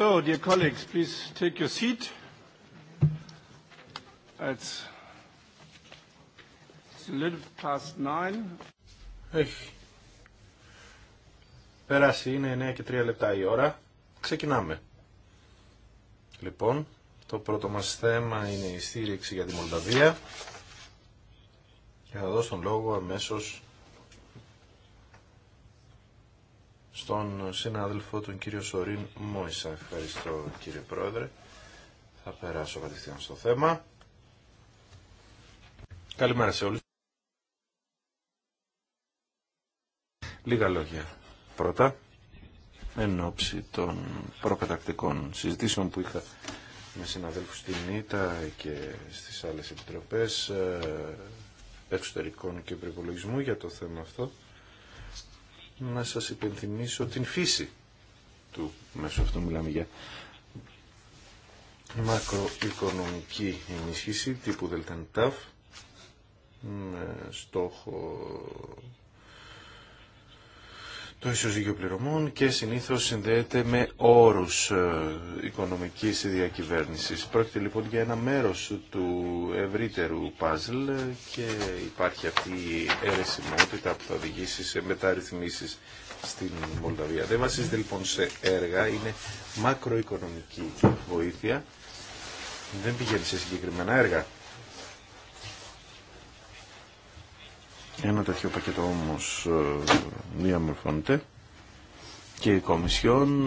So, dear colleagues, please take your seat. It's, it's a little past nine. Έχει. Περάσει, είναι 9 και 3 λεπτά η ώρα. Ξεκινάμε. Λοιπόν, το πρώτο μας θέμα είναι η στήριξη για τη Μολδαβία. Και θα δώσω τον λόγο αμέσως τον συνάδελφο τον κύριο Σορίν Μόησα. Ευχαριστώ κύριε Πρόεδρε. Θα περάσω κατευθείαν στο θέμα. Καλημέρα σε όλους. Λίγα λόγια. Πρώτα, εν ώψη των προκατακτικών συζητήσεων που είχα με συναδέλφους στην ΙΤΑ και στις άλλες επιτροπές ε, εξωτερικών και προπολογισμού για το θέμα αυτό να σας υπενθυμίσω την φύση του μέσω αυτού μιλάμε για μακροοικονομική ενίσχυση τύπου ΔΕΛΤΑΝΤΑΦ με στόχο το ισοζύγιο πληρωμών και συνήθως συνδέεται με όρους ε, οικονομικής διακυβέρνηση. Πρόκειται λοιπόν για ένα μέρος του ευρύτερου παζλ και υπάρχει αυτή η αιρεσιμότητα που θα οδηγήσει σε μεταρρυθμίσει στην Μολδαβία. Δεν βασίζεται λοιπόν σε έργα, είναι μακροοικονομική βοήθεια, δεν πηγαίνει σε συγκεκριμένα έργα. Ένα τέτοιο πακέτο όμως ε, διαμορφώνεται και η Κομισιόν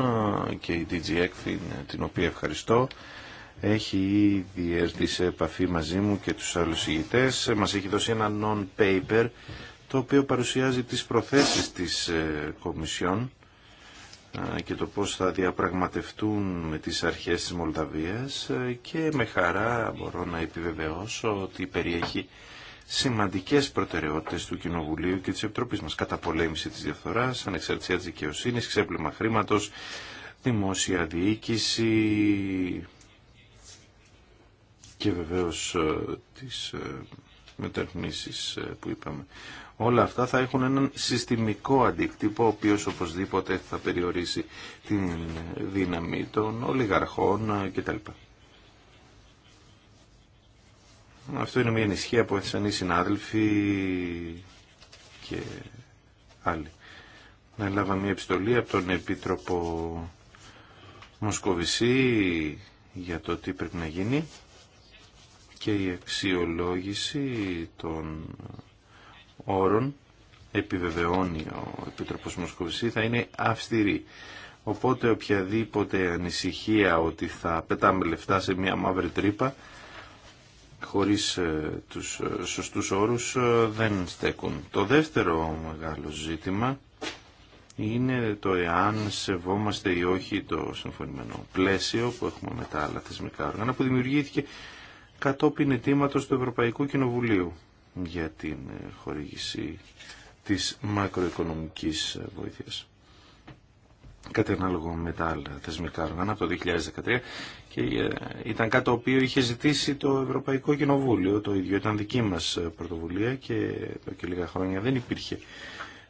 ε, και η DG ε, την οποία ευχαριστώ έχει ήδη έρθει σε επαφή μαζί μου και τους άλλους ηγητές. Μας έχει δώσει ένα non-paper το οποίο παρουσιάζει τις προθέσεις της Κομισιόν και το πώς θα διαπραγματευτούν με τις αρχές της Μολδαβίας και με χαρά μπορώ να επιβεβαιώσω ότι περιέχει σημαντικές προτεραιότητες του Κοινοβουλίου και της Επιτροπής μας. Καταπολέμηση της διαφθοράς, ανεξαρτησία τη δικαιοσύνη, ξέπλυμα χρήματο, δημόσια διοίκηση και βεβαίως ε, τις ε, μεταρρυθμίσει ε, που είπαμε. Όλα αυτά θα έχουν έναν συστημικό αντίκτυπο, ο οποίος οπωσδήποτε θα περιορίσει την δύναμη των ολιγαρχών κτλ. Αυτό είναι μια ενισχύα που έθεσαν οι συνάδελφοι και άλλοι. Να έλαβα μια επιστολή από τον Επίτροπο Μοσκοβισή για το τι πρέπει να γίνει και η αξιολόγηση των όρων επιβεβαιώνει ο Επίτροπος Μοσκοβισή θα είναι αυστηρή. Οπότε οποιαδήποτε ανησυχία ότι θα πετάμε λεφτά σε μια μαύρη τρύπα χωρίς ε, τους ε, σωστούς όρους ε, δεν στέκουν. Το δεύτερο μεγάλο ζήτημα είναι το εάν σεβόμαστε ή όχι το συμφωνημένο πλαίσιο που έχουμε με τα άλλα θεσμικά όργανα που δημιουργήθηκε κατόπιν αιτήματος του Ευρωπαϊκού Κοινοβουλίου για την χορήγηση της μακροοικονομικής βοήθειας κάτι ανάλογο με τα άλλα θεσμικά όργανα από το 2013 και ε, ήταν κάτι το οποίο είχε ζητήσει το Ευρωπαϊκό Κοινοβούλιο. Το ίδιο ήταν δική μας πρωτοβουλία και εδώ και λίγα χρόνια δεν υπήρχε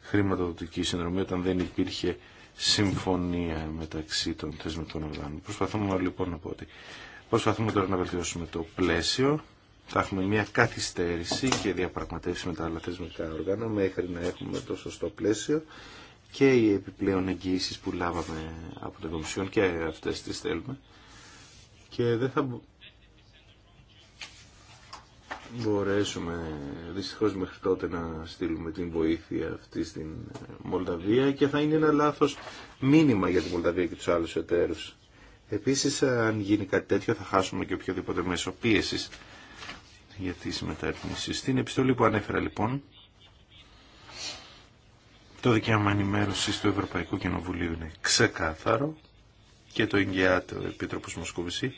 χρηματοδοτική συνδρομή όταν δεν υπήρχε συμφωνία μεταξύ των θεσμικών οργάνων. Προσπαθούμε λοιπόν να πω ότι προσπαθούμε τώρα να βελτιώσουμε το πλαίσιο. Θα έχουμε μια καθυστέρηση και διαπραγματεύσει με τα άλλα θεσμικά οργάνα μέχρι να έχουμε το σωστό πλαίσιο και οι επιπλέον εγγύησει που λάβαμε από την Κομισιόν και αυτές τις θέλουμε και δεν θα μπορέσουμε δυστυχώς μέχρι τότε να στείλουμε την βοήθεια αυτή στην Μολδαβία και θα είναι ένα λάθος μήνυμα για τη Μολδαβία και τους άλλους εταίρους. Επίσης αν γίνει κάτι τέτοιο θα χάσουμε και οποιοδήποτε μέσο πίεσης για τις μεταρρυθμίσεις. Στην επιστολή που ανέφερα λοιπόν το δικαίωμα ενημέρωση του Ευρωπαϊκού Κοινοβουλίου είναι ξεκάθαρο και το εγγυάται ο Επίτροπο Μοσκοβισή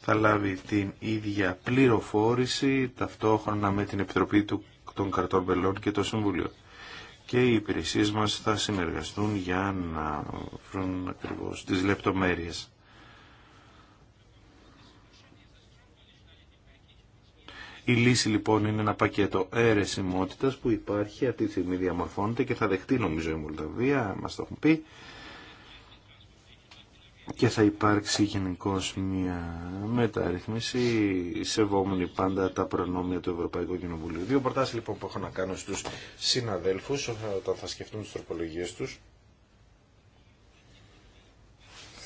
θα λάβει την ίδια πληροφόρηση ταυτόχρονα με την Επιτροπή του, των Καρτών Μπελών και το Συμβουλίο. Και οι υπηρεσίε μας θα συνεργαστούν για να βρουν ακριβώ τις λεπτομέρειες. Η λύση λοιπόν είναι ένα πακέτο αίρεσιμότητα που υπάρχει, αυτή τη στιγμή διαμορφώνεται και θα δεχτεί νομίζω η Μολδαβία, μα το έχουν πει, και θα υπάρξει γενικώ μια μεταρρύθμιση σεβόμενη πάντα τα προνόμια του Ευρωπαϊκού Κοινοβουλίου. Δύο προτάσει λοιπόν που έχω να κάνω στου συναδέλφου. όταν θα σκεφτούν τι τροπολογίε του.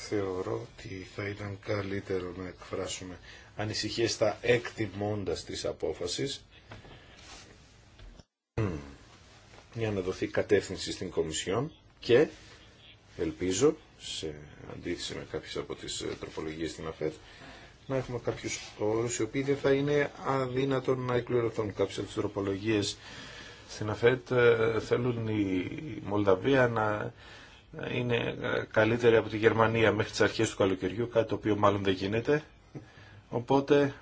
Θεωρώ ότι θα ήταν καλύτερο να εκφράσουμε ανησυχίες στα εκτιμώντας της απόφασης για να δοθεί κατεύθυνση στην Κομισιόν και ελπίζω σε αντίθεση με κάποιες από τις ε, τροπολογίες στην ΑΦΕΤ να έχουμε κάποιους όρους οι οποίοι δεν θα είναι αδύνατον να εκπληρωθούν κάποιες από τις τροπολογίες στην ΑΦΕΤ ε, θέλουν η Μολδαβία να είναι ε, καλύτερη από τη Γερμανία μέχρι τις αρχές του καλοκαιριού, κάτι το οποίο μάλλον δεν γίνεται. Οπότε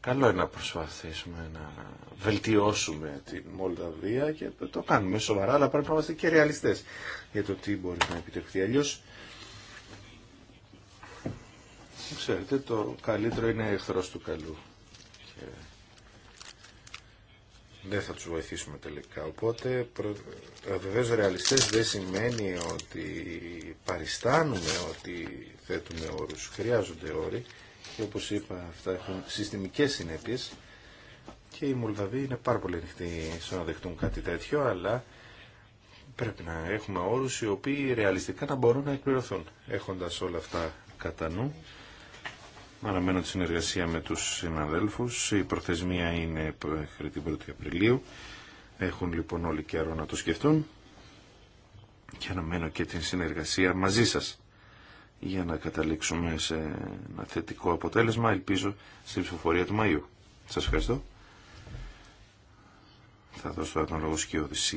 καλό είναι να προσπαθήσουμε να βελτιώσουμε την Μολδαβία και το κάνουμε σοβαρά, αλλά πρέπει να είμαστε και ρεαλιστές για το τι μπορεί να επιτευχθεί. Αλλιώς, ξέρετε, το καλύτερο είναι εχθρός του καλού. δεν θα τους βοηθήσουμε τελικά. Οπότε ε, βεβαίως ρεαλιστές δεν σημαίνει ότι παριστάνουμε ότι θέτουμε όρους. Χρειάζονται όροι και όπως είπα αυτά έχουν συστημικές συνέπειες και οι Μολδαβοί είναι πάρα πολύ ανοιχτοί στο να δεχτούν κάτι τέτοιο αλλά πρέπει να έχουμε όρους οι οποίοι ρεαλιστικά να μπορούν να εκπληρωθούν έχοντας όλα αυτά κατά νου Αναμένω τη συνεργασία με τους συναδέλφους. Η προθεσμία είναι μέχρι την 1η Απριλίου. Έχουν λοιπόν όλοι καιρό να το σκεφτούν. Και αναμένω και την συνεργασία μαζί σας για να καταλήξουμε σε ένα θετικό αποτέλεσμα. Ελπίζω στην ψηφοφορία του Μαΐου. Σας ευχαριστώ. Θα δώσω τον λόγο στους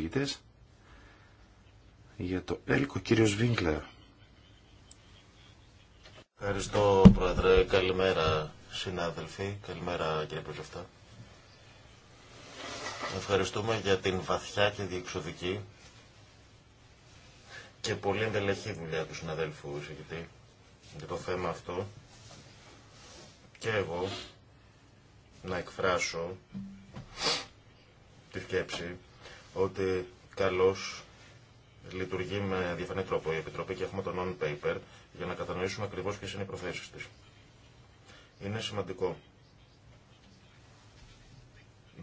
για το έλκο κύριος Βίγκλερ. Ευχαριστώ, Πρόεδρε. Καλημέρα, συνάδελφοι. Καλημέρα, κύριε Πρεσβευτά. Ευχαριστούμε για την βαθιά και διεξοδική και πολύ εντελεχή δουλειά του συναδέλφου εισηγητή για το θέμα αυτό. Και εγώ να εκφράσω τη σκέψη ότι καλώς λειτουργεί με διαφανή τρόπο η Επιτροπή και έχουμε το non-paper για να κατανοήσουμε ακριβώ ποιε είναι οι προθέσει τη. Είναι σημαντικό.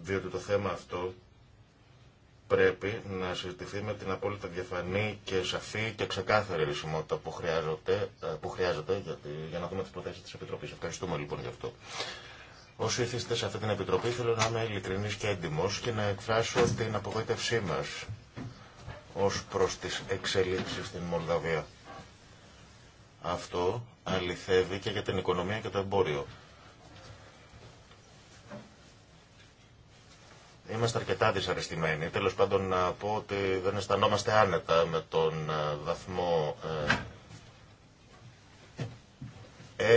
Διότι το θέμα αυτό πρέπει να συζητηθεί με την απόλυτα διαφανή και σαφή και ξεκάθαρη ρησιμότητα που, χρειάζεται, ε, που χρειάζεται για, για να δούμε τι προθέσει τη Επιτροπή. Ευχαριστούμε λοιπόν γι' αυτό. Όσο ήθιστε σε αυτή την Επιτροπή, θέλω να είμαι ειλικρινή και έντιμο και να εκφράσω την απογοήτευσή μα ω προ τι εξελίξει στην Μολδαβία. Αυτό αληθεύει και για την οικονομία και το εμπόριο. Είμαστε αρκετά δυσαρεστημένοι. Τέλο πάντων, να πω ότι δεν αισθανόμαστε άνετα με τον ε, βαθμό ε,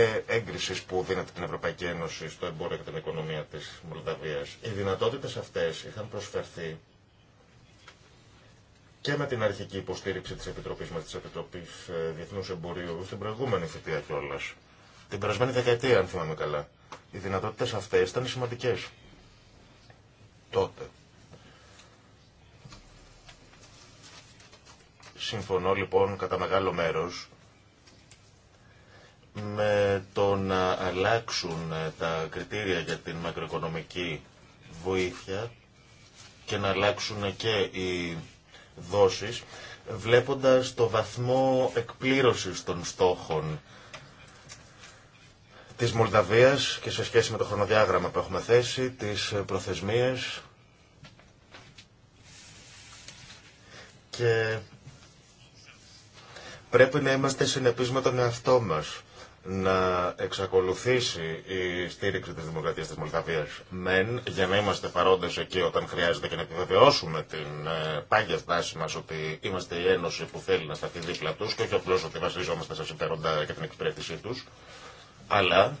ε έγκριση που δίνεται την Ευρωπαϊκή Ένωση στο εμπόριο και την οικονομία τη Μολδαβία. Οι δυνατότητε αυτέ είχαν προσφερθεί και με την αρχική υποστήριξη της Επιτροπής μα της Επιτροπής ε, Διεθνούς Εμπορίου, στην προηγούμενη θητεία κιόλα. Την περασμένη δεκαετία, αν θυμάμαι καλά. Οι δυνατότητες αυτές ήταν σημαντικές. Τότε. Συμφωνώ λοιπόν κατά μεγάλο μέρος με το να αλλάξουν ε, τα κριτήρια για την μακροοικονομική βοήθεια και να αλλάξουν και οι δόσεις, βλέποντας το βαθμό εκπλήρωσης των στόχων της Μολδαβίας και σε σχέση με το χρονοδιάγραμμα που έχουμε θέσει, τις προθεσμίες και πρέπει να είμαστε συνεπείς με τον εαυτό μας να εξακολουθήσει η στήριξη της δημοκρατίας της Μολδαβίας μεν, για να είμαστε παρόντες εκεί όταν χρειάζεται και να επιβεβαιώσουμε την ε, πάγια στάση μας ότι είμαστε η ένωση που θέλει να σταθεί δίπλα τους και όχι απλώς ότι βασίζομαστε σε συμφέροντα και την εξυπηρέτησή τους, αλλά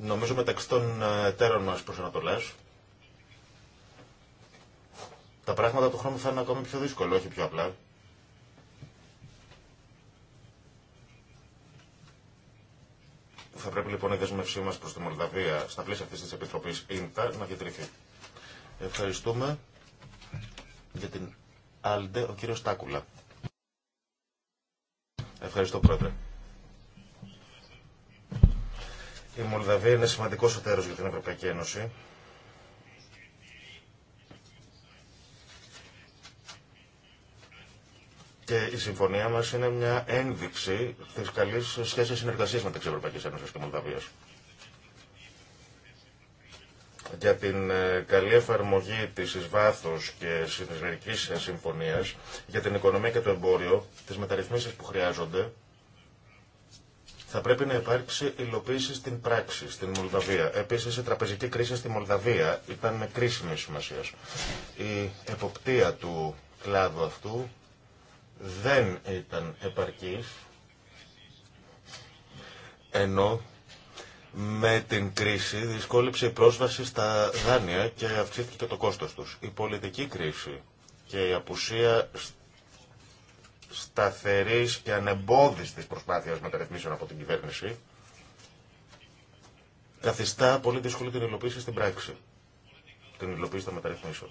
νομίζω μεταξύ των ε, εταίρων μας προς Ανατολές τα πράγματα του χρόνου θα είναι ακόμη πιο δύσκολο, όχι πιο απλά. Θα πρέπει λοιπόν η δεσμευσή μα προ τη Μολδαβία στα πλαίσια αυτή τη Επιτροπή ΙΝΤΑ να διατηρηθεί. Ευχαριστούμε για την Άλντε, ο κύριο Τάκουλα. Ευχαριστώ, Πρόεδρε. Η Μολδαβία είναι σημαντικό εταίρο για την Ευρωπαϊκή Ένωση Και η συμφωνία μα είναι μια ένδειξη τη καλή σχέση συνεργασία μεταξύ Ευρωπαϊκή Ένωση και Μολδαβία. Για την ε, καλή εφαρμογή τη ει και και συνεισφαιρική συμφωνία, για την οικονομία και το εμπόριο, τι μεταρρυθμίσει που χρειάζονται, θα πρέπει να υπάρξει υλοποίηση στην πράξη, στην Μολδαβία. Επίση, η τραπεζική κρίση στη Μολδαβία ήταν κρίσιμη σημασία. Η εποπτεία του κλάδου αυτού δεν ήταν επαρκής, ενώ με την κρίση δυσκόλυψε η πρόσβαση στα δάνεια και αυξήθηκε το κόστος τους. Η πολιτική κρίση και η απουσία σταθερής και ανεμπόδιστης προσπάθειας μεταρρυθμίσεων από την κυβέρνηση καθιστά πολύ δύσκολη την υλοποίηση στην πράξη, την υλοποίηση των μεταρρυθμίσεων.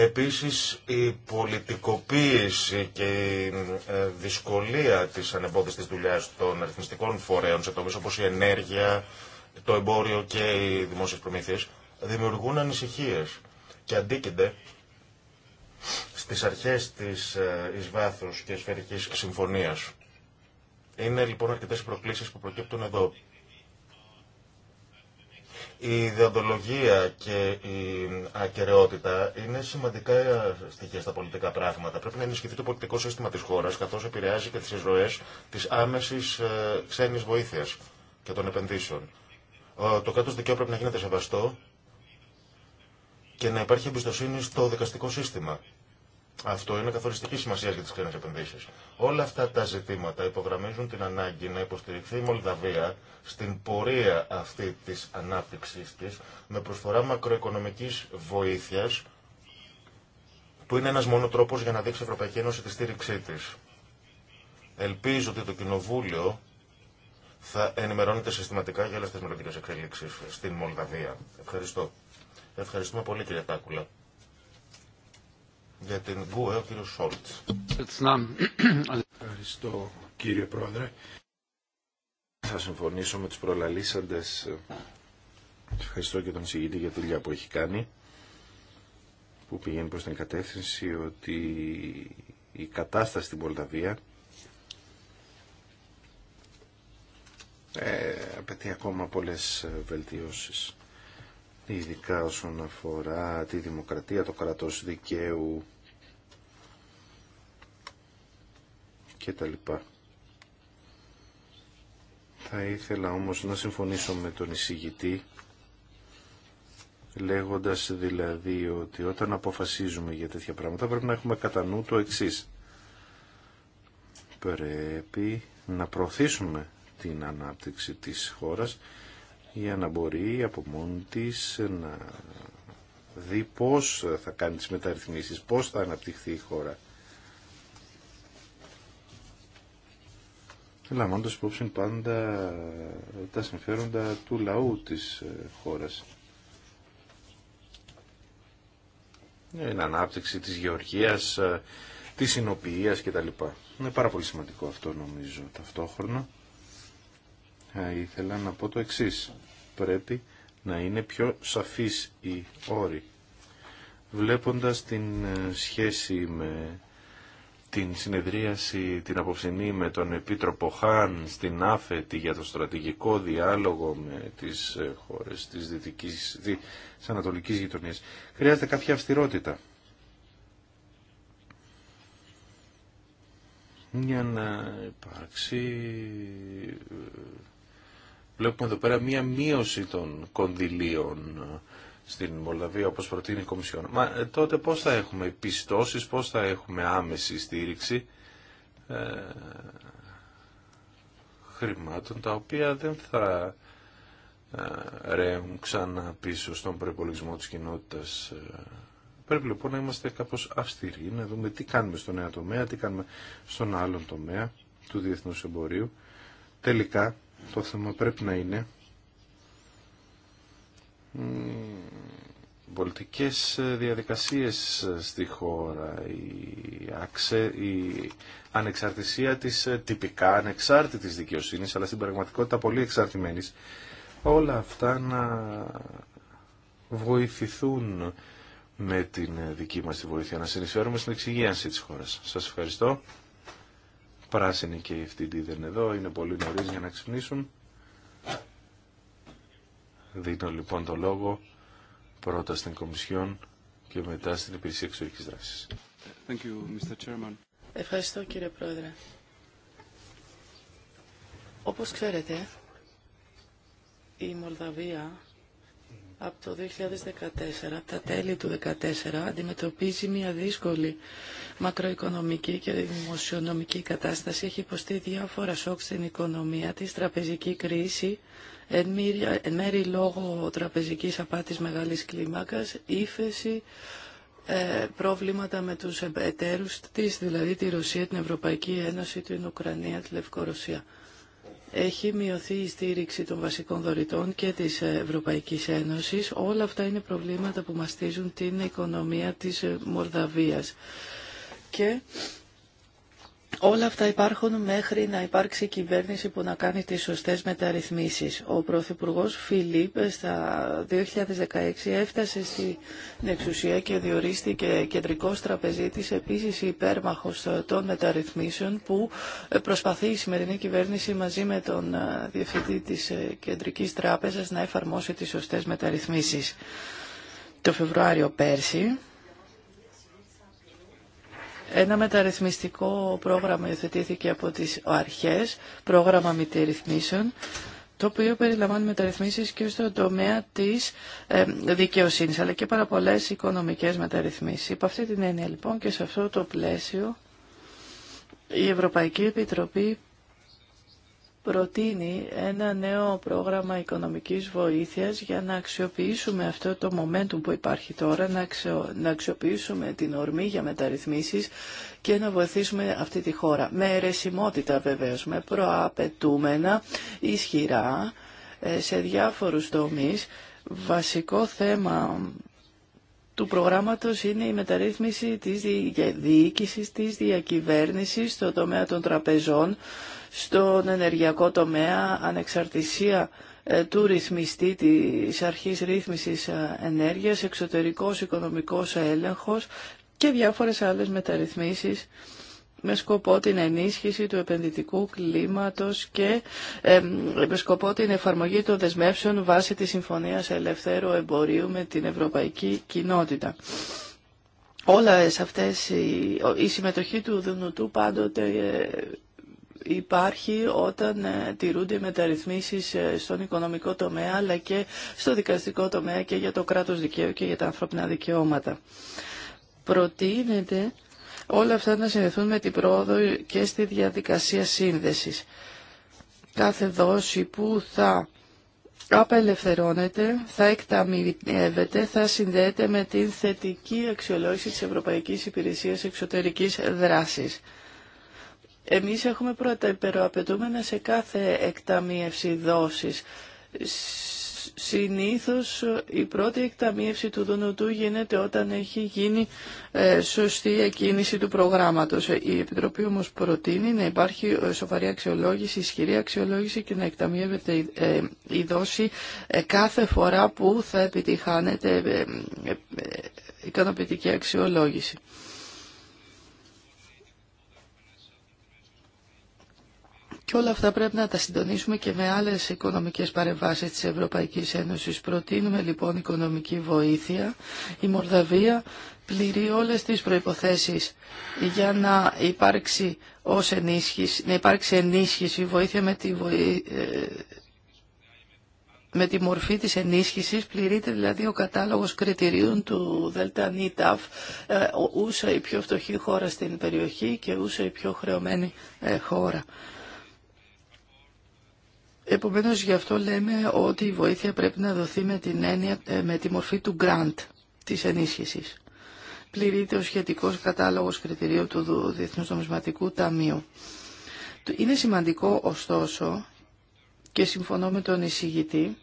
Επίσης η πολιτικοποίηση και η ε, δυσκολία της ανεμπόδιστης δουλειάς των αριθμιστικών φορέων σε τομείς όπως η ενέργεια, το εμπόριο και οι δημόσιες προμήθειες δημιουργούν ανησυχίες και αντίκενται στις αρχές της ε, εισβάθους και σφαιρικής συμφωνίας. Είναι λοιπόν αρκετές προκλήσεις που προκύπτουν εδώ. Η ιδεοντολογία και η ακαιρεότητα είναι σημαντικά στοιχεία στα πολιτικά πράγματα. Πρέπει να ενισχυθεί το πολιτικό σύστημα τη χώρα, καθώ επηρεάζει και τι ροέ τη άμεση ε, ξένη βοήθεια και των επενδύσεων. Ε, το κράτο δικαίου πρέπει να γίνεται σεβαστό και να υπάρχει εμπιστοσύνη στο δικαστικό σύστημα. Αυτό είναι καθοριστική σημασία για τι ξένε επενδύσει. Όλα αυτά τα ζητήματα υπογραμμίζουν την ανάγκη να υποστηριχθεί η Μολδαβία στην πορεία αυτή τη ανάπτυξή τη με προσφορά μακροοικονομική βοήθεια που είναι ένα μόνο τρόπο για να δείξει η Ευρωπαϊκή Ένωση τη στήριξή τη. Ελπίζω ότι το Κοινοβούλιο θα ενημερώνεται συστηματικά για όλε τι μελλοντικέ εξελίξει στην Μολδαβία. Ευχαριστώ. Ευχαριστούμε πολύ κύριε Τάκουλα. Για την ΓΟΕ ο κύριος Σόλτς. Ευχαριστώ κύριε Πρόεδρε. Θα συμφωνήσω με τους προλαλήσαντες. Ευχαριστώ και τον συγγητή για τη δουλειά που έχει κάνει που πηγαίνει προς την κατεύθυνση ότι η κατάσταση στην Πολταβία ε, απαιτεί ακόμα πολλές βελτιώσεις ειδικά όσον αφορά τη δημοκρατία, το κρατός δικαίου και τα λοιπά. Θα ήθελα όμως να συμφωνήσω με τον εισηγητή λέγοντας δηλαδή ότι όταν αποφασίζουμε για τέτοια πράγματα πρέπει να έχουμε κατά νου το εξής. Πρέπει να προωθήσουμε την ανάπτυξη της χώρας για να μπορεί από μόνη τη να δει πώς θα κάνει τις μεταρρυθμίσεις, πώς θα αναπτυχθεί η χώρα. Λαμβάνοντας υπόψη πάντα τα συμφέροντα του λαού της ε, χώρας. η ανάπτυξη της γεωργίας, ε, της συνοποιίας κτλ. Είναι πάρα πολύ σημαντικό αυτό νομίζω ταυτόχρονα. Ε, ήθελα να πω το εξής πρέπει να είναι πιο σαφής η όρη. Βλέποντας την ε, σχέση με την συνεδρίαση την απόψινή με τον Επίτροπο Χάν στην Άφετη για το στρατηγικό διάλογο με τις ε, χώρες της, δυτικής, της ανατολικής γειτονίας. Χρειάζεται κάποια αυστηρότητα. Για να υπάρξει ε, Βλέπουμε εδώ πέρα μία μείωση των κονδυλίων ε, στην Μολδαβία όπως προτείνει η Κομισιόν. Μα ε, τότε πώς θα έχουμε πιστώσεις, πώς θα έχουμε άμεση στήριξη ε, χρημάτων τα οποία δεν θα ε, ρέουν ξανά πίσω στον προπολογισμό της κοινότητας. Ε. Πρέπει λοιπόν να είμαστε κάπως αυστηροί, να δούμε τι κάνουμε στον νέο τομέα, τι κάνουμε στον άλλον τομέα του διεθνούς εμπορίου. Τελικά το θέμα πρέπει να είναι πολιτικές διαδικασίες στη χώρα, η, αξε, η ανεξαρτησία της ε, τυπικά ανεξάρτητης δικαιοσύνης, αλλά στην πραγματικότητα πολύ εξαρτημένης, όλα αυτά να βοηθηθούν με την δική μας τη βοήθεια, να συνεισφέρουμε στην εξυγίανση της χώρας. Σας ευχαριστώ πράσινοι και οι FTD δεν είναι εδώ, είναι πολύ νωρί για να ξυπνήσουν. Δίνω λοιπόν το λόγο πρώτα στην Κομισιόν και μετά στην Υπηρεσία Εξωτερική δράση. Ευχαριστώ κύριε Πρόεδρε. Όπως ξέρετε, η Μολδαβία από το 2014, τα τέλη του 2014, αντιμετωπίζει μια δύσκολη μακροοικονομική και δημοσιονομική κατάσταση. Έχει υποστεί διάφορα σοκ στην οικονομία της, τραπεζική κρίση, εν μέρη λόγω τραπεζικής απάτης μεγάλης κλίμακας, ύφεση, ε, προβλήματα με τους εταίρους της, δηλαδή τη Ρωσία, την Ευρωπαϊκή Ένωση, την Ουκρανία, τη Λευκορωσία έχει μειωθεί η στήριξη των βασικών δωρητών και της Ευρωπαϊκής Ένωσης. Όλα αυτά είναι προβλήματα που μαστίζουν την οικονομία της Μορδαβίας. Και Όλα αυτά υπάρχουν μέχρι να υπάρξει κυβέρνηση που να κάνει τις σωστές μεταρρυθμίσεις. Ο Πρωθυπουργό Φιλίπ στα 2016 έφτασε στην εξουσία και διορίστηκε κεντρικός τραπεζίτης, επίσης υπέρμαχος των μεταρρυθμίσεων που προσπαθεί η σημερινή κυβέρνηση μαζί με τον ε, Διευθυντή της ε, Κεντρικής Τράπεζας να εφαρμόσει τις σωστές μεταρρυθμίσεις. Το Φεβρουάριο πέρσι ένα μεταρρυθμιστικό πρόγραμμα υιοθετήθηκε από τις αρχές, πρόγραμμα μητερρυθμίσεων, το οποίο περιλαμβάνει μεταρρυθμίσεις και στον τομέα της ε, δικαιοσύνης, αλλά και πάρα πολλέ οικονομικές μεταρρυθμίσεις. Υπ' αυτή την έννοια λοιπόν και σε αυτό το πλαίσιο η Ευρωπαϊκή Επιτροπή προτείνει ένα νέο πρόγραμμα οικονομικής βοήθειας για να αξιοποιήσουμε αυτό το momentum που υπάρχει τώρα, να, να αξιοποιήσουμε την ορμή για μεταρρυθμίσεις και να βοηθήσουμε αυτή τη χώρα. Με αιρεσιμότητα βεβαίως, με προαπαιτούμενα, ισχυρά, ε, σε διάφορους τομείς. Βασικό θέμα του προγράμματος είναι η μεταρρύθμιση της διοίκησης, της διακυβέρνησης στο τομέα των τραπεζών, στον ενεργειακό τομέα, ανεξαρτησία ε, του ρυθμιστή της αρχής ρύθμισης ε, ενέργειας, εξωτερικός οικονομικός έλεγχος και διάφορες άλλες μεταρρυθμίσεις με σκοπό την ενίσχυση του επενδυτικού κλίματος και ε, με σκοπό την εφαρμογή των δεσμεύσεων βάσει της Συμφωνίας Ελευθέρου Εμπορίου με την Ευρωπαϊκή Κοινότητα. Όλα αυτές η, συμμετοχή του Δουνουτού πάντοτε υπάρχει όταν ε, τηρούνται μεταρρυθμίσει ε, στον οικονομικό τομέα αλλά και στο δικαστικό τομέα και για το κράτος δικαίου και για τα ανθρώπινα δικαιώματα. Προτείνεται όλα αυτά να συνδεθούν με την πρόοδο και στη διαδικασία σύνδεσης. Κάθε δόση που θα απελευθερώνεται, θα εκταμιεύεται, θα συνδέεται με την θετική αξιολόγηση της Ευρωπαϊκής Υπηρεσίας Εξωτερικής Δράσης. Εμείς έχουμε πρώτα υπεροαπαιτούμενα σε κάθε εκταμίευση δόσης. Συνήθως η πρώτη εκταμίευση του δονοτού γίνεται όταν έχει γίνει ε, σωστή εκκίνηση του προγράμματος. Η Επιτροπή όμως προτείνει να υπάρχει ε, σοβαρή αξιολόγηση, ισχυρή αξιολόγηση και να εκταμιεύεται ε, η δόση κάθε φορά που θα επιτυχάνεται ικανοποιητική αξιολόγηση. Και όλα αυτά πρέπει να τα συντονίσουμε και με άλλες οικονομικές παρεμβάσεις της Ευρωπαϊκής Ένωσης. Προτείνουμε λοιπόν οικονομική βοήθεια. Η Μορδαβία πληρεί όλες τις προϋποθέσεις για να υπάρξει, ως ενίσχυση, να υπάρξει ενίσχυση βοήθεια με τη, ε, τη μορφή της ενίσχυσης πληρείται δηλαδή ο κατάλογος κριτηρίων του ΔΝΤΑΦ ε, ούσα η πιο φτωχή χώρα στην περιοχή και ούσα η πιο χρεωμένη ε, χώρα. Επομένως γι' αυτό λέμε ότι η βοήθεια πρέπει να δοθεί με, την ε, τη μορφή του grant της ενίσχυσης. Πληρείται ο σχετικός κατάλογος κριτηρίων του Διεθνούς Νομισματικού Ταμείου. Είναι σημαντικό ωστόσο και συμφωνώ με τον εισηγητή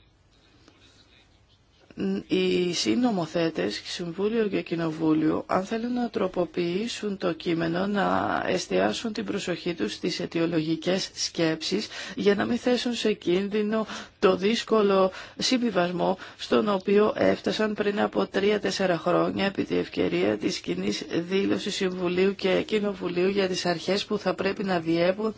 οι συνομοθέτες, Συμβούλιο και Κοινοβούλιο, αν θέλουν να τροποποιήσουν το κείμενο, να εστιάσουν την προσοχή τους στις αιτιολογικές σκέψεις, για να μην θέσουν σε κίνδυνο το δύσκολο συμβιβασμό στον οποίο έφτασαν πριν από τρία-τέσσερα χρόνια επί τη ευκαιρία της κοινή δήλωση Συμβουλίου και Κοινοβουλίου για τις αρχές που θα πρέπει να διέπουν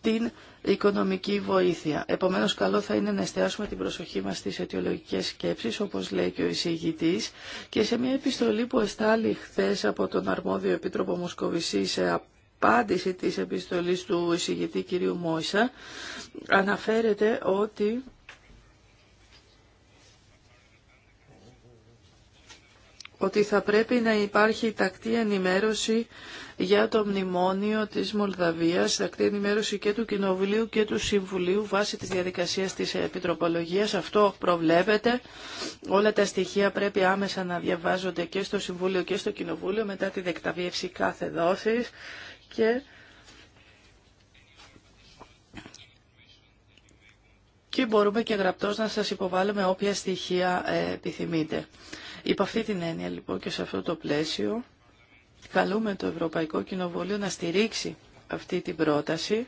την οικονομική βοήθεια. Επομένως, καλό θα είναι να εστιάσουμε την προσοχή μας στις αιτιολογικές σκέψεις, όπως λέει και ο εισηγητής, και σε μια επιστολή που εστάλει χθε από τον αρμόδιο Επίτροπο Μοσκοβισή σε απάντηση της επιστολής του εισηγητή κ. Μόισα, αναφέρεται ότι ότι θα πρέπει να υπάρχει τακτή ενημέρωση για το μνημόνιο της Μολδαβίας, τακτή ενημέρωση και του Κοινοβουλίου και του Συμβουλίου βάσει της διαδικασίας της Επιτροπολογίας. Αυτό προβλέπεται. Όλα τα στοιχεία πρέπει άμεσα να διαβάζονται και στο Συμβούλιο και στο Κοινοβούλιο μετά τη δεκταβίευση κάθε δόσης και... και μπορούμε και γραπτός να σας υποβάλουμε όποια στοιχεία ε, επιθυμείτε. Υπ' αυτή την έννοια λοιπόν και σε αυτό το πλαίσιο Καλούμε το Ευρωπαϊκό Κοινοβούλιο να στηρίξει αυτή την πρόταση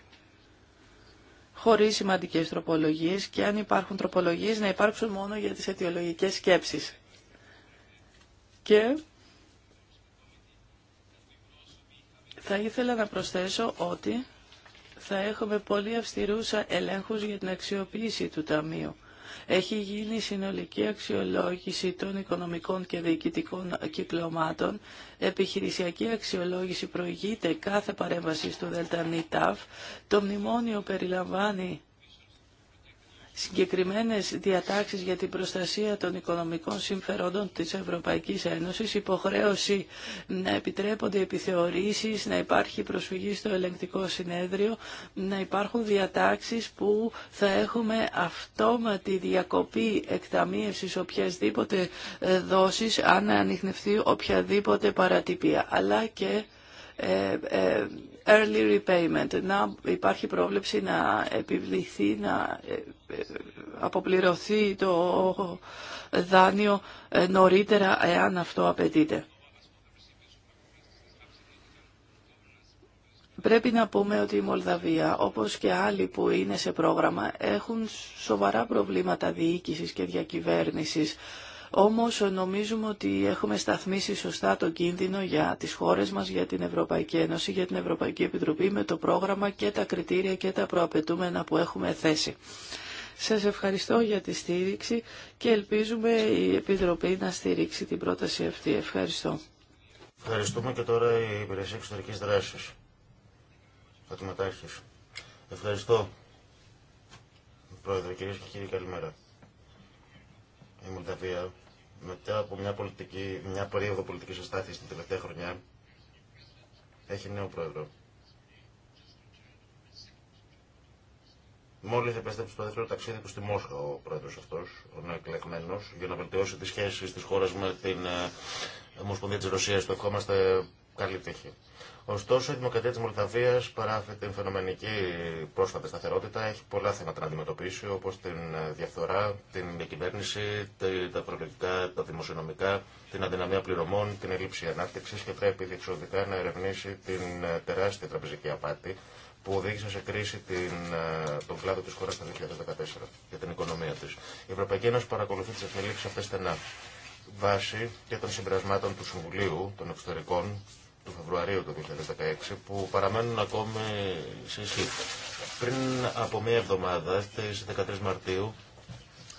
χωρίς σημαντικές τροπολογίες και αν υπάρχουν τροπολογίες να υπάρξουν μόνο για τις αιτιολογικές σκέψεις. Και θα ήθελα να προσθέσω ότι θα έχουμε πολύ αυστηρούς ελέγχους για την αξιοποίηση του Ταμείου. Έχει γίνει συνολική αξιολόγηση των οικονομικών και διοικητικών κυκλωμάτων. Επιχειρησιακή αξιολόγηση προηγείται κάθε παρέμβαση του ΔΝΤ. Το μνημόνιο περιλαμβάνει συγκεκριμένες διατάξεις για την προστασία των οικονομικών συμφερόντων της Ευρωπαϊκής Ένωσης, υποχρέωση να επιτρέπονται επιθεωρήσεις, να υπάρχει προσφυγή στο ελεγκτικό συνέδριο, να υπάρχουν διατάξεις που θα έχουμε αυτόματη διακοπή εκταμίευσης οποιασδήποτε ε, δόσεις αν ανοιχνευτεί οποιαδήποτε παρατυπία, αλλά και ε, ε, early repayment, να υπάρχει πρόβλεψη να επιβληθεί, να ε, ε, αποπληρωθεί το δάνειο ε, νωρίτερα εάν αυτό απαιτείται. Πρέπει να πούμε ότι η Μολδαβία, όπως και άλλοι που είναι σε πρόγραμμα, έχουν σοβαρά προβλήματα διοίκησης και διακυβέρνησης όμως νομίζουμε ότι έχουμε σταθμίσει σωστά το κίνδυνο για τις χώρες μας, για την Ευρωπαϊκή Ένωση, για την Ευρωπαϊκή Επιτροπή με το πρόγραμμα και τα κριτήρια και τα προαπαιτούμενα που έχουμε θέσει. Σας ευχαριστώ για τη στήριξη και ελπίζουμε η Επιτροπή να στηρίξει την πρόταση αυτή. Ευχαριστώ. Ευχαριστούμε και τώρα η Υπηρεσία Εξωτερική Δράση. Ευχαριστώ. Πρόεδρε, κυρίε και κύριοι, καλημέρα η Μολδαβία μετά από μια, πολιτική, μια περίοδο πολιτική αστάθεια την τελευταία χρονιά έχει νέο πρόεδρο. Μόλι επέστρεψε στο δεύτερο ταξίδι του στη Μόσχα ο πρόεδρο αυτό, ο νέο εκλεγμένο, για να βελτιώσει τι σχέσει τη χώρα με την ε, Ομοσπονδία τη Ρωσία. Το ευχόμαστε Καλή τύχη. Ωστόσο, η Δημοκρατία τη Μολδαβία, παρά την φαινομενική πρόσφατη σταθερότητα, έχει πολλά θέματα να αντιμετωπίσει, όπω την ε, διαφθορά, την διακυβέρνηση, τα προλογικά, τα δημοσιονομικά, την αδυναμία πληρωμών, την έλλειψη ανάπτυξη και πρέπει διεξοδικά να ερευνήσει την ε, τεράστια τραπεζική απάτη που οδήγησε σε κρίση την, ε, τον κλάδο τη χώρα το 2014 για την οικονομία τη. Η Ευρωπαϊκή Ένωση παρακολουθεί τι εξελίξει αυτέ στενά βάση και των συμπερασμάτων του Συμβουλίου των Εξωτερικών του Φεβρουαρίου του 2016 που παραμένουν ακόμη σε ισχύ. Πριν από μία εβδομάδα, στις 13 Μαρτίου,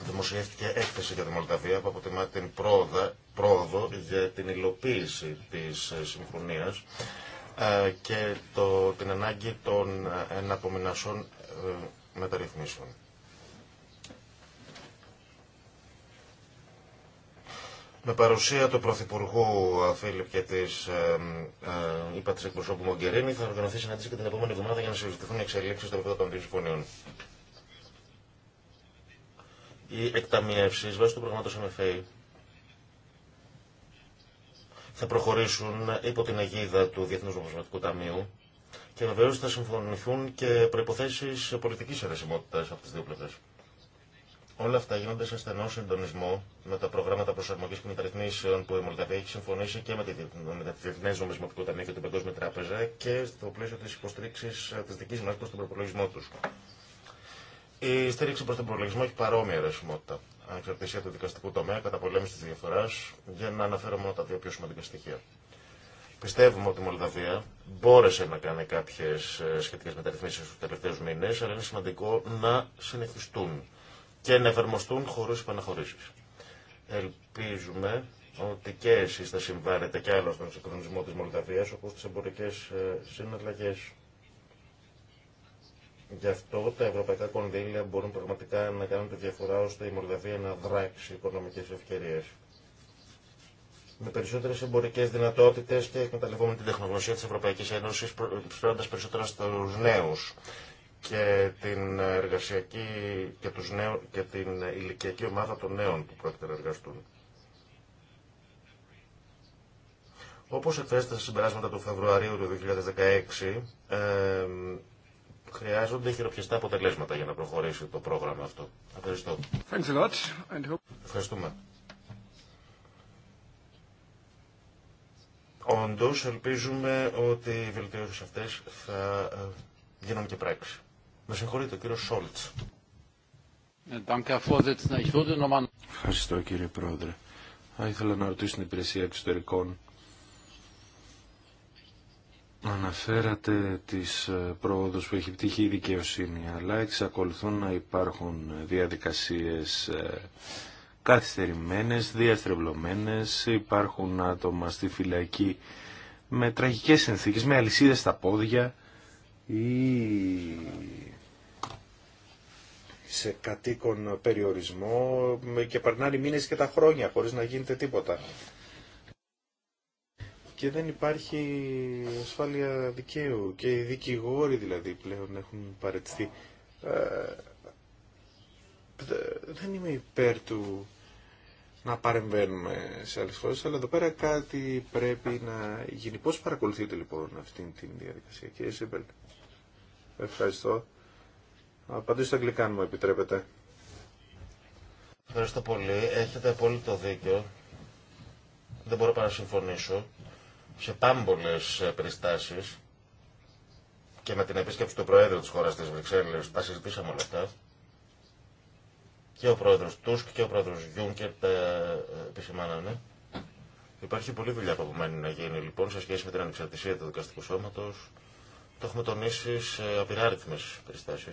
δημοσιεύτηκε έκθεση για τη Μολδαβία που αποτιμά την πρόοδο, πρόοδο για την υλοποίηση της ε, συμφωνίας ε, και το, την ανάγκη των ε, εναπομεινασών μεταρρυθμίσεων. με παρουσία του Πρωθυπουργού ε, Φίλιπ και τη ε, ε, τη εκπροσώπου Μογκερίνη, θα οργανωθεί συνάντηση και την επόμενη εβδομάδα για να συζητηθούν οι εξελίξει στο επίπεδο των δύο συμφωνιών. Οι εκταμιεύσει βάσει του προγράμματο MFA θα προχωρήσουν υπό την αιγίδα του Διεθνού Νομοσπονδιακού Ταμείου και βεβαίω θα συμφωνηθούν και προποθέσει πολιτική αρεσιμότητα από τι δύο πλευρέ. Όλα αυτά γίνονται σε στενό συντονισμό με τα προγράμματα προσαρμογή και μεταρρυθμίσεων που η Μολδαβία έχει συμφωνήσει και με τη Διεθνέ Νομισματικό Ταμείο και την Παγκόσμια Τράπεζα και στο πλαίσιο τη υποστήριξη ε, τη δική μα προ τον προπολογισμό του. Η στήριξη προ τον προπολογισμό έχει παρόμοια αιρεσιμότητα. Ανεξαρτησία του δικαστικού τομέα, καταπολέμηση τη διαφορά, για να αναφέρω μόνο τα δύο πιο σημαντικά στοιχεία. Πιστεύουμε ότι η Μολδαβία μπόρεσε να κάνει κάποιε σχετικέ μεταρρυθμίσει στου τελευταίου μήνε, αλλά είναι σημαντικό να συνεχιστούν και να εφαρμοστούν χωρί παναχωρήσει. Ελπίζουμε ότι και εσεί θα συμβάλλετε κι άλλο στον συγχρονισμό τη Μολδαβία, όπω τι εμπορικέ ε, συναλλαγέ. Γι' αυτό τα ευρωπαϊκά κονδύλια μπορούν πραγματικά να κάνουν τη διαφορά ώστε η Μολδαβία να δράξει οικονομικέ ευκαιρίες. Με περισσότερε εμπορικέ δυνατότητε και εκμεταλλευόμενη την τεχνογνωσία τη Ευρωπαϊκή Ένωση, προσφέροντα περισσότερα στου νέου και την εργασιακή και, τους και την ηλικιακή ομάδα των νέων που πρόκειται να εργαστούν. Όπως εκθέσετε στα συμπεράσματα του Φεβρουαρίου του 2016, ε, χρειάζονται χειροπιαστά αποτελέσματα για να προχωρήσει το πρόγραμμα αυτό. Ευχαριστώ. Thanks a lot and hope... Ευχαριστούμε. Όντως ελπίζουμε ότι οι βελτιώσεις αυτές θα ε, γίνουν και πράξη. Με συγχωρείτε, κύριο Σόλτ. Ε, Ευχαριστώ κύριε Πρόεδρε. Θα ήθελα να ρωτήσω την υπηρεσία εξωτερικών. Αναφέρατε τις ε, πρόοδους που έχει πτυχεί η δικαιοσύνη, αλλά εξακολουθούν να υπάρχουν διαδικασίες ε, καθυστερημένες, διαστρεβλωμένες, υπάρχουν άτομα στη φυλακή με τραγικές συνθήκες, με αλυσίδες στα πόδια σε κατοίκον περιορισμό και περνάνε μήνες και τα χρόνια χωρίς να γίνεται τίποτα. Και δεν υπάρχει ασφάλεια δικαίου και οι δικηγόροι δηλαδή πλέον έχουν παρετηθεί. Ε, δεν είμαι υπέρ του να παρεμβαίνουμε σε άλλες χώρες, αλλά εδώ πέρα κάτι πρέπει να γίνει. Πώς παρακολουθείτε λοιπόν αυτήν την διαδικασία, κύριε Σίμπελ. Ευχαριστώ. Απαντήστε αγγλικά, αν μου επιτρέπετε. Ευχαριστώ πολύ. Έχετε απόλυτο δίκιο. Δεν μπορώ παρά να συμφωνήσω. Σε πάμπολες ε, περιστάσει και με την επίσκεψη του Προέδρου τη Χώρα τη Βρυξέλλη, τα συζητήσαμε όλα αυτά. Και ο πρόεδρο Τούσκ και ο πρόεδρο Γιούνκερ τα ε, επισημάνανε. Υπάρχει πολλή δουλειά που απομένει να γίνει λοιπόν σε σχέση με την ανεξαρτησία του δικαστικού σώματο. Το έχουμε τονίσει σε απειράριθμε περιστάσει.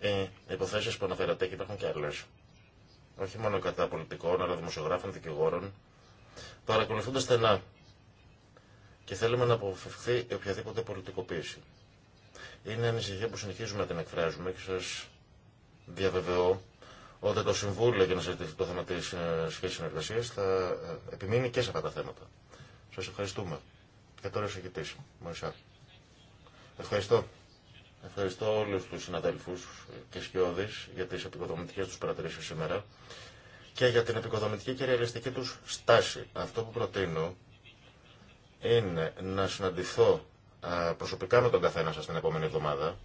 οι ε, υποθέσει που αναφέρατε και υπάρχουν και άλλε. Όχι μόνο κατά πολιτικών, αλλά δημοσιογράφων, δικηγόρων. Παρακολουθούνται στενά. Και θέλουμε να αποφευχθεί οποιαδήποτε πολιτικοποίηση. Είναι ανησυχία που συνεχίζουμε να την εκφράζουμε και σα διαβεβαιώ ότι το Συμβούλιο για να συζητήσει το θέμα της ε, Σχέση συνεργασία θα ε, επιμείνει και σε αυτά τα θέματα. Σα ευχαριστούμε. Και τώρα ο Ευχαριστώ. Ευχαριστώ όλους τους συναδέλφους και σκιώδεις για τις επικοδομητικές τους παρατηρήσεις σήμερα και για την επικοδομητική και ρεαλιστική τους στάση. Αυτό που προτείνω είναι να συναντηθώ προσωπικά με τον καθένα σας την επόμενη εβδομάδα,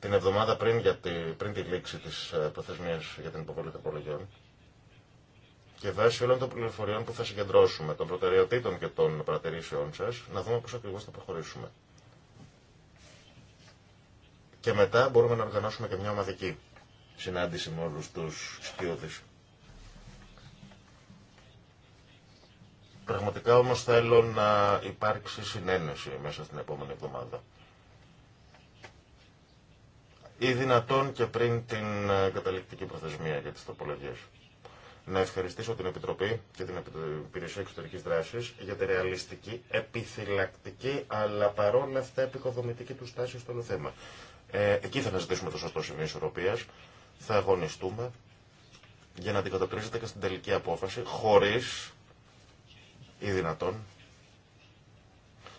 την εβδομάδα πριν, για τη, πριν τη λήξη της προθεσμίας για την υποβολή των και βάσει όλων των πληροφοριών που θα συγκεντρώσουμε, των προτεραιοτήτων και των παρατηρήσεων σας, να δούμε πώς ακριβώς θα προχωρήσουμε. Και μετά μπορούμε να οργανώσουμε και μια ομαδική συνάντηση με όλους τους σκιώδεις. Πραγματικά όμως θέλω να υπάρξει συνένεση μέσα στην επόμενη εβδομάδα. Ή δυνατόν και πριν την ε, καταληκτική προθεσμία για τις τοπολογίες. Να ευχαριστήσω την Επιτροπή και την Υπηρεσία Εξωτερικής Δράσης για τη ρεαλιστική, επιφυλακτική, αλλά παρόλα αυτά επικοδομητική του στάση στο θέμα. Ε, εκεί θα αναζητήσουμε το σωστό σημείο ισορροπία. Θα αγωνιστούμε για να αντικατοπτρίζεται και στην τελική απόφαση χωρί ή δυνατόν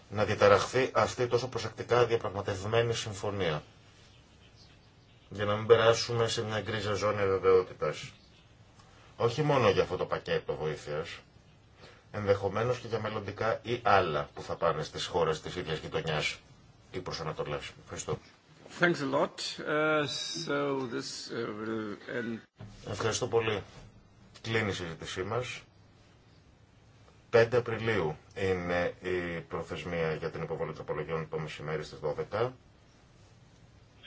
να διαταραχθεί αυτή η τόσο προσεκτικά διαπραγματευμένη συμφωνία. Για να μην περάσουμε σε μια γκρίζα ζώνη βεβαιότητα. Όχι μόνο για αυτό το πακέτο βοήθεια, ενδεχομένω και για μελλοντικά ή άλλα που θα πάνε στι χώρε τη ίδια γειτονιά ή προ Ανατολέ. Ευχαριστώ. Uh, uh, Ευχαριστώ πολύ. Κλείνει η συζήτησή μα. 5 Απριλίου είναι η προθεσμία για την υποβολή τροπολογιών το μεσημέρι στι 12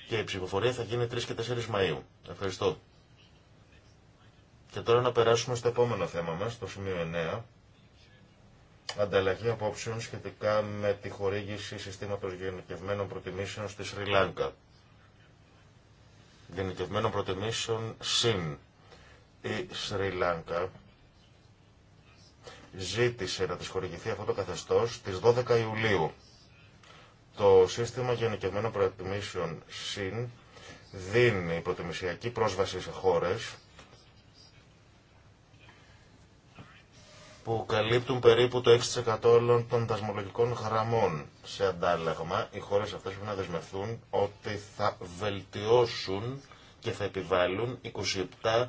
και η ψηφοφορία θα γίνει 3 και 4 Μαΐου. Ευχαριστώ. Και τώρα να περάσουμε στο επόμενο θέμα μας, το σημείο 9 ανταλλαγή απόψεων σχετικά με τη χορήγηση συστήματος γενικευμένων προτιμήσεων στη Σρι Λάγκα. Γενικευμένων προτιμήσεων συν. Η Σρι Λάγκα ζήτησε να της χορηγηθεί αυτό το καθεστώς στις 12 Ιουλίου. Το σύστημα γενικευμένων προτιμήσεων συν δίνει προτιμησιακή πρόσβαση σε χώρες που καλύπτουν περίπου το 6% όλων των δασμολογικών γραμμών. Σε αντάλλαγμα, οι χώρες αυτές πρέπει να δεσμευθούν ότι θα βελτιώσουν και θα επιβάλλουν 27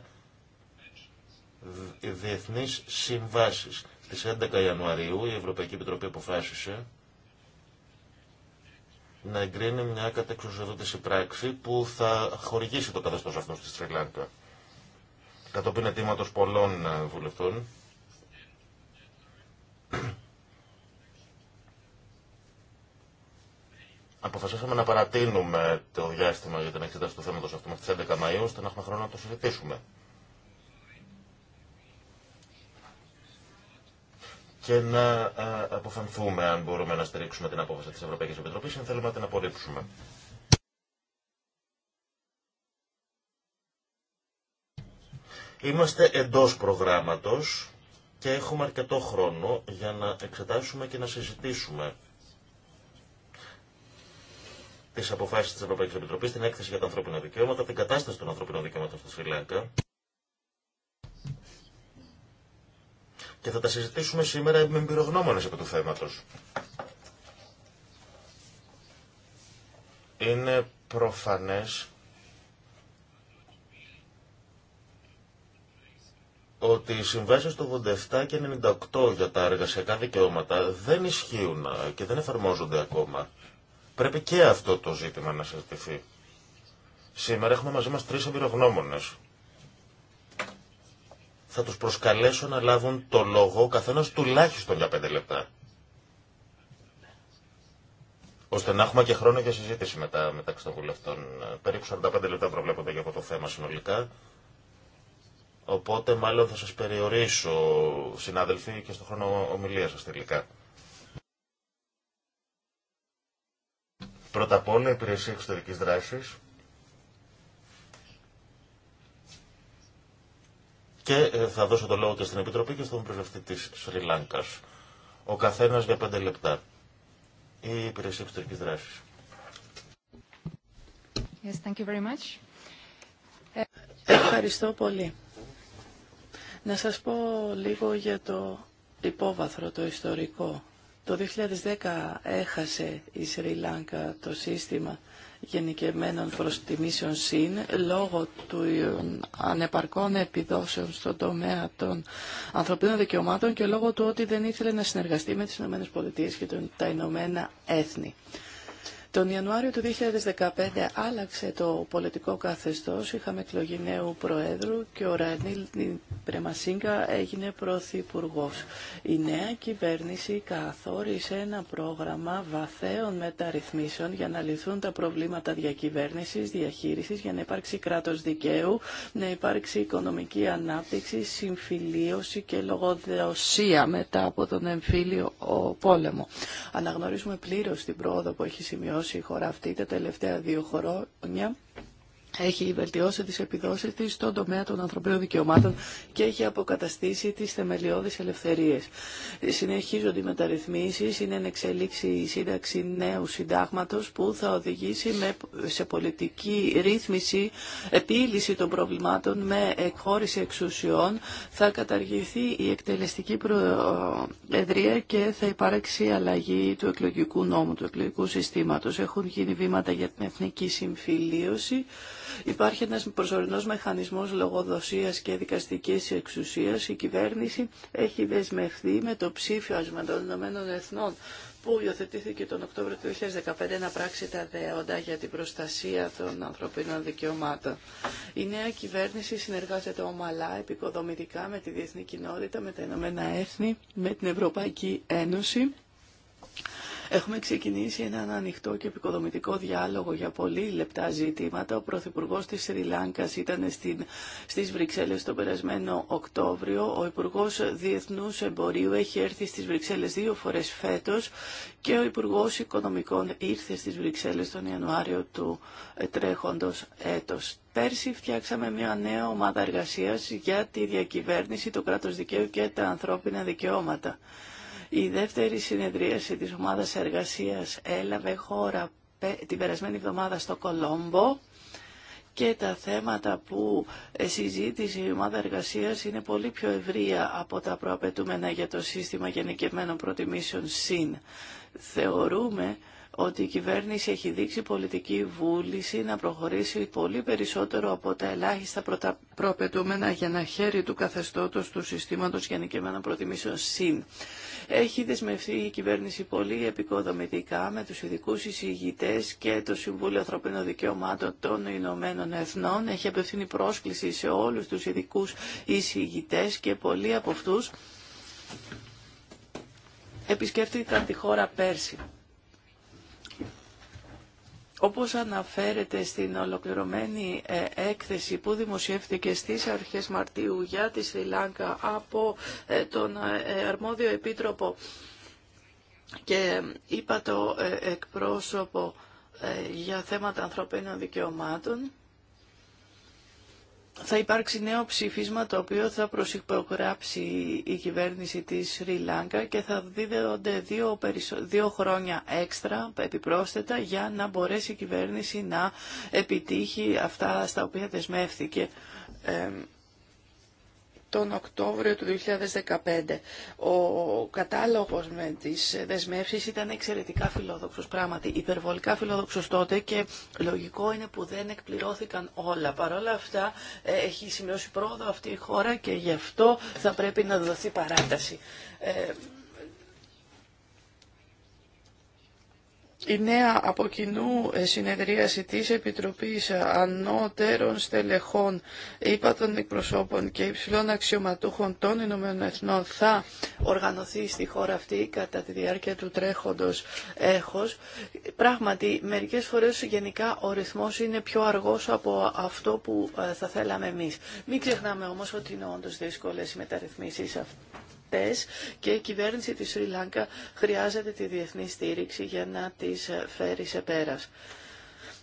διεθνείς συμβάσεις. Στις 11 Ιανουαρίου η Ευρωπαϊκή Επιτροπή αποφάσισε να εγκρίνει μια κατεξοσοδότηση πράξη που θα χορηγήσει το καθεστώς αυτό στη Στριλάνκα. Κατόπιν ετήματος πολλών ε, βουλευτών, αποφασίσαμε να παρατείνουμε το διάστημα για την εξέταση του θέματος αυτού μέχρι τις 11 Μαΐου, ώστε να έχουμε χρόνο να το συζητήσουμε. και να ε, αποφανθούμε αν μπορούμε να στηρίξουμε την απόφαση της Ευρωπαϊκής Επιτροπής, αν θέλουμε να την απορρίψουμε. Είμαστε εντός προγράμματος και έχουμε αρκετό χρόνο για να εξετάσουμε και να συζητήσουμε τι αποφάσει τη Ευρωπαϊκή Επιτροπή, την έκθεση για τα ανθρώπινα δικαιώματα, την κατάσταση των ανθρώπινων δικαιωμάτων στο Σιλάνκα. Και θα τα συζητήσουμε σήμερα με εμπειρογνώμονε επί του θέματο. Είναι προφανέ. ότι οι συμβάσεις του 87 και 98 για τα εργασιακά δικαιώματα δεν ισχύουν και δεν εφαρμόζονται ακόμα. Πρέπει και αυτό το ζήτημα να συζητηθεί. Σήμερα έχουμε μαζί μας τρεις εμπειρογνώμονες. Θα τους προσκαλέσω να λάβουν το λόγο καθένας τουλάχιστον για πέντε λεπτά. Ώστε να έχουμε και χρόνο για συζήτηση μετά, μεταξύ των βουλευτών. Περίπου 45 λεπτά προβλέπονται για αυτό το θέμα συνολικά. Οπότε μάλλον θα σας περιορίσω, συνάδελφοι, και στο χρόνο ομιλίας σας τελικά. Πρώτα απ' όλα η υπηρεσία εξωτερικής δράσης και ε, θα δώσω το λόγο και στην Επιτροπή και στον Πρεσβευτή της Σρι Λάνκας. Ο καθένας για πέντε λεπτά. Η υπηρεσία εξωτερικής δράσης. Yes, thank you very much. Ε, ευχαριστώ πολύ. Να σας πω λίγο για το υπόβαθρο, το ιστορικό το 2010 έχασε η Σρι Λάγκα το σύστημα γενικεμένων προστιμήσεων ΣΥΝ λόγω του ε, ανεπαρκών επιδόσεων στον τομέα των ανθρωπίνων δικαιωμάτων και λόγω του ότι δεν ήθελε να συνεργαστεί με τις ΗΠΑ και τα Ηνωμένα Έθνη. Τον Ιανουάριο του 2015 άλλαξε το πολιτικό καθεστώς, είχαμε εκλογή νέου Προέδρου και ο Ρανίλ Πρεμασίγκα έγινε Πρωθυπουργό. Η νέα κυβέρνηση καθόρισε ένα πρόγραμμα βαθέων μεταρρυθμίσεων για να λυθούν τα προβλήματα διακυβέρνησης, διαχείρισης, για να υπάρξει κράτος δικαίου, να υπάρξει οικονομική ανάπτυξη, συμφιλίωση και λογοδοσία μετά από τον εμφύλιο πόλεμο. Αναγνωρίζουμε πλήρως την πρόοδο που έχει σημειώσει ενώσει η χώρα αυτή τα τελευταία δύο χρόνια έχει βελτιώσει τις επιδόσεις της στον τομέα των ανθρωπίνων δικαιωμάτων και έχει αποκαταστήσει τις θεμελιώδεις ελευθερίες. Συνεχίζονται οι μεταρρυθμίσεις, είναι εν εξελίξη η σύνταξη νέου συντάγματος που θα οδηγήσει σε πολιτική ρύθμιση, επίλυση των προβλημάτων με εκχώρηση εξουσιών, θα καταργηθεί η εκτελεστική προεδρία και θα υπάρξει αλλαγή του εκλογικού νόμου, του εκλογικού συστήματος. Έχουν γίνει βήματα για την εθνική συμφιλίωση. Υπάρχει ένας προσωρινός μηχανισμός λογοδοσίας και δικαστικής εξουσίας. Η κυβέρνηση έχει δεσμευθεί με το ψήφιο των Εθνών που υιοθετήθηκε τον Οκτώβριο του 2015 να πράξει τα δέοντα για την προστασία των ανθρωπίνων δικαιωμάτων. Η νέα κυβέρνηση συνεργάζεται ομαλά, επικοδομητικά με τη διεθνή κοινότητα, με τα Ηνωμένα Έθνη, με την Ευρωπαϊκή Ένωση Έχουμε ξεκινήσει έναν ανοιχτό και επικοδομητικό διάλογο για πολύ λεπτά ζητήματα. Ο Πρωθυπουργό τη Σρι ήταν στι Βρυξέλλε τον περασμένο Οκτώβριο. Ο Υπουργό Διεθνού Εμπορίου έχει έρθει στι Βρυξέλλε δύο φορέ φέτο και ο Υπουργό Οικονομικών ήρθε στι Βρυξέλλε τον Ιανουάριο του τρέχοντο έτο. Πέρσι φτιάξαμε μια νέα ομάδα εργασία για τη διακυβέρνηση, το κράτο δικαίου και τα ανθρώπινα δικαιώματα. Η δεύτερη συνεδρίαση της ομάδας εργασίας έλαβε χώρα την περασμένη εβδομάδα στο Κολόμπο και τα θέματα που συζήτησε η ομάδα εργασίας είναι πολύ πιο ευρεία από τα προαπαιτούμενα για το σύστημα γενικευμένων προτιμήσεων ΣΥΝ. Θεωρούμε ότι η κυβέρνηση έχει δείξει πολιτική βούληση να προχωρήσει πολύ περισσότερο από τα ελάχιστα προτα... προαπαιτούμενα για να χέρι του καθεστώτος του συστήματος γενικεμένων προτιμήσεων ΣΥΝ. Έχει δεσμευτεί η κυβέρνηση πολύ επικοδομητικά με τους ειδικού εισηγητές και το Συμβούλιο Ανθρωπίνων Δικαιωμάτων των Ηνωμένων Εθνών. Έχει απευθύνει πρόσκληση σε όλους τους ειδικού εισηγητές και πολλοί από αυτούς επισκέφτηκαν τη χώρα πέρσι. Όπως αναφέρεται στην ολοκληρωμένη ε, έκθεση που δημοσιεύτηκε στις αρχές Μαρτίου για τη Σρι από ε, τον ε, αρμόδιο επίτροπο και είπα το εκπρόσωπο για θέματα ανθρωπίνων δικαιωμάτων, θα υπάρξει νέο ψήφισμα το οποίο θα προσυπογράψει η κυβέρνηση της Σρι και θα δίδονται δύο, δύο χρόνια έξτρα επιπρόσθετα για να μπορέσει η κυβέρνηση να επιτύχει αυτά στα οποία δεσμεύθηκε τον Οκτώβριο του 2015. Ο κατάλογος με τις δεσμεύσεις ήταν εξαιρετικά φιλόδοξος πράγματι, υπερβολικά φιλόδοξος τότε και λογικό είναι που δεν εκπληρώθηκαν όλα. Παρ' όλα αυτά ε, έχει σημειώσει πρόοδο αυτή η χώρα και γι' αυτό θα πρέπει να δοθεί παράταση. Ε, η νέα από κοινού ε, συνεδρίαση της Επιτροπής Ανώτερων Στελεχών είπα των εκπροσώπων και υψηλών αξιωματούχων των Ηνωμένων Εθνών θα οργανωθεί στη χώρα αυτή κατά τη διάρκεια του τρέχοντος έχος. Πράγματι, μερικές φορές γενικά ο ρυθμός είναι πιο αργός από αυτό που ε, θα θέλαμε εμείς. Μην ξεχνάμε όμως ότι είναι όντως δύσκολες οι μεταρρυθμίσεις αυτές και η κυβέρνηση της Σρι Λάγκα χρειάζεται τη διεθνή στήριξη για να τις φέρει σε πέρας.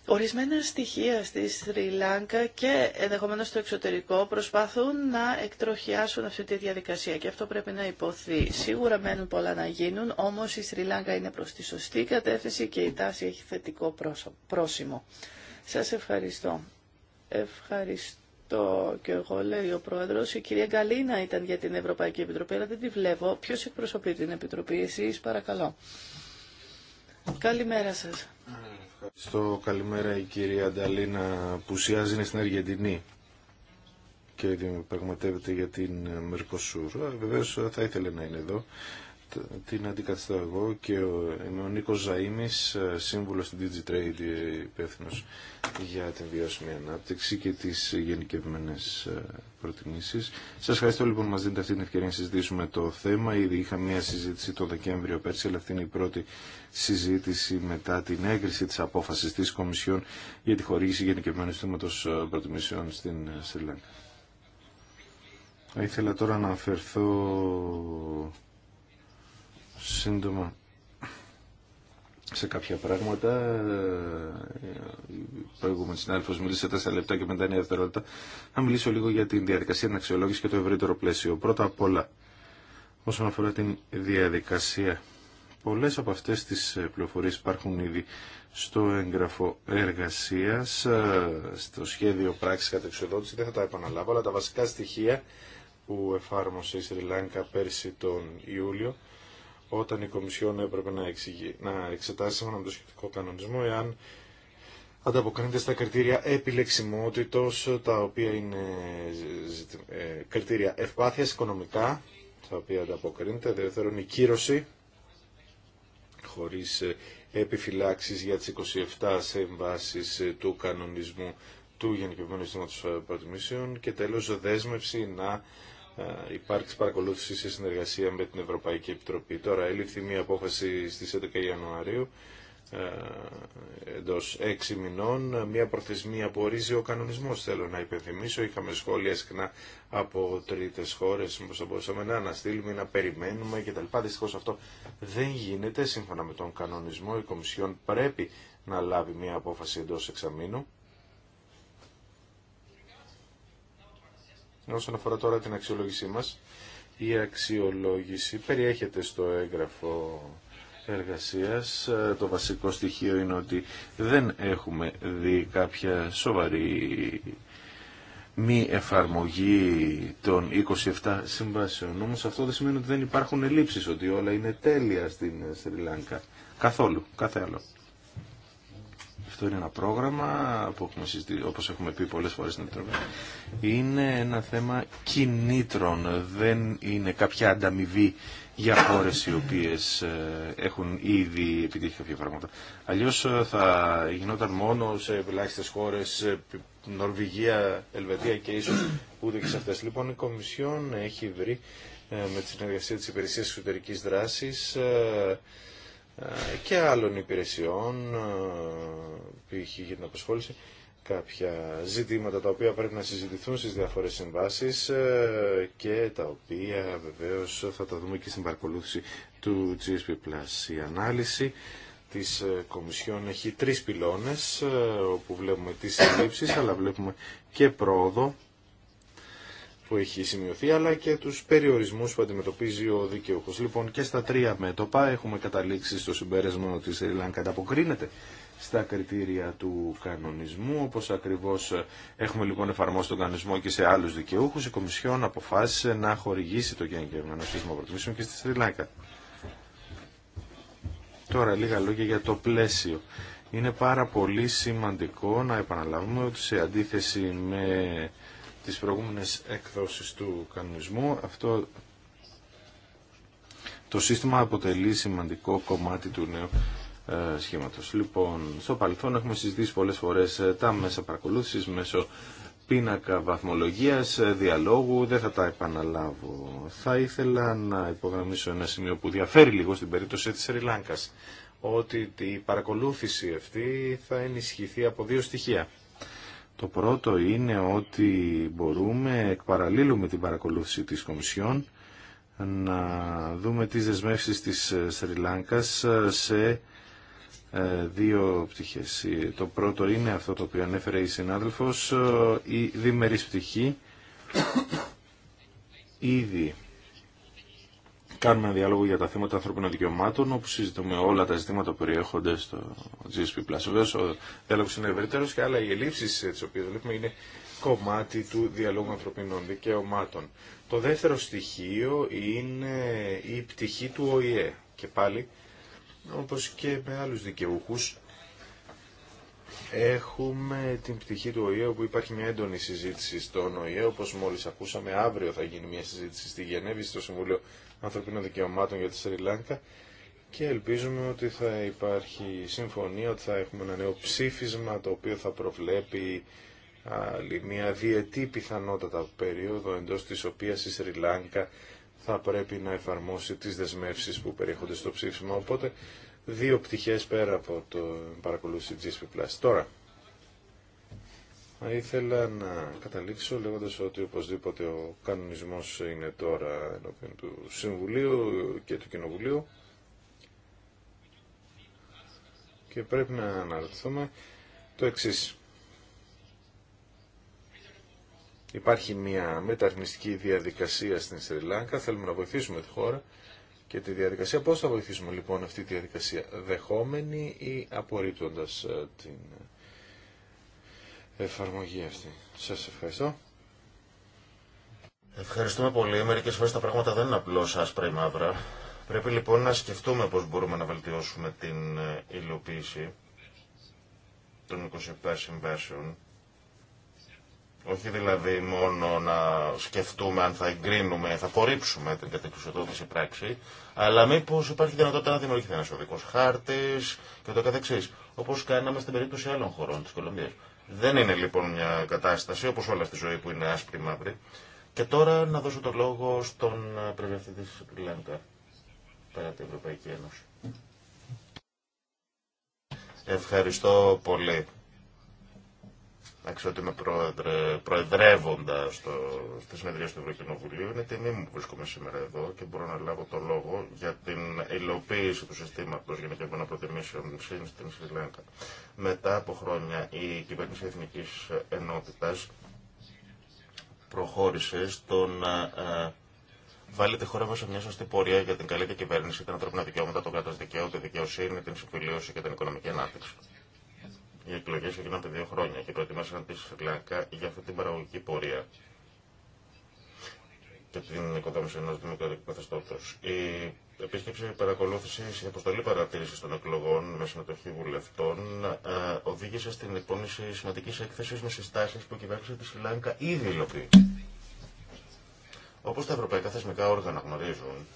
Ορισμένα στοιχεία στη Σρι Λάγκα και ενδεχομένω στο εξωτερικό προσπαθούν να εκτροχιάσουν αυτή τη διαδικασία και αυτό πρέπει να υποθεί. Σίγουρα μένουν πολλά να γίνουν, όμω η Σρι Λάγκα είναι προ τη σωστή κατεύθυνση και η τάση έχει θετικό πρόσημο. Σα ευχαριστώ. Ευχαριστώ το και εγώ, λέει ο πρόεδρο. Η κυρία Γκαλίνα ήταν για την Ευρωπαϊκή Επιτροπή, αλλά δεν τη βλέπω. Ποιο εκπροσωπεί την Επιτροπή, εσεί, παρακαλώ. Καλημέρα σα. Ευχαριστώ. Καλημέρα η κυρία Ανταλίνα που ουσιάζει είναι στην Αργεντινή και πραγματεύεται για την Μερκοσούρ. Βεβαίω θα ήθελε να είναι εδώ την αντικαθιστώ εγώ και ο, είμαι ο Νίκος Ζαΐμης, ε, σύμβουλος του DigiTrade, ε, υπεύθυνο για την βιώσιμη ανάπτυξη και τις γενικευμένες ε, προτιμήσεις. Σας ευχαριστώ λοιπόν που μας δίνετε αυτή την ευκαιρία να συζητήσουμε το θέμα. Ήδη είχα μία συζήτηση το Δεκέμβριο πέρσι, αλλά αυτή είναι η πρώτη συζήτηση μετά την έγκριση της απόφασης της Κομισιόν για τη χορήγηση γενικευμένου στήματος προτιμήσεων στην Σριλάνκα. Θα ήθελα τώρα να αφαιρθώ σύντομα σε κάποια πράγματα. Ε, η προηγούμενη συνάδελφο μίλησε 4 λεπτά και μετά η δευτερόλεπτα. θα μιλήσω λίγο για την διαδικασία την αξιολόγηση και το ευρύτερο πλαίσιο. Πρώτα απ' όλα, όσον αφορά την διαδικασία, πολλέ από αυτέ τι ε, πληροφορίε υπάρχουν ήδη στο έγγραφο εργασία, ε, στο σχέδιο πράξη κατεξοδότηση. Δεν θα τα επαναλάβω, αλλά τα βασικά στοιχεία που εφάρμοσε η Σρι Λάνκα πέρσι τον Ιούλιο όταν η Κομισιόν έπρεπε να, εξηγεί, να εξετάσει σύμφωνα με το σχετικό κανονισμό εάν ανταποκρίνεται στα κριτήρια επιλεξιμότητος, τα οποία είναι ε, κριτήρια ευπάθεια οικονομικά, τα οποία ανταποκρίνεται, δεύτερον η κύρωση, χωρίς ε, επιφυλάξεις για τις 27 συμβάσεις ε, του κανονισμού του Γενικευμένου Συστήματος Προτιμήσεων και τέλος δέσμευση να υπάρξει παρακολούθηση σε συνεργασία με την Ευρωπαϊκή Επιτροπή. Τώρα έληφθη μια απόφαση στις 11 Ιανουαρίου εντό έξι μηνών μια προθεσμία που ορίζει ο κανονισμός θέλω να υπενθυμίσω είχαμε σχόλια συχνά από τρίτες χώρες όπω θα μπορούσαμε να αναστείλουμε να περιμένουμε κτλ Δυστυχώ αυτό δεν γίνεται σύμφωνα με τον κανονισμό η Κομισιόν πρέπει να λάβει μια απόφαση εντό εξαμήνου Όσον αφορά τώρα την αξιολόγησή μας, η αξιολόγηση περιέχεται στο έγγραφο εργασίας. Ε, το βασικό στοιχείο είναι ότι δεν έχουμε δει κάποια σοβαρή μη εφαρμογή των 27 συμβάσεων. Όμως αυτό δεν σημαίνει ότι δεν υπάρχουν ελλείψεις, ότι όλα είναι τέλεια στην Σρι Λάνκα. Καθόλου, κάθε άλλο. Αυτό είναι ένα πρόγραμμα έχουμε όπως έχουμε πει πολλές φορές στην Επιτροπή. Είναι ένα θέμα κινήτρων, δεν είναι κάποια ανταμοιβή για χώρε οι οποίες ε, έχουν ήδη επιτύχει κάποια πράγματα. Αλλιώς ε, θα γινόταν μόνο σε χώρε χώρες, ε, Νορβηγία, Ελβετία και ίσως ούτε και σε αυτές. Λοιπόν, η Κομισιόν έχει βρει με τη συνεργασία της Υπηρεσίας εσωτερικής Δράσης και άλλων υπηρεσιών, είχε για την απασχόληση, κάποια ζητήματα τα οποία πρέπει να συζητηθούν στις διάφορες συμβάσεις ε, και τα οποία βεβαίως θα τα δούμε και στην παρακολούθηση του GSP+. Η ανάλυση της ε, Κομισιόν έχει τρεις πυλώνες ε, όπου βλέπουμε τις συλλήψεις αλλά βλέπουμε και πρόοδο που έχει σημειωθεί, αλλά και του περιορισμού που αντιμετωπίζει ο δικαιούχο. Λοιπόν, και στα τρία μέτωπα έχουμε καταλήξει στο συμπέρασμα ότι η Λάγκα ανταποκρίνεται στα κριτήρια του κανονισμού, Όπω ακριβώ έχουμε λοιπόν εφαρμόσει τον κανονισμό και σε άλλου δικαιούχου. η Κομισιόν αποφάσισε να χορηγήσει το γενικευμένο σύστημα προτιμήσεων και στη Λάγκα. Τώρα λίγα λόγια για το πλαίσιο. Είναι πάρα πολύ σημαντικό να επαναλάβουμε ότι σε αντίθεση με τις προηγούμενες εκδόσεις του κανονισμού. Αυτό το σύστημα αποτελεί σημαντικό κομμάτι του νέου ε, σχήματος. Λοιπόν, στο παρελθόν έχουμε συζητήσει πολλές φορές ε, τα μέσα παρακολούθησης μέσω πίνακα βαθμολογίας, ε, διαλόγου, δεν θα τα επαναλάβω. Θα ήθελα να υπογραμμίσω ένα σημείο που διαφέρει λίγο στην περίπτωση της Σρι ότι η παρακολούθηση αυτή θα ενισχυθεί από δύο στοιχεία. Το πρώτο είναι ότι μπορούμε εκ παραλίλου την παρακολούθηση της Κομισιόν να δούμε τις δεσμεύσεις της ε, Σρι ε, σε ε, δύο πτυχές. Το πρώτο είναι αυτό το οποίο ανέφερε η συνάδελφος, η διμερής πτυχή ήδη κάνουμε ένα διάλογο για τα θέματα ανθρώπινων δικαιωμάτων, όπου συζητούμε όλα τα ζητήματα που περιέχονται στο GSP+. Βέβαια, ο διάλογο είναι ευρύτερο και άλλα οι ελλείψει, ε, τι οποίε βλέπουμε είναι κομμάτι του διαλόγου ανθρωπινών δικαιωμάτων. Το δεύτερο στοιχείο είναι η πτυχή του ΟΗΕ και πάλι, όπω και με άλλου δικαιούχου Έχουμε την πτυχή του ΟΗΕ όπου υπάρχει μια έντονη συζήτηση στον ΟΗΕ όπω μόλι ακούσαμε αύριο θα γίνει μια συζήτηση στη Γενέβη στο Συμβούλιο ανθρωπίνων δικαιωμάτων για τη Σρι Λάνκα και ελπίζουμε ότι θα υπάρχει συμφωνία, ότι θα έχουμε ένα νέο ψήφισμα το οποίο θα προβλέπει άλλη μια διετή πιθανότατα περίοδο εντός της οποίας η Σρι Λάνκα θα πρέπει να εφαρμόσει τις δεσμεύσεις που περιέχονται στο ψήφισμα. Οπότε δύο πτυχές πέρα από το παρακολούθηση GSP+. Τώρα, θα ήθελα να καταλήξω λέγοντας ότι οπωσδήποτε ο κανονισμός είναι τώρα ενώπιον του Συμβουλίου και του Κοινοβουλίου και πρέπει να αναρωτηθούμε το εξής. Υπάρχει μια μεταρρυθμιστική διαδικασία στην Σρι θέλουμε να βοηθήσουμε τη χώρα και τη διαδικασία. Πώς θα βοηθήσουμε λοιπόν αυτή τη διαδικασία, δεχόμενη ή απορρίπτοντας ε, την εφαρμογή αυτή. Σα ευχαριστώ. Ευχαριστούμε πολύ. Μερικέ φορέ τα πράγματα δεν είναι απλώ άσπρα ή μαύρα. Πρέπει λοιπόν να σκεφτούμε πώ μπορούμε να βελτιώσουμε την ε, υλοποίηση των 27 συμβάσεων. Όχι δηλαδή μόνο να σκεφτούμε αν θα εγκρίνουμε, θα απορρίψουμε την κατεξουσιοδότηση πράξη, αλλά μήπω υπάρχει δυνατότητα να δημιουργηθεί ένα οδικό χάρτη και το καθεξή. Όπω κάναμε στην περίπτωση άλλων χωρών τη Κολομβία. Δεν είναι λοιπόν μια κατάσταση όπως όλα στη ζωή που είναι άσπρη μαύρη. Και τώρα να δώσω το λόγο στον πρεσβευτή της Λέγκα πέρα την Ευρωπαϊκή Ένωση. Ευχαριστώ πολύ αξιότιμε πρόεδρε, προεδρεύοντα στο, στη συνεδρία του Ευρωκοινοβουλίου. Είναι τιμή μου που βρίσκομαι σήμερα εδώ και μπορώ να λάβω το λόγο για την υλοποίηση του συστήματο γενικευμένων προτιμήσεων στην Σρι Μετά από χρόνια, η κυβέρνηση Εθνική Ενότητα προχώρησε στο να ε, βάλει τη χώρα μα σε μια σωστή πορεία για την καλή κυβέρνηση, την ανθρώπινα δικαιώματα, τον κράτο δικαίου, τη δικαιοσύνη, την συμφιλίωση και την οικονομική ανάπτυξη. Οι εκλογέ έγιναν τα δύο χρόνια και προετοιμάσαν τη Σριλάνκα για αυτή την παραγωγική πορεία και την οικοδόμηση ενό δημοκρατικού καθεστώτο. Η επίσκεψη παρακολούθηση, η αποστολή παρατήρηση των εκλογών με συμμετοχή βουλευτών ε, οδήγησε στην εκπόνηση σημαντική έκθεση με συστάσει που κυβέρνησε τη Σιλάνκα ήδη υλοποιεί. Όπω τα ευρωπαϊκά θεσμικά όργανα γνωρίζουν,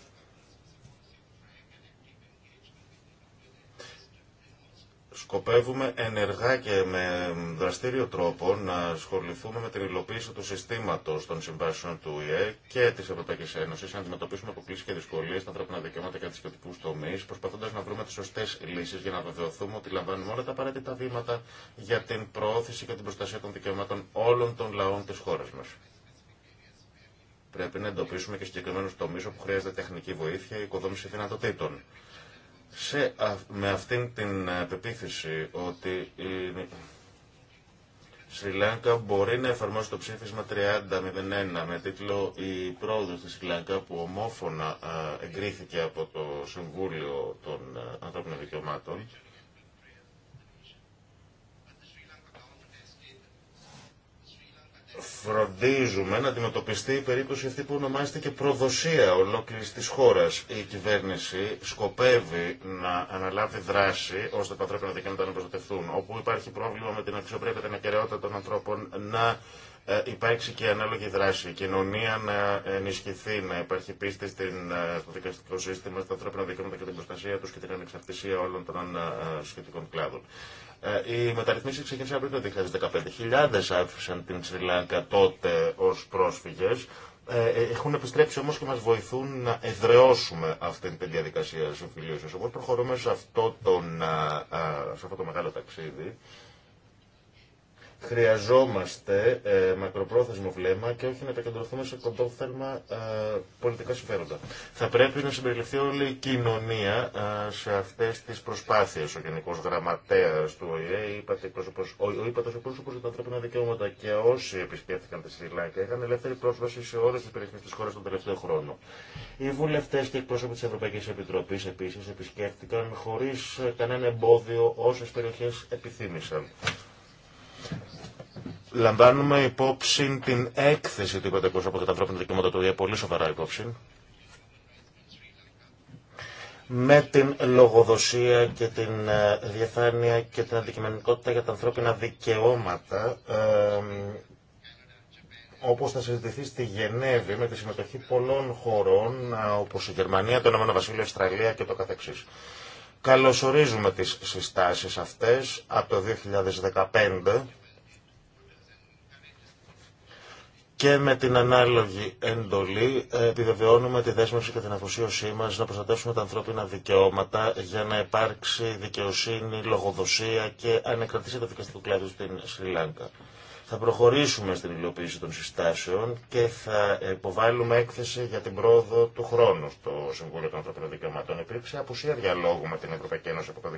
σκοπεύουμε ενεργά και με δραστήριο τρόπο να ασχοληθούμε με την υλοποίηση του συστήματο των συμβάσεων του ΟΗΕ και τη Ευρωπαϊκή Ένωση, να αντιμετωπίσουμε αποκλήσει και δυσκολίε στα ανθρώπινα δικαιώματα και του σχετικού τομεί, προσπαθώντα να βρούμε τι σωστέ λύσει για να βεβαιωθούμε ότι λαμβάνουμε όλα τα απαραίτητα βήματα για την προώθηση και την προστασία των δικαιωμάτων όλων των λαών τη χώρα μα. Πρέπει να εντοπίσουμε και συγκεκριμένου τομεί όπου χρειάζεται τεχνική βοήθεια ή οικοδόμηση δυνατοτήτων σε, με αυτήν την ε, πεποίθηση ότι η Σρι Λάγκα μπορεί να εφαρμόσει το ψήφισμα 3001 με τίτλο «Η πρόοδος της Σρι Λάγκα» που ομόφωνα ε, εγκρίθηκε από το Συμβούλιο των ε, Ανθρώπινων Δικαιωμάτων φροντίζουμε να αντιμετωπιστεί η περίπτωση αυτή που ονομάζεται και προδοσία ολόκληρη τη χώρα. Η κυβέρνηση σκοπεύει να αναλάβει δράση ώστε τα ανθρώπινα δικαιώματα να προστατευτούν. Όπου υπάρχει πρόβλημα με την αξιοπρέπεια και την των ανθρώπων, να ε, υπάρξει και ανάλογη δράση. Η κοινωνία να ενισχυθεί, να υπάρχει πίστη ε, στο δικαστικό σύστημα, στα ανθρώπινα δικαιώματα και την προστασία του και την ανεξαρτησία όλων των ε, σχετικών κλάδων. Ε, οι μεταρρυθμίση ξεκίνησαν πριν το 2015. Χιλιάδες άφησαν την Σριλάνκα τότε ως πρόσφυγες. Ε, ε, έχουν επιστρέψει όμως και μας βοηθούν να εδραιώσουμε αυτή την διαδικασία συμφιλίωσης. Όπως προχωρούμε σε αυτό, τον, σε αυτό το μεγάλο ταξίδι, Χρειαζόμαστε ε, μακροπρόθεσμο βλέμμα και όχι να επικεντρωθούμε σε κοντόφθαλμα ε, πολιτικά συμφέροντα. Θα πρέπει να συμπεριληφθεί όλη η κοινωνία ε, σε αυτέ τι προσπάθειε. Ο Γενικό Γραμματέα του ΟΗΕ, ο ο πρόσωπο για τα ανθρώπινα δικαιώματα και όσοι επισκέφθηκαν τη και είχαν ελεύθερη πρόσβαση σε όλε τι περιοχέ τη χώρα τον τελευταίο χρόνο. Οι βουλευτέ και εκπρόσωποι τη Ευρωπαϊκή Επιτροπή επίση επισκέφτηκαν χωρί κανένα εμπόδιο όσε περιοχέ επιθύμησαν. Λαμβάνουμε υπόψη την έκθεση του Υπατεκούς από τα ανθρώπινα δικαιώματα του ΙΕ, πολύ σοβαρά υπόψη, με την λογοδοσία και την ε, διαφάνεια και την αντικειμενικότητα για τα ανθρώπινα δικαιώματα, όπως θα συζητηθεί στη Γενέβη με τη συμμετοχή πολλών χωρών, όπως η Γερμανία, το Ηνωμένο Βασίλειο, η Αυστραλία και το καθεξής. Καλωσορίζουμε τις συστάσεις αυτές από το 2015 και με την ανάλογη εντολή ε, επιβεβαιώνουμε τη δέσμευση και την αφοσίωσή μας να προστατεύσουμε τα ανθρώπινα δικαιώματα για να υπάρξει δικαιοσύνη, λογοδοσία και ανεκρατήσει τα δικαστικού κλάδου στην Σρι Λάγκα. Θα προχωρήσουμε στην υλοποίηση των συστάσεων και θα υποβάλουμε έκθεση για την πρόοδο του χρόνου στο Συμβούλιο των Ανθρωπίνων Δικαιωμάτων. Υπήρξε απουσία διαλόγου με την Ευρωπαϊκή Ένωση από το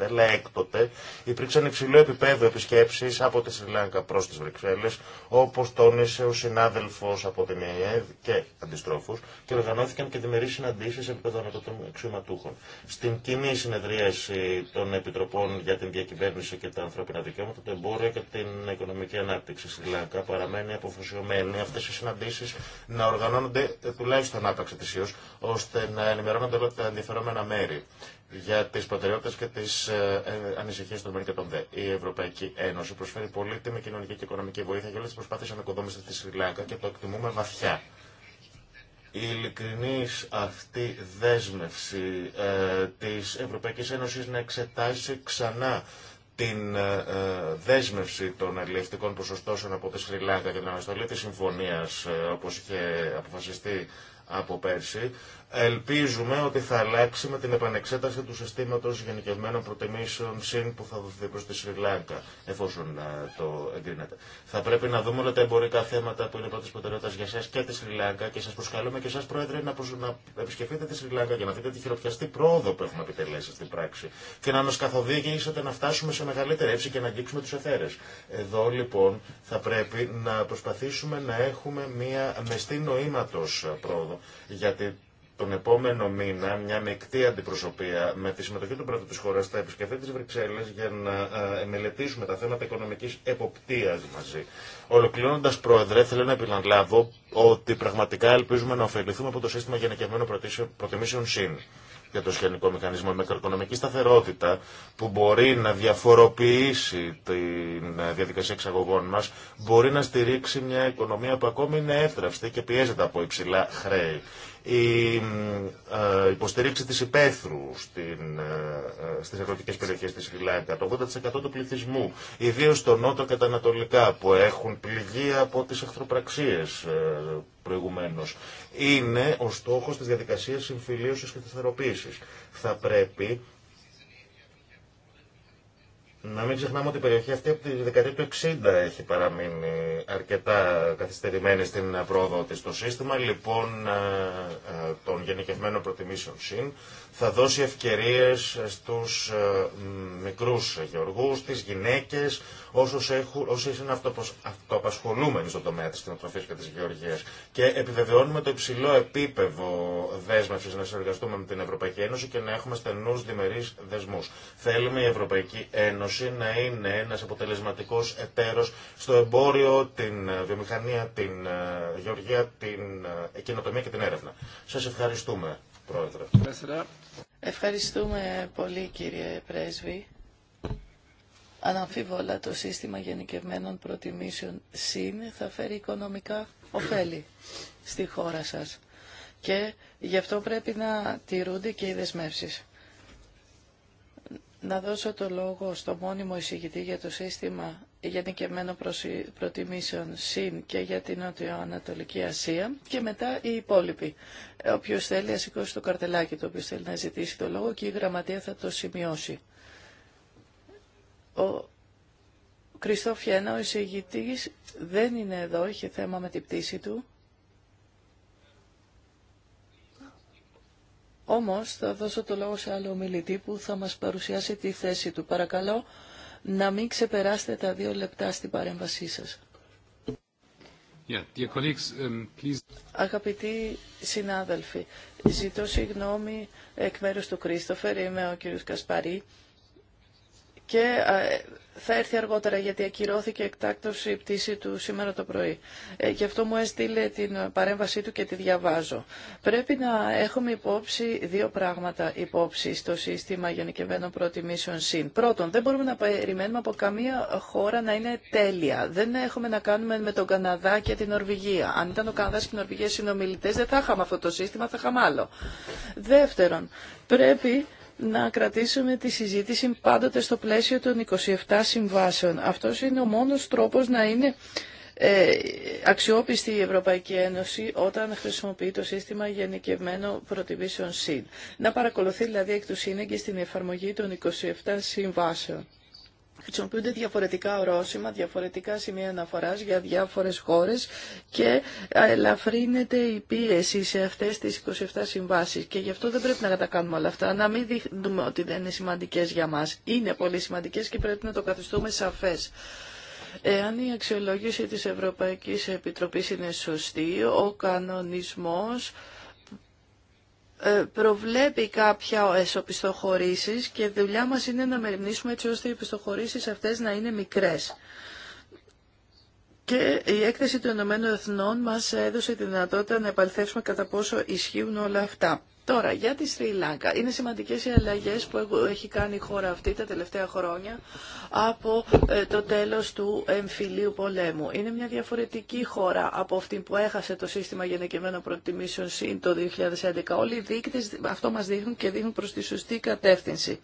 2015, αλλά έκτοτε υπήρξαν υψηλό επίπεδο επισκέψει από τη Σριλάνκα προ τι Βρυξέλλε, όπω τόνισε ο συνάδελφο από την ΕΕΔ και αντιστρόφου, και οργανώθηκαν και δημερεί συναντήσει επίπεδο αξιωματούχων. Στην κοινή συνεδρίαση των Επιτροπών για την Διακυβέρνηση και τα Ανθρώπινα Δικαιώματα, το Εμπόριο και την Οικονομική ανάπτυξη στη ΛΑΚΑ παραμένει αποφουσιωμένη, αυτέ οι συναντήσει να οργανώνονται τουλάχιστον άπαξ ετησίω, ώστε να ενημερώνονται όλα τα ενδιαφερόμενα μέρη για τι προτεραιότητε και τι ε, ε, ανησυχίε των ΜΕΝ των ΔΕ. Η Ευρωπαϊκή Ένωση προσφέρει πολύτιμη κοινωνική και οικονομική βοήθεια για όλε τι προσπάθειε ανακοδόμηση στη Σρι Λάκα και το εκτιμούμε βαθιά. Η ειλικρινή αυτή δέσμευση ε, της Ευρωπαϊκής Ένωσης να εξετάσει ξανά την ε, ε, δέσμευση των αλληλευτικών ποσοστώσεων από τη Σρι για και την αναστολή της συμφωνίας ε, όπως είχε αποφασιστεί από πέρσι Ελπίζουμε ότι θα αλλάξει με την επανεξέταση του συστήματο γενικευμένων προτιμήσεων ΣΥΝ που θα δοθεί προ τη Σρι Λάγκα, εφόσον το εγκρίνεται. Θα πρέπει να δούμε όλα τα εμπορικά θέματα που είναι πρώτη προτεραιότητα για εσά και τη Σρι και σα προσκαλούμε και εσά, Πρόεδρε να, να επισκεφτείτε τη Σρι Λάγκα για να δείτε τη χειροπιαστή πρόοδο που έχουμε επιτελέσει στην πράξη και να μα καθοδήγησετε να φτάσουμε σε μεγαλύτερη έψη και να αγγίξουμε του εθέρε. Εδώ λοιπόν θα πρέπει να προσπαθήσουμε να έχουμε μια μεστή νοήματο πρόοδο γιατί τον επόμενο μήνα μια μεικτή αντιπροσωπεία με τη συμμετοχή του πρώτου τη χώρα θα επισκεφθεί τι Βρυξέλλε για να ε, μελετήσουμε τα θέματα οικονομική εποπτεία μαζί. Ολοκληρώνοντα, Πρόεδρε, θέλω να επαναλάβω ότι πραγματικά ελπίζουμε να ωφεληθούμε από το σύστημα γενικευμένων προτιμήσεων ΣΥΝ για το σχετικό μηχανισμό η μακροοικονομική σταθερότητα που μπορεί να διαφοροποιήσει τη ε, διαδικασία εξαγωγών μας μπορεί να στηρίξει μια οικονομία που ακόμη είναι έφτραυστη και πιέζεται από υψηλά χρέη. Η ε, υποστηρίξη της υπαίθρου στην, ε, ε, στις αγροτικές περιοχές της το 80% του πληθυσμού, ιδίως στο νότο και τα ανατολικά που έχουν πληγεί από τις εχθροπραξίες, προηγουμένως, είναι ο στόχος της διαδικασίας συμφιλίωσης και σταθεροποίηση. Θα πρέπει να μην ξεχνάμε ότι η περιοχή αυτή από τη δεκαετία του 60 έχει παραμείνει αρκετά καθυστερημένη στην πρόοδο της στο σύστημα. Λοιπόν, ε, ε, των γενικευμένων προτιμήσεων συν θα δώσει ευκαιρίες στους ε, μικρούς γεωργούς, στις γυναίκες, όσους έχουν, είναι αυτοαπασχολούμενοι στον τομέα της κοινοτροφής και της γεωργίας. Και επιβεβαιώνουμε το υψηλό επίπεδο δέσμευσης να συνεργαστούμε με την Ευρωπαϊκή Ένωση και να έχουμε στενούς διμερείς δεσμούς. Θέλουμε η Ευρωπαϊκή Ένωση να είναι ένας αποτελεσματικός εταίρος στο εμπόριο, την ε, βιομηχανία, την ε, γεωργία, την κοινοτομία και την έρευνα. Σας ευχαριστούμε, Πρόεδρε. Ευχαριστούμε πολύ κύριε Πρέσβη. Αναμφίβολα το σύστημα γενικευμένων προτιμήσεων ΣΥΝ θα φέρει οικονομικά ωφέλη στη χώρα σας και γι' αυτό πρέπει να τηρούνται και οι δεσμεύσεις. Να δώσω το λόγο στο μόνιμο εισηγητή για το σύστημα γενικευμένων προτιμήσεων ΣΥΝ και για την Νοτιοανατολική Ασία και μετά οι υπόλοιποι. Ε, Όποιο θέλει, α σηκώσει το καρτελάκι το οποίο θέλει να ζητήσει το λόγο και η γραμματεία θα το σημειώσει. Ο Κριστό ο εισηγητής, δεν είναι εδώ, είχε θέμα με την πτήση του. Όμως θα δώσω το λόγο σε άλλο ομιλητή που θα μας παρουσιάσει τη θέση του. Παρακαλώ να μην ξεπεράσετε τα δύο λεπτά στην παρέμβασή σας. Um, Αγαπητοί συνάδελφοι, ζητώ συγγνώμη εκ μέρους του Κρίστοφερ, είμαι ο κύριος Κασπαρή και θα έρθει αργότερα γιατί ακυρώθηκε εκτάκτως η πτήση του σήμερα το πρωί. Ε, γι' αυτό μου έστειλε την παρέμβασή του και τη διαβάζω. Πρέπει να έχουμε υπόψη δύο πράγματα υπόψη στο σύστημα γενικευμένων προτιμήσεων ΣΥΝ. Πρώτον, δεν μπορούμε να περιμένουμε από καμία χώρα να είναι τέλεια. Δεν έχουμε να κάνουμε με τον Καναδά και την Νορβηγία. Αν ήταν ο Καναδάς και η Νορβηγία συνομιλητέ, δεν θα είχαμε αυτό το σύστημα, θα είχαμε άλλο. Δεύτερον, πρέπει να κρατήσουμε τη συζήτηση πάντοτε στο πλαίσιο των 27 συμβάσεων. Αυτός είναι ο μόνος τρόπος να είναι ε, αξιόπιστη η Ευρωπαϊκή Ένωση όταν χρησιμοποιεί το σύστημα γενικευμένο προτιμήσεων ΣΥΝ. Να παρακολουθεί δηλαδή εκ του ΣΥΝ στην εφαρμογή των 27 συμβάσεων χρησιμοποιούνται διαφορετικά ορόσημα, διαφορετικά σημεία αναφοράς για διάφορες χώρες και ελαφρύνεται η πίεση σε αυτές τις 27 συμβάσεις και γι' αυτό δεν πρέπει να τα κάνουμε όλα αυτά, να μην δείχνουμε ότι δεν είναι σημαντικές για μας. Είναι πολύ σημαντικές και πρέπει να το καθιστούμε σαφές. Εάν η αξιολόγηση της Ευρωπαϊκής Επιτροπής είναι σωστή, ο κανονισμός ε, προβλέπει κάποια εσωπιστοχωρήσεις και δουλειά μας είναι να μεριμνήσουμε έτσι ώστε οι πιστοχωρήσει αυτές να είναι μικρές. Και η έκθεση των Ηνωμένων Εθνών μας έδωσε τη δυνατότητα να επαληθεύσουμε κατά πόσο ισχύουν όλα αυτά. Τώρα, για τη Σρι Λάγκα. Είναι σημαντικέ οι αλλαγέ που έχει κάνει η χώρα αυτή τα τελευταία χρόνια από ε, το τέλο του εμφυλίου πολέμου. Είναι μια διαφορετική χώρα από αυτή που έχασε το σύστημα γενεκεμένων προτιμήσεων συν το 2011. Όλοι οι δείκτε αυτό μα δείχνουν και δείχνουν προ τη σωστή κατεύθυνση.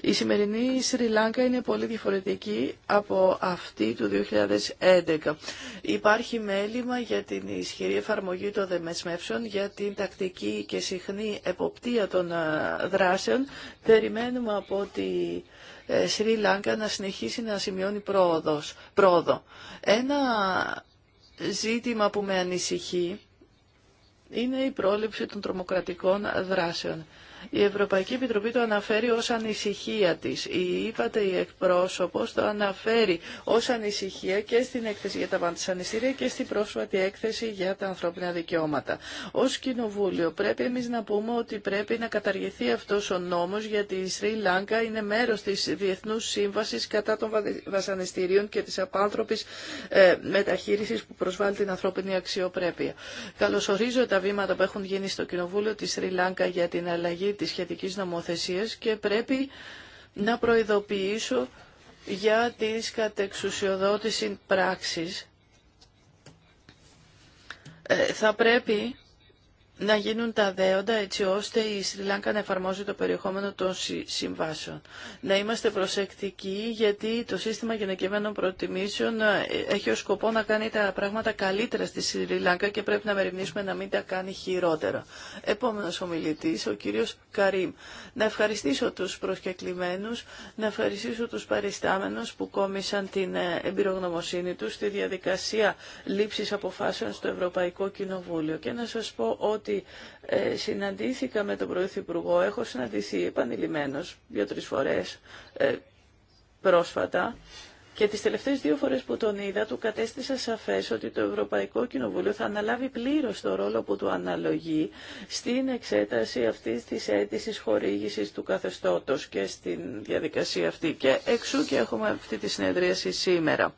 Η σημερινή Σρι Λάγκα είναι πολύ διαφορετική από αυτή του 2011. Υπάρχει μέλημα για την ισχυρή εφαρμογή των δεμεσμεύσεων, για την τακτική και συχνή εποπτεία των ε, δράσεων, περιμένουμε από τη ε, Σρι Λάγκα να συνεχίσει να σημειώνει πρόοδος, πρόοδο. Ένα ζήτημα που με ανησυχεί είναι η πρόληψη των τρομοκρατικών δράσεων. Η Ευρωπαϊκή Επιτροπή το αναφέρει ως ανησυχία της. Η είπατε η εκπρόσωπος το αναφέρει ως ανησυχία και στην έκθεση για τα βασανιστήρια και στην πρόσφατη έκθεση για τα ανθρώπινα δικαιώματα. Ως Κοινοβούλιο πρέπει εμείς να πούμε ότι πρέπει να καταργηθεί αυτός ο νόμος γιατί η Σρι Λάγκα είναι μέρος της Διεθνούς Σύμβασης κατά των βασανιστήριων και της απάνθρωπης ε, μεταχείρισης που προσβάλλει την ανθρώπινη αξιοπρέπεια. Καλωσορίζω τα βήματα που έχουν γίνει στο Κοινοβούλιο της Σρι Λάγκα για την αλλαγή Τη της σχετικής και πρέπει να προειδοποιήσω για τις κατεξουσιοδότηση πράξεις. Ε, θα πρέπει να γίνουν τα δέοντα έτσι ώστε η Σρι Λάνκα να εφαρμόζει το περιεχόμενο των συμβάσεων. Να είμαστε προσεκτικοί γιατί το σύστημα γενικευμένων προτιμήσεων ε, έχει ως σκοπό να κάνει τα πράγματα καλύτερα στη Σρι Λάνκα και πρέπει να μεριμνήσουμε να μην τα κάνει χειρότερα. Επόμενος ομιλητής, ο κύριος Καρίμ. Να ευχαριστήσω τους προσκεκλημένους, να ευχαριστήσω τους παριστάμενους που κόμισαν την ε, εμπειρογνωμοσύνη τους στη διαδικασία λήψης αποφάσεων στο Ευρωπαϊκό Κοινοβούλιο και να σας πω ότι ότι ε, συναντήθηκα με τον Πρωθυπουργό, έχω συναντηθεί επανειλημμένος δύο-τρεις φορές ε, πρόσφατα και τις τελευταίες δύο φορές που τον είδα του κατέστησα σαφές ότι το Ευρωπαϊκό Κοινοβούλιο θα αναλάβει πλήρως το ρόλο που του αναλογεί στην εξέταση αυτής της αίτησης χορήγησης του καθεστώτος και στην διαδικασία αυτή. Και εξού και έχουμε αυτή τη συνεδρίαση σήμερα.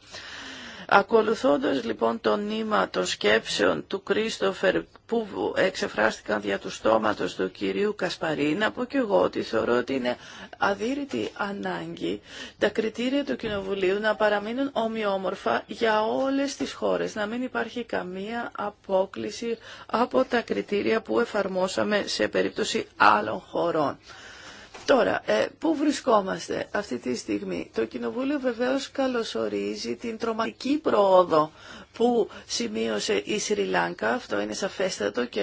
Ακολουθώντας λοιπόν το νήμα των σκέψεων του Κρίστοφερ που εξεφράστηκαν δια του στόματος του κυρίου Κασπαρίνα να πω και εγώ ότι θεωρώ ότι είναι αδύρυτη ανάγκη τα κριτήρια του Κοινοβουλίου να παραμείνουν ομοιόμορφα για όλες τις χώρες, να μην υπάρχει καμία απόκληση από τα κριτήρια που εφαρμόσαμε σε περίπτωση άλλων χωρών. Τώρα, ε, πού βρισκόμαστε αυτή τη στιγμή. Το Κοινοβούλιο βεβαίως καλωσορίζει την τρομακτική πρόοδο που σημείωσε η Σρι Λάνκα. Αυτό είναι σαφέστατο και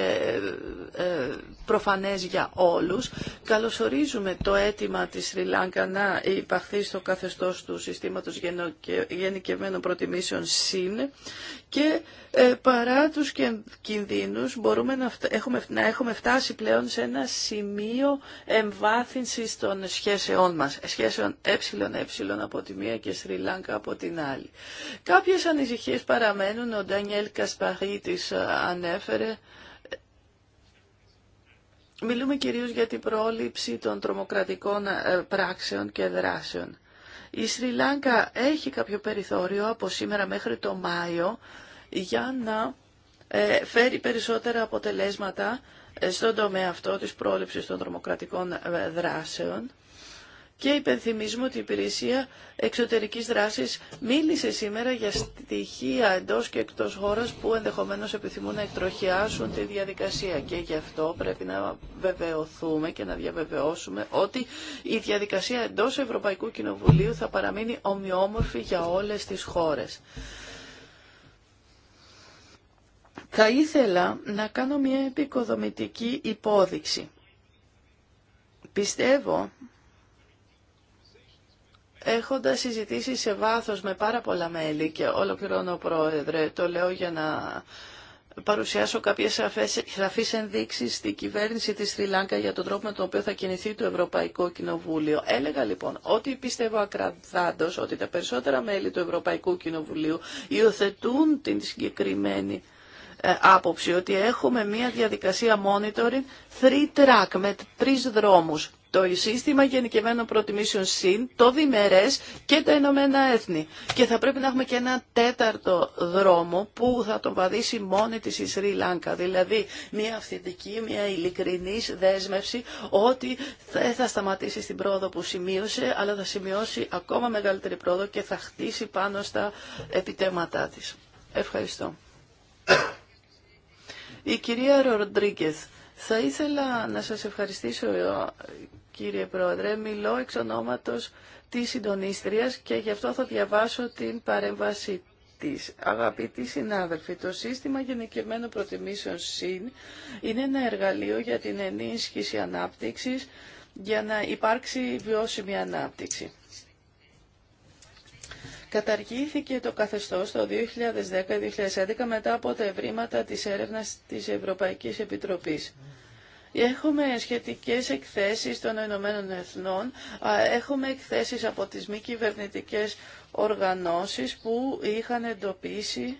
ε, ε, προφανές για όλους. Καλωσορίζουμε το αίτημα της Σρι Λάνκα να υπαχθεί στο καθεστώς του συστήματος γενικευμένων προτιμήσεων ΣΥΝ και ε, παρά τους κινδύνους μπορούμε να, έχουμε, έχουμε φτάσει πλέον σε ένα σημείο εμβάθυνσης των σχέσεών μας, σχέσεων ε από τη μία και Σρι Λάνκα από την άλλη. Κάποιες ανησυχίες παραμένουν ο Ντανιέλ Κασπαρίτης ε, ανέφερε. Μιλούμε κυρίως για την πρόληψη των τρομοκρατικών ε, πράξεων και δράσεων. Η Σρι Λάγκα έχει κάποιο περιθώριο από σήμερα μέχρι το Μάιο για να ε, φέρει περισσότερα αποτελέσματα στον τομέα αυτό της πρόληψης των τρομοκρατικών δράσεων. Και υπενθυμίζουμε ότι η υπηρεσία εξωτερικής δράσης μίλησε σήμερα για στοιχεία εντός και εκτός χώρας που ενδεχομένως επιθυμούν να εκτροχιάσουν τη διαδικασία. Και γι' αυτό πρέπει να βεβαιωθούμε και να διαβεβαιώσουμε ότι η διαδικασία εντός Ευρωπαϊκού Κοινοβουλίου θα παραμείνει ομοιόμορφη για όλες τις χώρες. Θα ήθελα να κάνω μια επικοδομητική υπόδειξη. Πιστεύω Έχοντας συζητήσει σε βάθος με πάρα πολλά μέλη και ολοκληρώνω πρόεδρε, το λέω για να παρουσιάσω κάποιε σαφεί ενδείξει ενδείξεις στην κυβέρνηση της Σρι για τον τρόπο με τον οποίο θα κινηθεί το Ευρωπαϊκό Κοινοβούλιο. Έλεγα λοιπόν ότι πιστεύω ακραδάντως ότι τα περισσότερα μέλη του Ευρωπαϊκού Κοινοβουλίου υιοθετούν την συγκεκριμένη ε, άποψη ότι έχουμε μια διαδικασία monitoring three track με τρεις δρόμου το σύστημα γενικευμένων προτιμήσεων ΣΥΝ, το διμερές και τα Ηνωμένα Έθνη. Και θα πρέπει να έχουμε και ένα τέταρτο δρόμο που θα τον βαδίσει μόνη της η Σρι Λάνκα. Δηλαδή μια αυθεντική, μια ειλικρινή δέσμευση ότι δεν θα σταματήσει στην πρόοδο που σημείωσε, αλλά θα σημειώσει ακόμα μεγαλύτερη πρόοδο και θα χτίσει πάνω στα επιτέματά της. Ευχαριστώ. Η κυρία Ροντρίγκεθ θα ήθελα να σας ευχαριστήσω κύριε Πρόεδρε, μιλώ εξ ονόματος της συντονίστριας και γι' αυτό θα διαβάσω την παρέμβαση της. Αγαπητοί συνάδελφοι, το σύστημα γενικευμένων προτιμήσεων ΣΥΝ είναι ένα εργαλείο για την ενίσχυση ανάπτυξης για να υπάρξει βιώσιμη ανάπτυξη. Καταργήθηκε το καθεστώς το 2010-2011 μετά από τα ευρήματα της έρευνας της Ευρωπαϊκής Επιτροπής. Έχουμε σχετικές εκθέσεις των Ηνωμένων Εθνών, έχουμε εκθέσεις από τις μη κυβερνητικέ οργανώσεις που είχαν εντοπίσει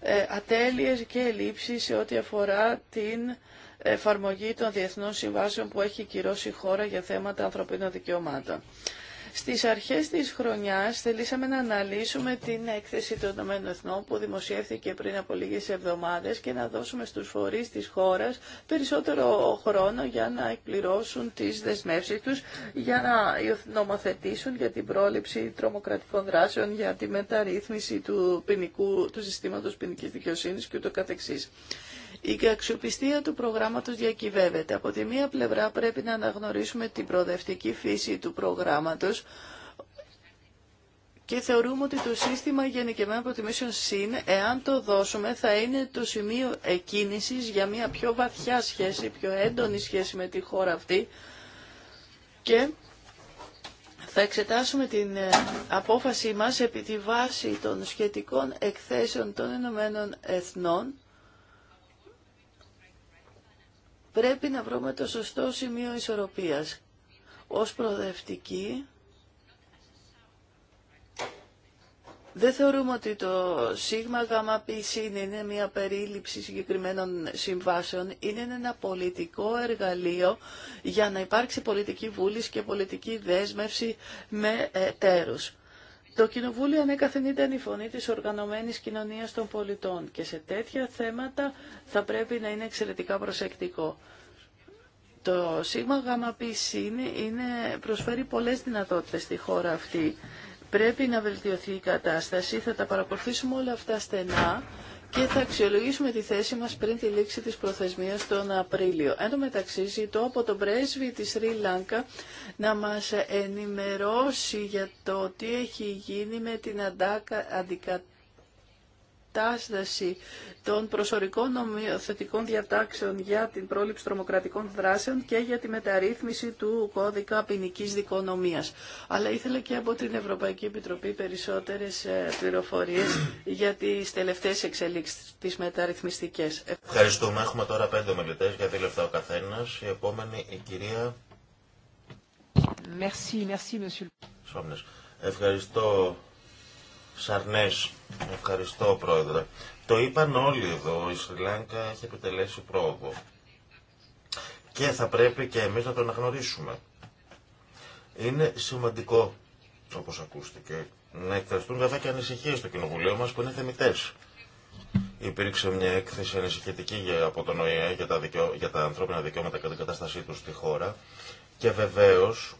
ε, ατέλειες και ελλείψεις σε ό,τι αφορά την εφαρμογή των διεθνών συμβάσεων που έχει κυρώσει η χώρα για θέματα ανθρωπίνων δικαιωμάτων. Στις αρχές της χρονιάς θελήσαμε να αναλύσουμε την έκθεση των ΗΕ που δημοσιεύθηκε πριν από λίγες εβδομάδες και να δώσουμε στους φορείς της χώρας περισσότερο χρόνο για να εκπληρώσουν τις δεσμεύσεις τους για να νομοθετήσουν για την πρόληψη τρομοκρατικών δράσεων, για τη μεταρρύθμιση του, ποινικού, του συστήματος ποινικής δικαιοσύνης και ούτω καθεξής. Η αξιοπιστία του προγράμματος διακυβεύεται. Από τη μία πλευρά πρέπει να αναγνωρίσουμε την προοδευτική φύση του προγράμματος και θεωρούμε ότι το σύστημα γενικεμένων προτιμήσεων ΣΥΝ, εάν το δώσουμε, θα είναι το σημείο εκκίνησης για μια πιο βαθιά σχέση, πιο έντονη σχέση με τη χώρα αυτή και θα εξετάσουμε την ε, απόφασή μας επί τη βάση των σχετικών εκθέσεων των Ηνωμένων Εθνών Πρέπει να βρούμε το σωστό σημείο ισορροπίας ως προοδευτική. Δεν θεωρούμε ότι το σίγμα γάμα είναι μια περίληψη συγκεκριμένων συμβάσεων. Είναι ένα πολιτικό εργαλείο για να υπάρξει πολιτική βούληση και πολιτική δέσμευση με ε, τέρους. Το Κοινοβούλιο ανέκαθεν ήταν η φωνή της οργανωμένης κοινωνίας των πολιτών και σε τέτοια θέματα θα πρέπει να είναι εξαιρετικά προσεκτικό. Το σίγμα γάμα είναι, προσφέρει πολλές δυνατότητες στη χώρα αυτή. Πρέπει να βελτιωθεί η κατάσταση, θα τα παρακολουθήσουμε όλα αυτά στενά και θα αξιολογήσουμε τη θέση μας πριν τη λήξη της προθεσμίας τον Απρίλιο. Εν τω μεταξύ ζητώ από τον πρέσβη της Σρι Λάνκα να μας ενημερώσει για το τι έχει γίνει με την αντικατάσταση κατάσταση των προσωρικών νομιοθετικών διατάξεων για την πρόληψη τρομοκρατικών δράσεων και για τη μεταρρύθμιση του κώδικα ποινική δικονομίας. Αλλά ήθελα και από την Ευρωπαϊκή Επιτροπή περισσότερες ε, πληροφορίε για τις τελευταίες εξελίξεις, τις μεταρρυθμιστικές. Ευχαριστούμε. Έχουμε τώρα πέντε ομιλητέ για δύο λεπτά ο καθένα. Η επόμενη η κυρία... Merci, merci, monsieur. Ευχαριστώ Σαρνέ, ευχαριστώ πρόεδρε. Το είπαν όλοι εδώ, η Σρι Λάγκα έχει επιτελέσει πρόοδο. Και θα πρέπει και εμείς να το αναγνωρίσουμε. Είναι σημαντικό, όπως ακούστηκε, να εκφραστούν βέβαια και ανησυχίε στο κοινοβουλίο μας που είναι θεμητές. Υπήρξε μια έκθεση ανησυχητική από τον ΟΗΕ για τα, για τα ανθρώπινα δικαιώματα και την κατάστασή του στη χώρα και βεβαίως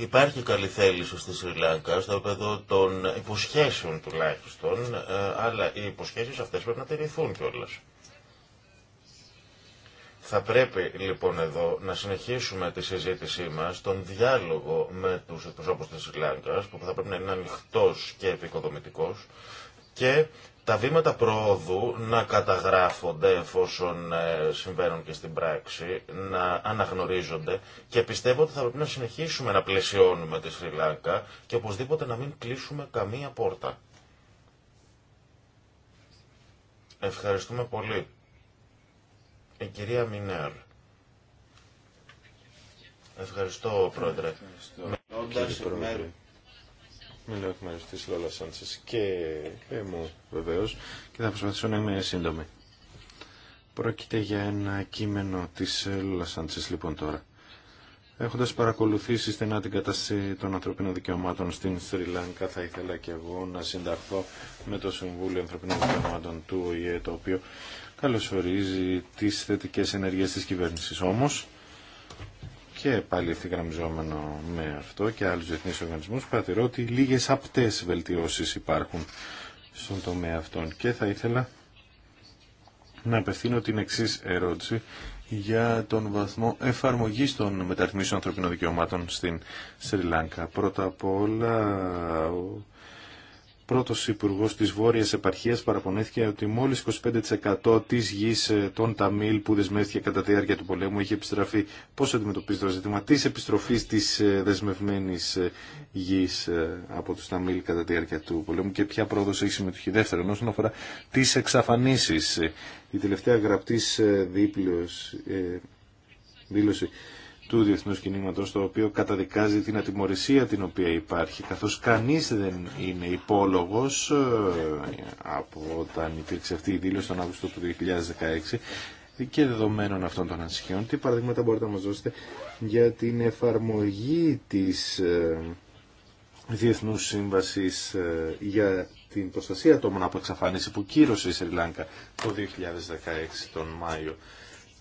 Υπάρχει καλή θέληση στη Σρι Λάγκα, στο επίπεδο των υποσχέσεων τουλάχιστον, ε, αλλά οι υποσχέσεις αυτές πρέπει να τηρηθούν κιόλα. Θα πρέπει λοιπόν εδώ να συνεχίσουμε τη συζήτησή μας, τον διάλογο με τους εκπροσώπους της Σρι που θα πρέπει να είναι ανοιχτό και επικοδομητικός, και τα βήματα πρόοδου να καταγράφονται εφόσον ε, συμβαίνουν και στην πράξη, να αναγνωρίζονται και πιστεύω ότι θα πρέπει να συνεχίσουμε να πλαισιώνουμε τη Σρι Λάγκα και οπωσδήποτε να μην κλείσουμε καμία πόρτα. Ευχαριστούμε πολύ. Η κυρία Μινέρ. Ευχαριστώ, Πρόεδρε. Ευχαριστώ, Μιλώ εκ μέρους της Λόλα Σάντσες και μου βεβαίως και θα προσπαθήσω να είμαι σύντομη. Πρόκειται για ένα κείμενο της Λόλα Σάντσες λοιπόν τώρα. Έχοντας παρακολουθήσει στενά την κατάσταση των ανθρωπίνων δικαιωμάτων στην Σρι Λάνκα, θα ήθελα και εγώ να συνταχθώ με το Συμβούλιο Ανθρωπίνων Δικαιωμάτων του ΟΗΕ, το οποίο καλωσορίζει τις θετικές ενέργειες της κυβέρνησης. Όμως, και πάλι ευθυγραμμιζόμενο με αυτό και άλλους διεθνείς οργανισμούς παρατηρώ ότι λίγες απτές βελτιώσεις υπάρχουν στον τομέα αυτών και θα ήθελα να απευθύνω την εξή ερώτηση για τον βαθμό εφαρμογής των μεταρρυθμίσεων ανθρωπίνων δικαιωμάτων στην Σρι Λάνκα. Πρώτα απ' όλα, πρώτος υπουργό της Βόρειας Επαρχίας παραπονέθηκε ότι μόλις 25% της γης ε, των Ταμίλ που δεσμεύτηκε κατά τη διάρκεια του πολέμου είχε επιστραφεί. πώ αντιμετωπίζει το ζήτημα τη επιστροφή τη ε, δεσμευμένη ε, γης από τους Ταμίλ κατά τη διάρκεια του πολέμου και ποια πρόοδο έχει συμμετοχή. Δεύτερον, όσον αφορά τι εξαφανίσει. η τελευταία γραπτή δήλωση του διεθνούς κινήματος το οποίο καταδικάζει την ατιμορρησία την οποία υπάρχει καθώς κανείς δεν είναι υπόλογος ε, από όταν υπήρξε αυτή η δήλωση τον Αύγουστο του 2016 και δεδομένων αυτών των ανησυχιών. Τι παραδείγματα μπορείτε να μας δώσετε για την εφαρμογή της ε, Διεθνούς Σύμβασης ε, για την προστασία ατόμων από εξαφάνιση που κύρωσε η Σρι το 2016 τον Μάιο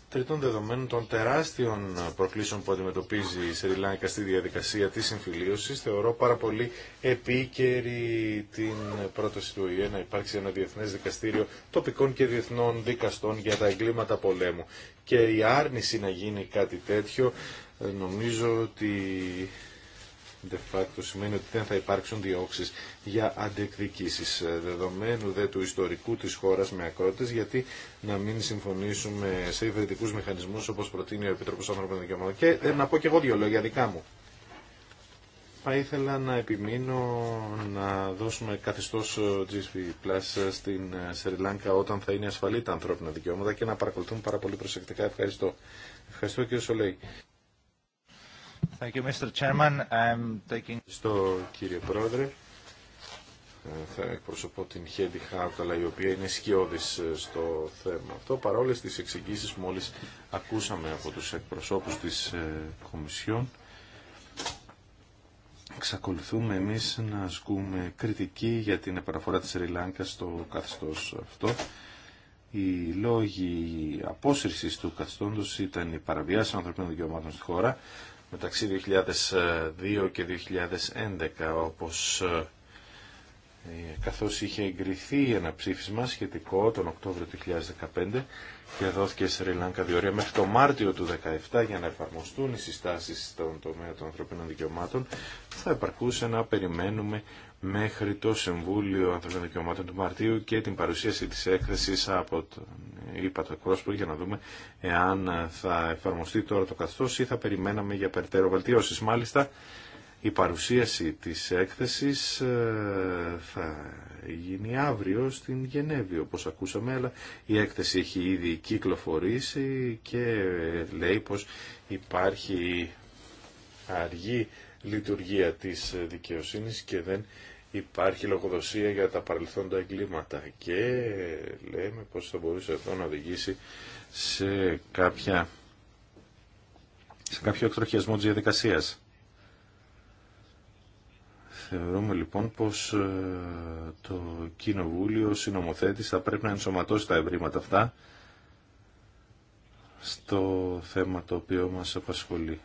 τρίτων δεδομένων των τεράστιων προκλήσεων που αντιμετωπίζει η Σρι στη διαδικασία της συμφιλίωσης, θεωρώ πάρα πολύ επίκαιρη την πρόταση του ΙΕ να υπάρξει ένα διεθνές δικαστήριο τοπικών και διεθνών δικαστών για τα εγκλήματα πολέμου. Και η άρνηση να γίνει κάτι τέτοιο ε, νομίζω ότι de facto σημαίνει ότι δεν θα υπάρξουν διώξει για αντεκδικήσει ε, δεδομένου δε του ιστορικού τη χώρα με ακρότες γιατί να μην συμφωνήσουμε σε υβριδικού μηχανισμού όπω προτείνει ο Επίτροπος Άνθρωπων Δικαιωμάτων και ε, να πω και εγώ δύο λόγια δικά μου θα ήθελα να επιμείνω να δώσουμε καθεστώ ε, GSP Plus ε, στην Σεριλάνκα όταν θα είναι ασφαλή τα ανθρώπινα δικαιώματα και να παρακολουθούν πάρα πολύ προσεκτικά. Ευχαριστώ. Ευχαριστώ κύριε Σολέη. Thank you, Mr. Στο κύριε Πρόεδρε, ε, θα εκπροσωπώ την Χέντι Χάουταλα, η οποία είναι σκιώδης ε, στο θέμα αυτό. Παρόλες τις εξηγήσεις που μόλις ακούσαμε από τους εκπροσώπους της ε, Κομισιόν, εξακολουθούμε εμείς να ασκούμε κριτική για την επαναφορά της Ριλάνκα στο καθεστώς αυτό. Οι λόγοι απόσυρσης του καθεστώντος ήταν η παραβιάση ανθρωπίνων δικαιωμάτων στη χώρα, μεταξύ 2002 και 2011 όπως ε, ε, καθώς είχε εγκριθεί ένα ψήφισμα σχετικό τον Οκτώβριο του 2015 και δόθηκε σε Σρι Λάνκα διορία μέχρι το Μάρτιο του 2017 για να εφαρμοστούν οι συστάσεις στον τομέα των ανθρωπίνων δικαιωμάτων θα επαρκούσε να περιμένουμε μέχρι το Συμβούλιο Ανθρωπίνων Δικαιωμάτων του Μαρτίου και την παρουσίαση της έκθεσης από τον το για να δούμε εάν θα εφαρμοστεί τώρα το καθώς ή θα περιμέναμε για περαιτέρω βελτιώσεις. Μάλιστα, η παρουσίαση της έκθεσης ε, θα γίνει αύριο στην Γενέβη, όπως ακούσαμε, αλλά η έκθεση έχει ήδη κυκλοφορήσει και λέει πως υπάρχει αργή λειτουργία της δικαιοσύνης και δεν υπάρχει λογοδοσία για τα παρελθόντα εγκλήματα και λέμε πως θα μπορούσε αυτό να οδηγήσει σε, κάποια, σε κάποιο εκτροχιασμό της διαδικασίας. Θεωρούμε λοιπόν πως ε, το Κοινοβούλιο συνομοθέτης θα πρέπει να ενσωματώσει τα ευρήματα αυτά στο θέμα το οποίο μας απασχολεί.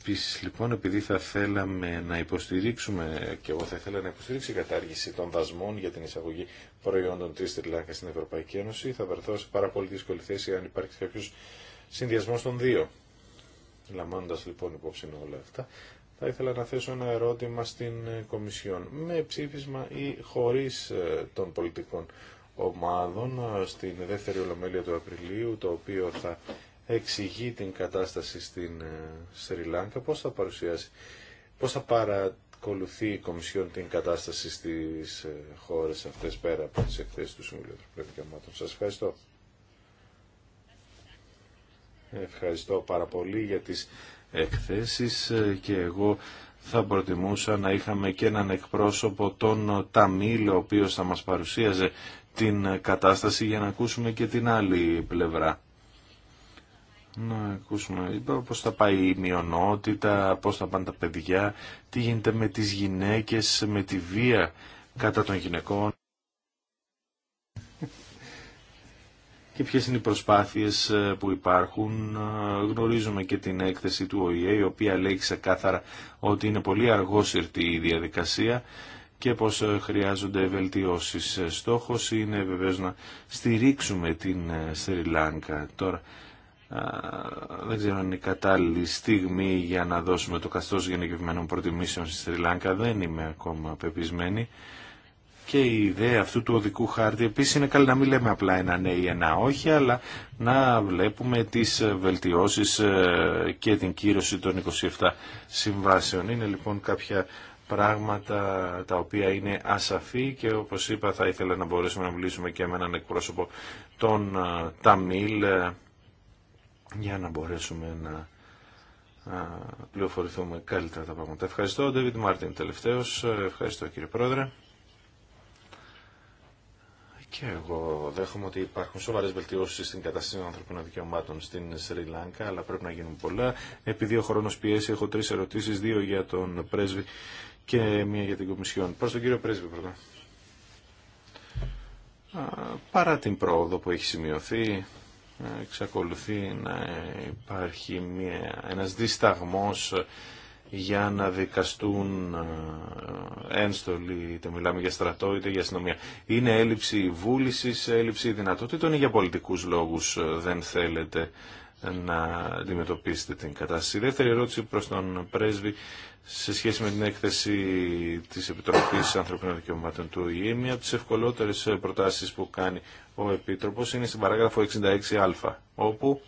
Επίση λοιπόν, επειδή θα θέλαμε να υποστηρίξουμε, και εγώ θα ήθελα να υποστηρίξει η κατάργηση των δασμών για την εισαγωγή προϊόντων τη Τριλάνκα στην Ευρωπαϊκή Ένωση, θα βρεθώ σε πάρα πολύ δύσκολη θέση αν υπάρξει κάποιο συνδυασμό των δύο. Λαμβάνοντας λοιπόν υπόψη όλα αυτά, θα ήθελα να θέσω ένα ερώτημα στην ε, Κομισιόν. Με ψήφισμα ή χωρίς ε, των πολιτικών ομάδων ε, στην δεύτερη ολομέλεια του Απριλίου, το οποίο θα εξηγεί την κατάσταση στην Σρι Λάνκα, πώς θα παρουσιάσει, πώς θα παρακολουθεί η Κομισιόν την κατάσταση στις χώρες αυτές πέρα από τις εκθέσεις του Συμβουλίου Σας ευχαριστώ. Ευχαριστώ πάρα πολύ για τις εκθέσεις και εγώ θα προτιμούσα να είχαμε και έναν εκπρόσωπο των Ταμίλ ο οποίος θα μας παρουσίαζε την κατάσταση για να ακούσουμε και την άλλη πλευρά. Να ακούσουμε πώς θα πάει η μειονότητα, πώς θα πάνε τα παιδιά, τι γίνεται με τις γυναίκες, με τη βία κατά των γυναικών. και ποιες είναι οι προσπάθειες ε, που υπάρχουν. Ε, γνωρίζουμε και την έκθεση του ΟΗΕ, η οποία λέει ξεκάθαρα ότι είναι πολύ αργόσυρτη η διαδικασία και πως ε, χρειάζονται βελτιώσεις. Στόχος είναι βεβαίως να στηρίξουμε την Σεριλάνκα. Τώρα, δεν ξέρω αν είναι η κατάλληλη στιγμή για να δώσουμε το καθώς γενικευμένων προτιμήσεων στη Σρι Δεν είμαι ακόμα πεπισμένη και η ιδέα αυτού του οδικού χάρτη επίση είναι καλή να μην λέμε απλά ένα ναι ή ένα όχι αλλά να βλέπουμε τις ε, βελτιώσεις ε, και την κύρωση των 27 συμβάσεων. Είναι λοιπόν κάποια πράγματα τα οποία είναι ασαφή και όπως είπα θα ήθελα να μπορέσουμε να μιλήσουμε και με έναν εκπρόσωπο των ε, Ταμίλ για να μπορέσουμε να πληροφορηθούμε καλύτερα τα πράγματα. Ευχαριστώ, Μάρτιν, τελευταίος. Ευχαριστώ, κύριε Πρόεδρε. Και εγώ δέχομαι ότι υπάρχουν σοβαρέ βελτιώσει στην κατάσταση των ανθρωπίνων δικαιωμάτων στην Σρι Λάνκα, αλλά πρέπει να γίνουν πολλά. Επειδή ο χρόνο πιέσει, έχω τρει ερωτήσει, δύο για τον πρέσβη και μία για την Κομισιόν. Προ τον κύριο πρέσβη πρώτα. Παρά την πρόοδο που έχει σημειωθεί, εξακολουθεί να υπάρχει ένα ένας δισταγμός για να δικαστούν ε, ένστολοι, είτε μιλάμε για στρατό είτε για αστυνομία. Είναι έλλειψη βούλησης, έλλειψη δυνατότητων ή για πολιτικούς λόγους ε, δεν θέλετε να αντιμετωπίσετε την κατάσταση. Η δεύτερη ερώτηση προς τον πρέσβη σε σχέση με την έκθεση της Επιτροπής Ανθρωπίνων Δικαιωμάτων του ΟΗΕ, μία από τις ευκολότερες προτάσεις που κάνει ο Επίτροπος είναι στην παράγραφο 66α, όπου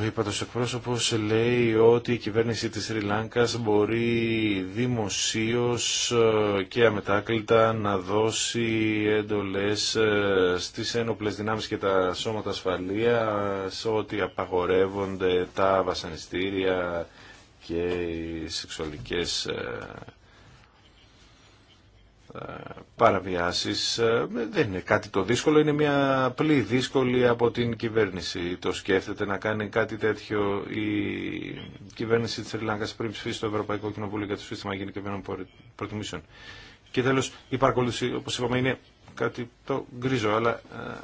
ο ύπατος λέει ότι η κυβέρνηση της Σρι μπορεί δημοσίως ε, και αμετάκλητα να δώσει έντολες ε, στις ένοπλες δυνάμεις και τα σώματα ασφαλείας ότι απαγορεύονται τα βασανιστήρια και οι σεξουαλικές ε, παραβιάσεις ε, δεν είναι κάτι το δύσκολο, είναι μια απλή δύσκολη από την κυβέρνηση. Το σκέφτεται να κάνει κάτι τέτοιο η κυβέρνηση της Ελλάδας πριν ψηφίσει το Ευρωπαϊκό Κοινοβούλιο για το σύστημα γενικευμένων προτιμήσεων. Και τέλος η παρακολούθηση όπως είπαμε είναι κάτι το γκρίζο, αλλά ε,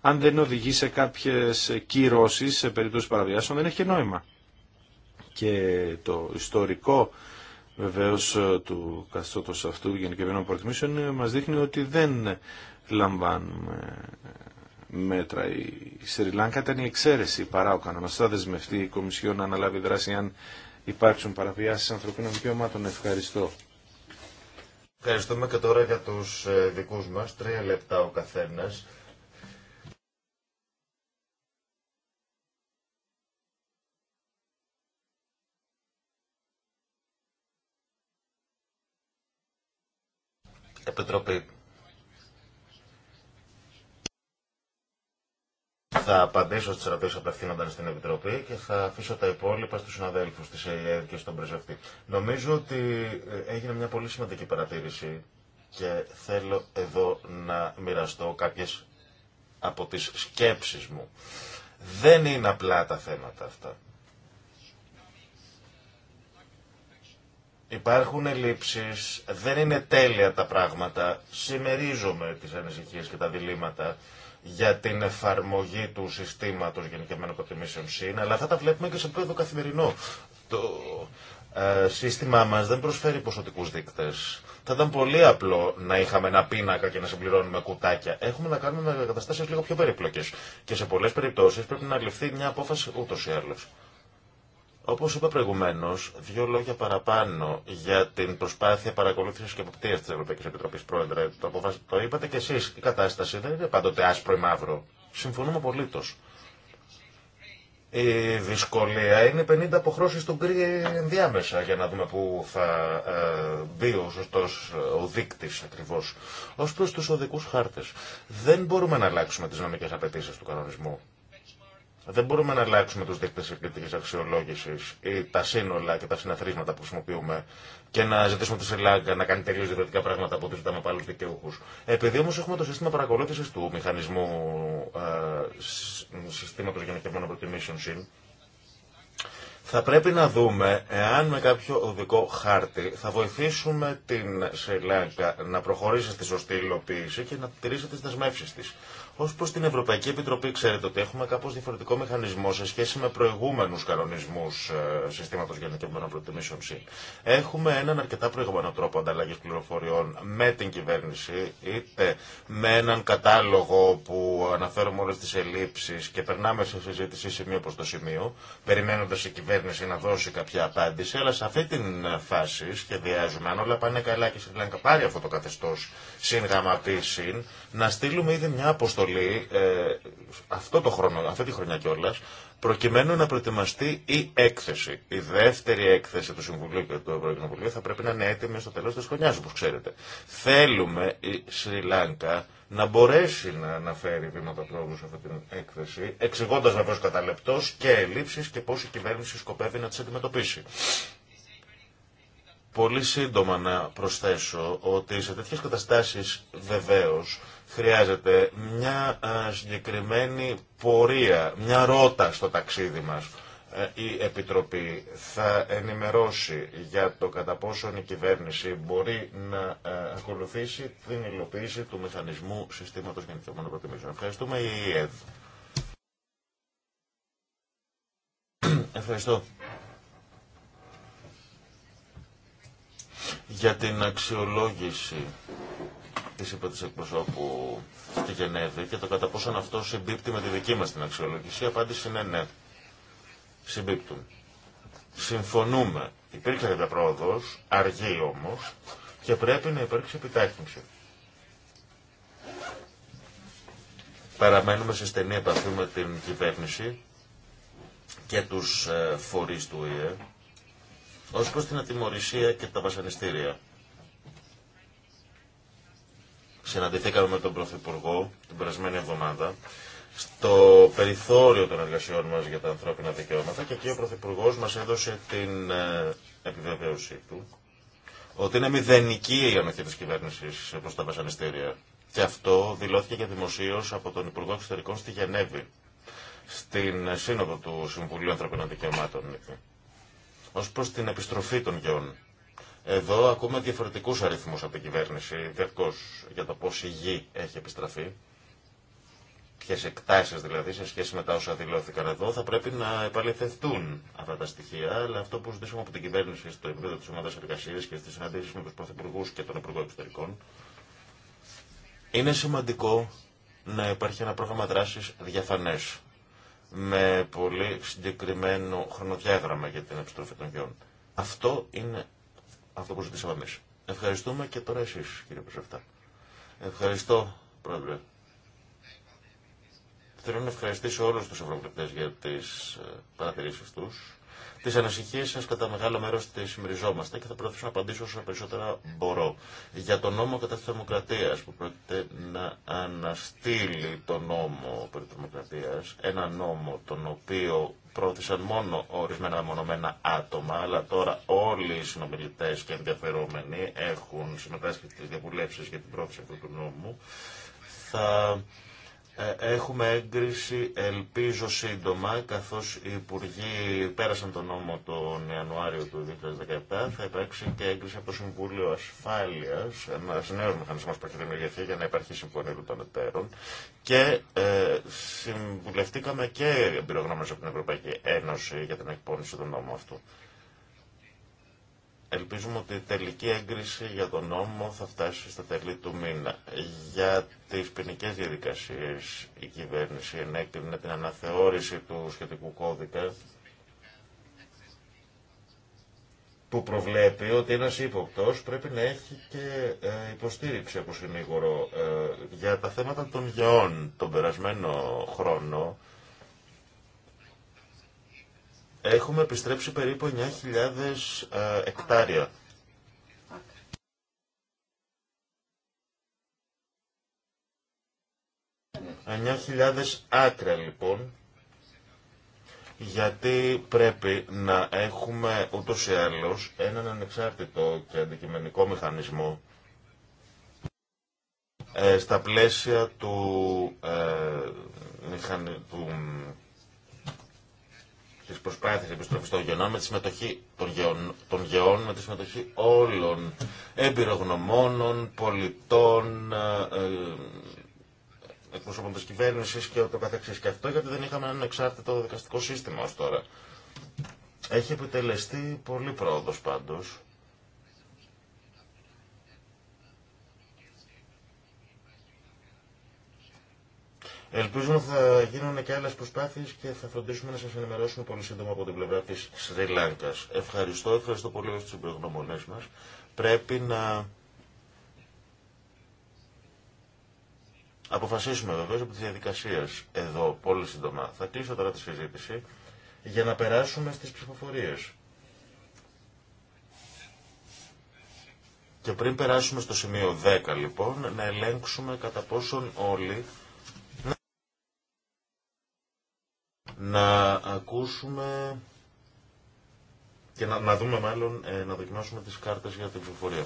αν δεν οδηγεί σε κάποιες κυρώσεις σε περίπτωση παραβιάσεων δεν έχει και νόημα. Και το ιστορικό Βεβαίω ε, του καθεστώτος αυτού γενικευμένων προτιμήσεων ε, μας δείχνει ότι δεν λαμβάνουμε μέτρα. Η Σρι Λάνκα ήταν η εξαίρεση ο κανόνα. θα δεσμευτεί η Κομισιόν να αναλάβει δράση αν υπάρξουν παραβιάσεις ανθρωπίνων δικαιωμάτων. Ευχαριστώ. Ευχαριστούμε και τώρα για τους ε, δικού μας. Τρία λεπτά ο καθένας. Επιτροπή. Θα απαντήσω στις ερωτήσεις που απευθύνονταν στην Επιτροπή και θα αφήσω τα υπόλοιπα στους συναδέλφους της ΕΕ και στον πρεσβευτή. Νομίζω ότι ε, έγινε μια πολύ σημαντική παρατήρηση και θέλω εδώ να μοιραστώ κάποιες από τις σκέψεις μου. Δεν είναι απλά τα θέματα αυτά. Υπάρχουν ελλείψεις, δεν είναι τέλεια τα πράγματα. Συμμερίζομαι τις ανησυχίες και τα διλήμματα για την εφαρμογή του συστήματος γενικευμένων προτιμήσεων ΣΥΝ, αλλά θα τα βλέπουμε και σε επίπεδο καθημερινό. Το ε, σύστημά μας δεν προσφέρει ποσοτικούς δείκτες. Θα ήταν πολύ απλό να είχαμε ένα πίνακα και να συμπληρώνουμε κουτάκια. Έχουμε να κάνουμε με καταστάσεις λίγο πιο περίπλοκες. Και σε πολλές περιπτώσεις πρέπει να ληφθεί μια απόφαση ούτως ή άλλως. Όπω είπα προηγουμένω, δύο λόγια παραπάνω για την προσπάθεια παρακολούθηση και αποκτήρια τη Ευρωπαϊκή Επιτροπή, Πρόεδρε. Το, το είπατε κι εσεί. Η κατάσταση δεν είναι πάντοτε άσπρο ή μαύρο. Συμφωνούμε απολύτω. Η δυσκολία είναι 50 αποχρώσει στον κρύο ενδιάμεσα για να δούμε πού θα ε, μπει ο σωστό ε, ο δείκτη ακριβώ. Ως προς τους οδικούς χάρτες. Δεν μπορούμε να αλλάξουμε τι νομικέ απαιτήσει του κανονισμού. Δεν μπορούμε να αλλάξουμε του δείκτε κριτική αξιολόγηση ή τα σύνολα και τα συναθρίσματα που χρησιμοποιούμε και να ζητήσουμε τη Σελάγκα να κάνει τελείω διαφορετικά πράγματα από ό,τι ζητάμε από άλλου δικαιούχου. Επειδή όμω έχουμε το σύστημα παρακολούθηση του μηχανισμού ε, συστήματο γενικευμένων προτιμήσεων ΣΥΝ, θα πρέπει να δούμε εάν με κάποιο οδικό χάρτη θα βοηθήσουμε την Σελάγκα να προχωρήσει στη σωστή υλοποίηση και να τηρήσει τι δεσμεύσει τη. Ω προ την Ευρωπαϊκή Επιτροπή, ξέρετε ότι έχουμε κάπω διαφορετικό μηχανισμό σε σχέση με προηγούμενου κανονισμού ε, συστήματο γενικευμένων προτιμήσεων ΣΥΝ. Έχουμε έναν αρκετά προηγούμενο τρόπο ανταλλαγή πληροφοριών με την κυβέρνηση, είτε με έναν κατάλογο που αναφέρουμε όλε τι ελλείψει και περνάμε σε συζήτηση σημείο προ το σημείο, περιμένοντα η κυβέρνηση να δώσει κάποια απάντηση. Αλλά σε αυτή την φάση σχεδιάζουμε, αν όλα πάνε καλά και η πάρει αυτό το καθεστώ ΣΥΝ, να στείλουμε ήδη μια αποστολή πολύ ε, αυτό το χρόνο, αυτή τη χρονιά κιόλα, προκειμένου να προετοιμαστεί η έκθεση. Η δεύτερη έκθεση του Συμβουλίου και του Ευρωκοινοβουλίου θα πρέπει να είναι έτοιμη στο τέλο τη χρονιά, όπω ξέρετε. Θέλουμε η Σρι Λάνκα να μπορέσει να αναφέρει βήματα πρόοδου σε αυτή την έκθεση, εξηγώντα βεβαίω κατά λεπτό και ελλείψει και πώ η κυβέρνηση σκοπεύει να τι αντιμετωπίσει. Πολύ σύντομα να προσθέσω ότι σε τέτοιε καταστάσει βεβαίω. Χρειάζεται μια ε, συγκεκριμένη πορεία, μια ρότα στο ταξίδι μας. Ε, η Επιτροπή θα ενημερώσει για το κατά πόσον η κυβέρνηση μπορεί να ε, ακολουθήσει την υλοποίηση του μηχανισμού συστήματος γεννηθωμένων προτιμήσεων. Ευχαριστούμε η ΕΔ. Ευχαριστώ. Για την αξιολόγηση της υπό εκπροσώπου στη Γενέβη και το κατά πόσον αυτό συμπίπτει με τη δική μας την αξιολόγηση, η απάντηση είναι ναι. Συμπίπτουν. Συμφωνούμε. Υπήρξε κατά πρόοδος, αργή όμως, και πρέπει να υπάρξει επιτάχυνση. Παραμένουμε σε στενή επαφή με την κυβέρνηση και τους ε, φορείς του ΙΕ, ως προς την ατιμορρησία και τα βασανιστήρια συναντηθήκαμε με τον Πρωθυπουργό την περασμένη εβδομάδα στο περιθώριο των εργασιών μας για τα ανθρώπινα δικαιώματα και εκεί ο Πρωθυπουργό μας έδωσε την ε, επιβεβαίωσή του ότι είναι μηδενική η ανοχή της κυβέρνησης προς τα βασανιστήρια. Και αυτό δηλώθηκε και δημοσίως από τον Υπουργό Εξωτερικών στη Γενέβη, στην σύνοδο του Συμβουλίου Ανθρωπίνων Δικαιωμάτων. Ως προς την επιστροφή των γεών εδώ ακούμε διαφορετικού αριθμού από την κυβέρνηση διαρκώ για το πώ η γη έχει επιστραφεί ποιε εκτάσει δηλαδή σε σχέση με τα όσα δηλώθηκαν εδώ, θα πρέπει να επαληθευτούν αυτά τα στοιχεία. Αλλά αυτό που ζητήσαμε από την κυβέρνηση στο επίπεδο τη ομάδα εργασία και στι συναντήσει με του πρωθυπουργού και τον Υπουργό Εξωτερικών, είναι σημαντικό να υπάρχει ένα πρόγραμμα δράση διαφανέ με πολύ συγκεκριμένο χρονοδιάγραμμα για την επιστροφή των γιών. Αυτό είναι αυτό που ζητήσαμε εμεί. Ευχαριστούμε και τώρα εσεί, κύριε Πεσεφτά. Ευχαριστώ πρόεδρε. Θέλω να ευχαριστήσω όλους τους ευρωβουλευτέ για τις ε, παρατηρήσει του. Τις ανησυχίε σα κατά μεγάλο μέρος τις συμμεριζόμαστε και θα προσπαθήσω να απαντήσω όσο περισσότερα μπορώ. Για τον νόμο κατά τη θερμοκρατία που πρόκειται να αναστείλει τον νόμο περί θερμοκρατία, ένα νόμο τον οποίο προωθησαν μόνο ορισμένα μονομένα άτομα, αλλά τώρα όλοι οι συνομιλητέ και ενδιαφερόμενοι έχουν συμμετάσχει στι διαβουλεύσει για την πρόθεση αυτού του νόμου. Θα ε, έχουμε έγκριση, ελπίζω σύντομα, καθώς οι Υπουργοί πέρασαν τον νόμο τον Ιανουάριο του 2017, θα υπάρξει και έγκριση από το Συμβούλιο Ασφάλειας, ένα νέο μηχανισμό που έχει δημιουργηθεί για να υπάρχει συμφωνία των εταίρων, και ε, συμβουλευτήκαμε και εμπειρογνώμες από την Ευρωπαϊκή Ένωση για την εκπόνηση του νόμου αυτού. Ελπίζουμε ότι η τελική έγκριση για τον νόμο θα φτάσει στα τέλη του μήνα. Για τις ποινικέ διαδικασίες η κυβέρνηση ενέκρινε την αναθεώρηση του σχετικού κώδικα που προβλέπει ότι ένας ύποπτος πρέπει να έχει και ε, υποστήριξη από συνήγορο ε, για τα θέματα των γεών τον περασμένο χρόνο Έχουμε επιστρέψει περίπου 9.000 ε, εκτάρια. 9.000 άκρα λοιπόν, γιατί πρέπει να έχουμε ούτως ή άλλως έναν ανεξάρτητο και αντικειμενικό μηχανισμό ε, στα πλαίσια του, ε, μηχανισμού. του Τη προσπάθειε επιστροφή των γεωνών με τη συμμετοχή των γεών, με τη συμμετοχή όλων εμπειρογνωμόνων, πολιτών, ε, ε εκπροσώπων τη κυβέρνηση και ούτω καθεξή. Και αυτό γιατί δεν είχαμε έναν εξάρτητο δικαστικό σύστημα ω τώρα. Έχει επιτελεστεί πολύ πρόοδο πάντως Ελπίζουμε θα γίνουν και άλλες προσπάθειες και θα φροντίσουμε να σας ενημερώσουμε πολύ σύντομα από την πλευρά της Σρι Λάγκας. Ευχαριστώ, ευχαριστώ πολύ για τους μας. Πρέπει να αποφασίσουμε βεβαίω από τι διαδικασίες εδώ πολύ σύντομα. Θα κλείσω τώρα τη συζήτηση για να περάσουμε στις ψηφοφορίες. Και πριν περάσουμε στο σημείο 10 λοιπόν, να ελέγξουμε κατά πόσον όλοι να ακούσουμε και να, να δούμε μάλλον, ε, να δοκιμάσουμε τις κάρτες για την ψηφοφορία.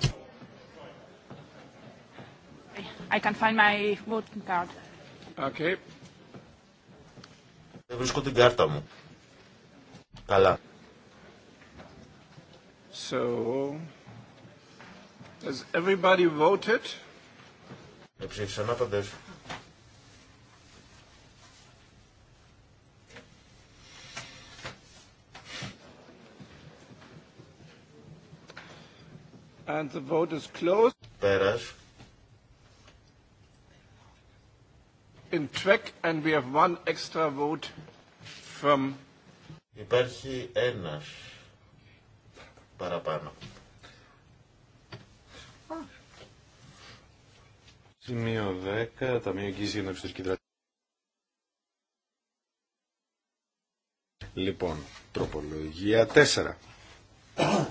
I can find my voting card. Okay. Δεν βρίσκω την κάρτα μου. Καλά. So, has everybody voted? Εψήφισαν άπαντες. And the vote is closed. Πέρας. In track and we have one extra vote from... Υπάρχει ένας παραπάνω. Σημείο 10, Ταμείο Εγγύηση για την Εξωτερική Δράση. Λοιπόν, τροπολογία 4.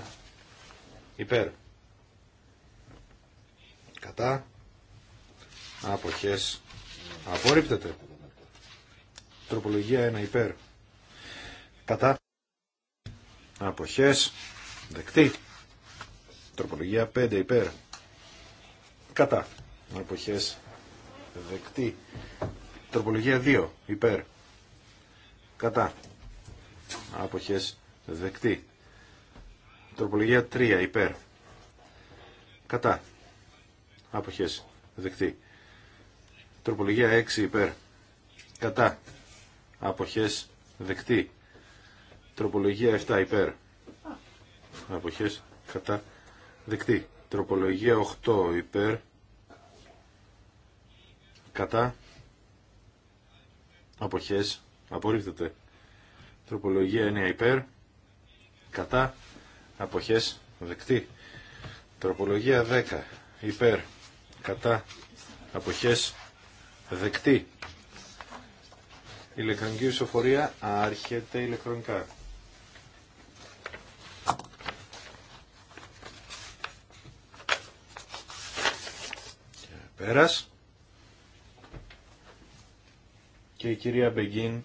Υπέρ κατά αποχές απορρίπτεται τροπολογία 1 υπέρ κατά αποχές δεκτή τροπολογία 5 υπέρ κατά αποχές δεκτή τροπολογία 2 υπέρ κατά αποχές δεκτή τροπολογία 3 υπέρ κατά αποχές δεκτή. Τροπολογία 6 υπέρ κατά αποχές δεκτή. Τροπολογία 7 υπέρ αποχές κατά δεκτή. Τροπολογία 8 υπέρ κατά αποχές απορρίπτεται. Τροπολογία 9 υπέρ κατά αποχές δεκτή. Τροπολογία 10 υπέρ κατά αποχές δεκτή. Ηλεκτρονική ισοφορία άρχεται ηλεκτρονικά. Και πέρας. Και η κυρία Μπεγκίν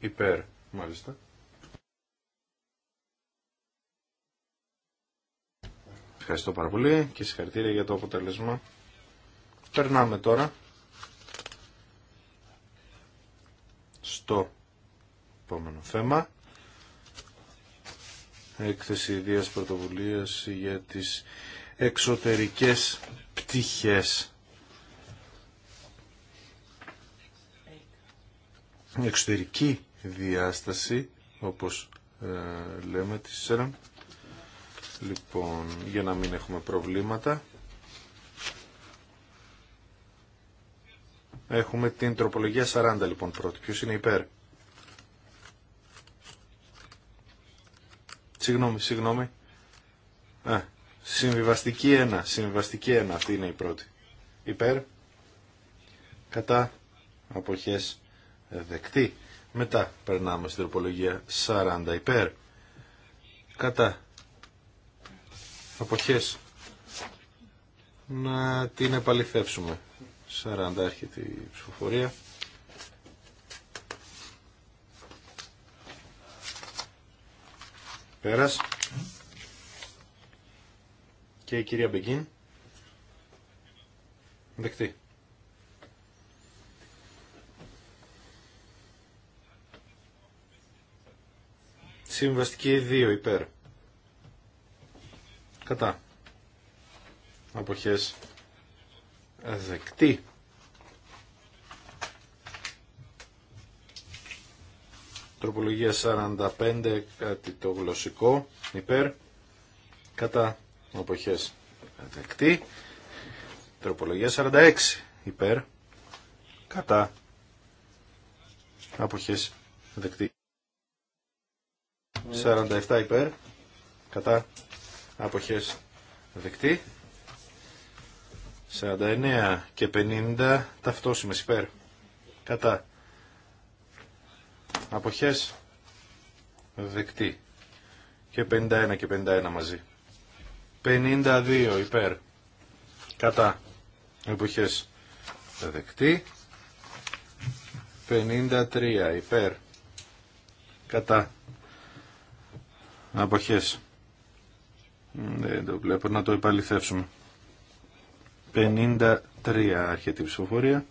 υπέρ, μάλιστα. Ευχαριστώ πάρα πολύ και συγχαρητήρια για το αποτέλεσμα. Περνάμε τώρα στο επόμενο θέμα. Έκθεση ιδίας πρωτοβουλίας για τις εξωτερικές πτυχές. Εξωτερική διάσταση, όπως ε, λέμε, τη ΣΕΡΑΜ. Λοιπόν, για να μην έχουμε προβλήματα. Έχουμε την τροπολογία 40 λοιπόν πρώτη. Ποιος είναι υπέρ. Συγγνώμη, συγγνώμη. Α, συμβιβαστική 1. Συμβιβαστική 1 αυτή είναι η πρώτη. Υπέρ. Κατά. Αποχές ε, δεκτή. Μετά περνάμε στην τροπολογία 40 υπέρ. Κατά. Αποχές. Να την επαληθεύσουμε. 40 έρχεται η ψηφοφορία. Πέρας. Και η κυρία Μπεγκίν. Δεκτή. Συμβαστική 2 υπέρ. Κατά. Αποχές δεκτή. Τροπολογία 45, κάτι το γλωσσικό, υπέρ, κατά αποχές δεκτή. Τροπολογία 46, υπέρ, κατά αποχές δεκτή. 47 υπέρ, κατά αποχές δεκτή. 49 και 50 ταυτόσιμε υπέρ. Κατά. αποχέ. δεκτή. Και 51 και 51 μαζί. 52 υπέρ. Κατά. Αποχές δεκτή. 53 υπέρ. Κατά. Αποχέ. Δεν το βλέπω να το υπαλληθεύσουμε. 53 αρχιετή ψηφοφορία.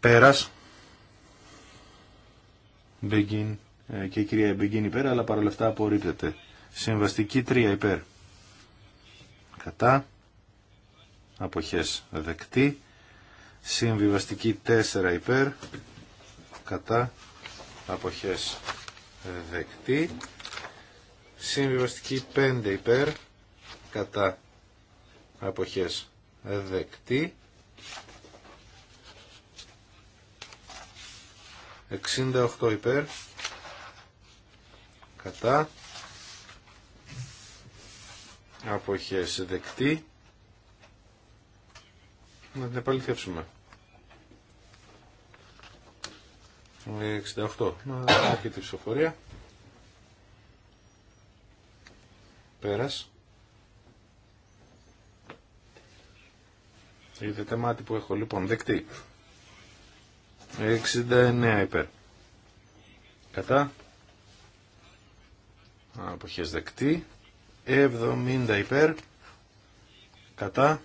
Πέρας. Ε, Και η κυρία Μπεγκίν υπέρ, αλλά παρόλα αυτά απορρίπτεται. Συμβαστική 3 υπέρ. Κατά. Αποχές δεκτή. Συμβιβαστική 4 υπέρ. Κατά. Αποχές δεκτή. Συμβιβαστική 5 υπέρ κατά αποχές δεκτή. 68 υπέρ κατά αποχές δεκτή. Να την επαληθεύσουμε. 68. Ε, Να δούμε και τη ψηφοφορία. Πέρας. Είδατε μάτι που έχω λοιπόν δεκτή. 69 υπέρ. Κατά. Αποχές δεκτή. 70 υπέρ. Κατά.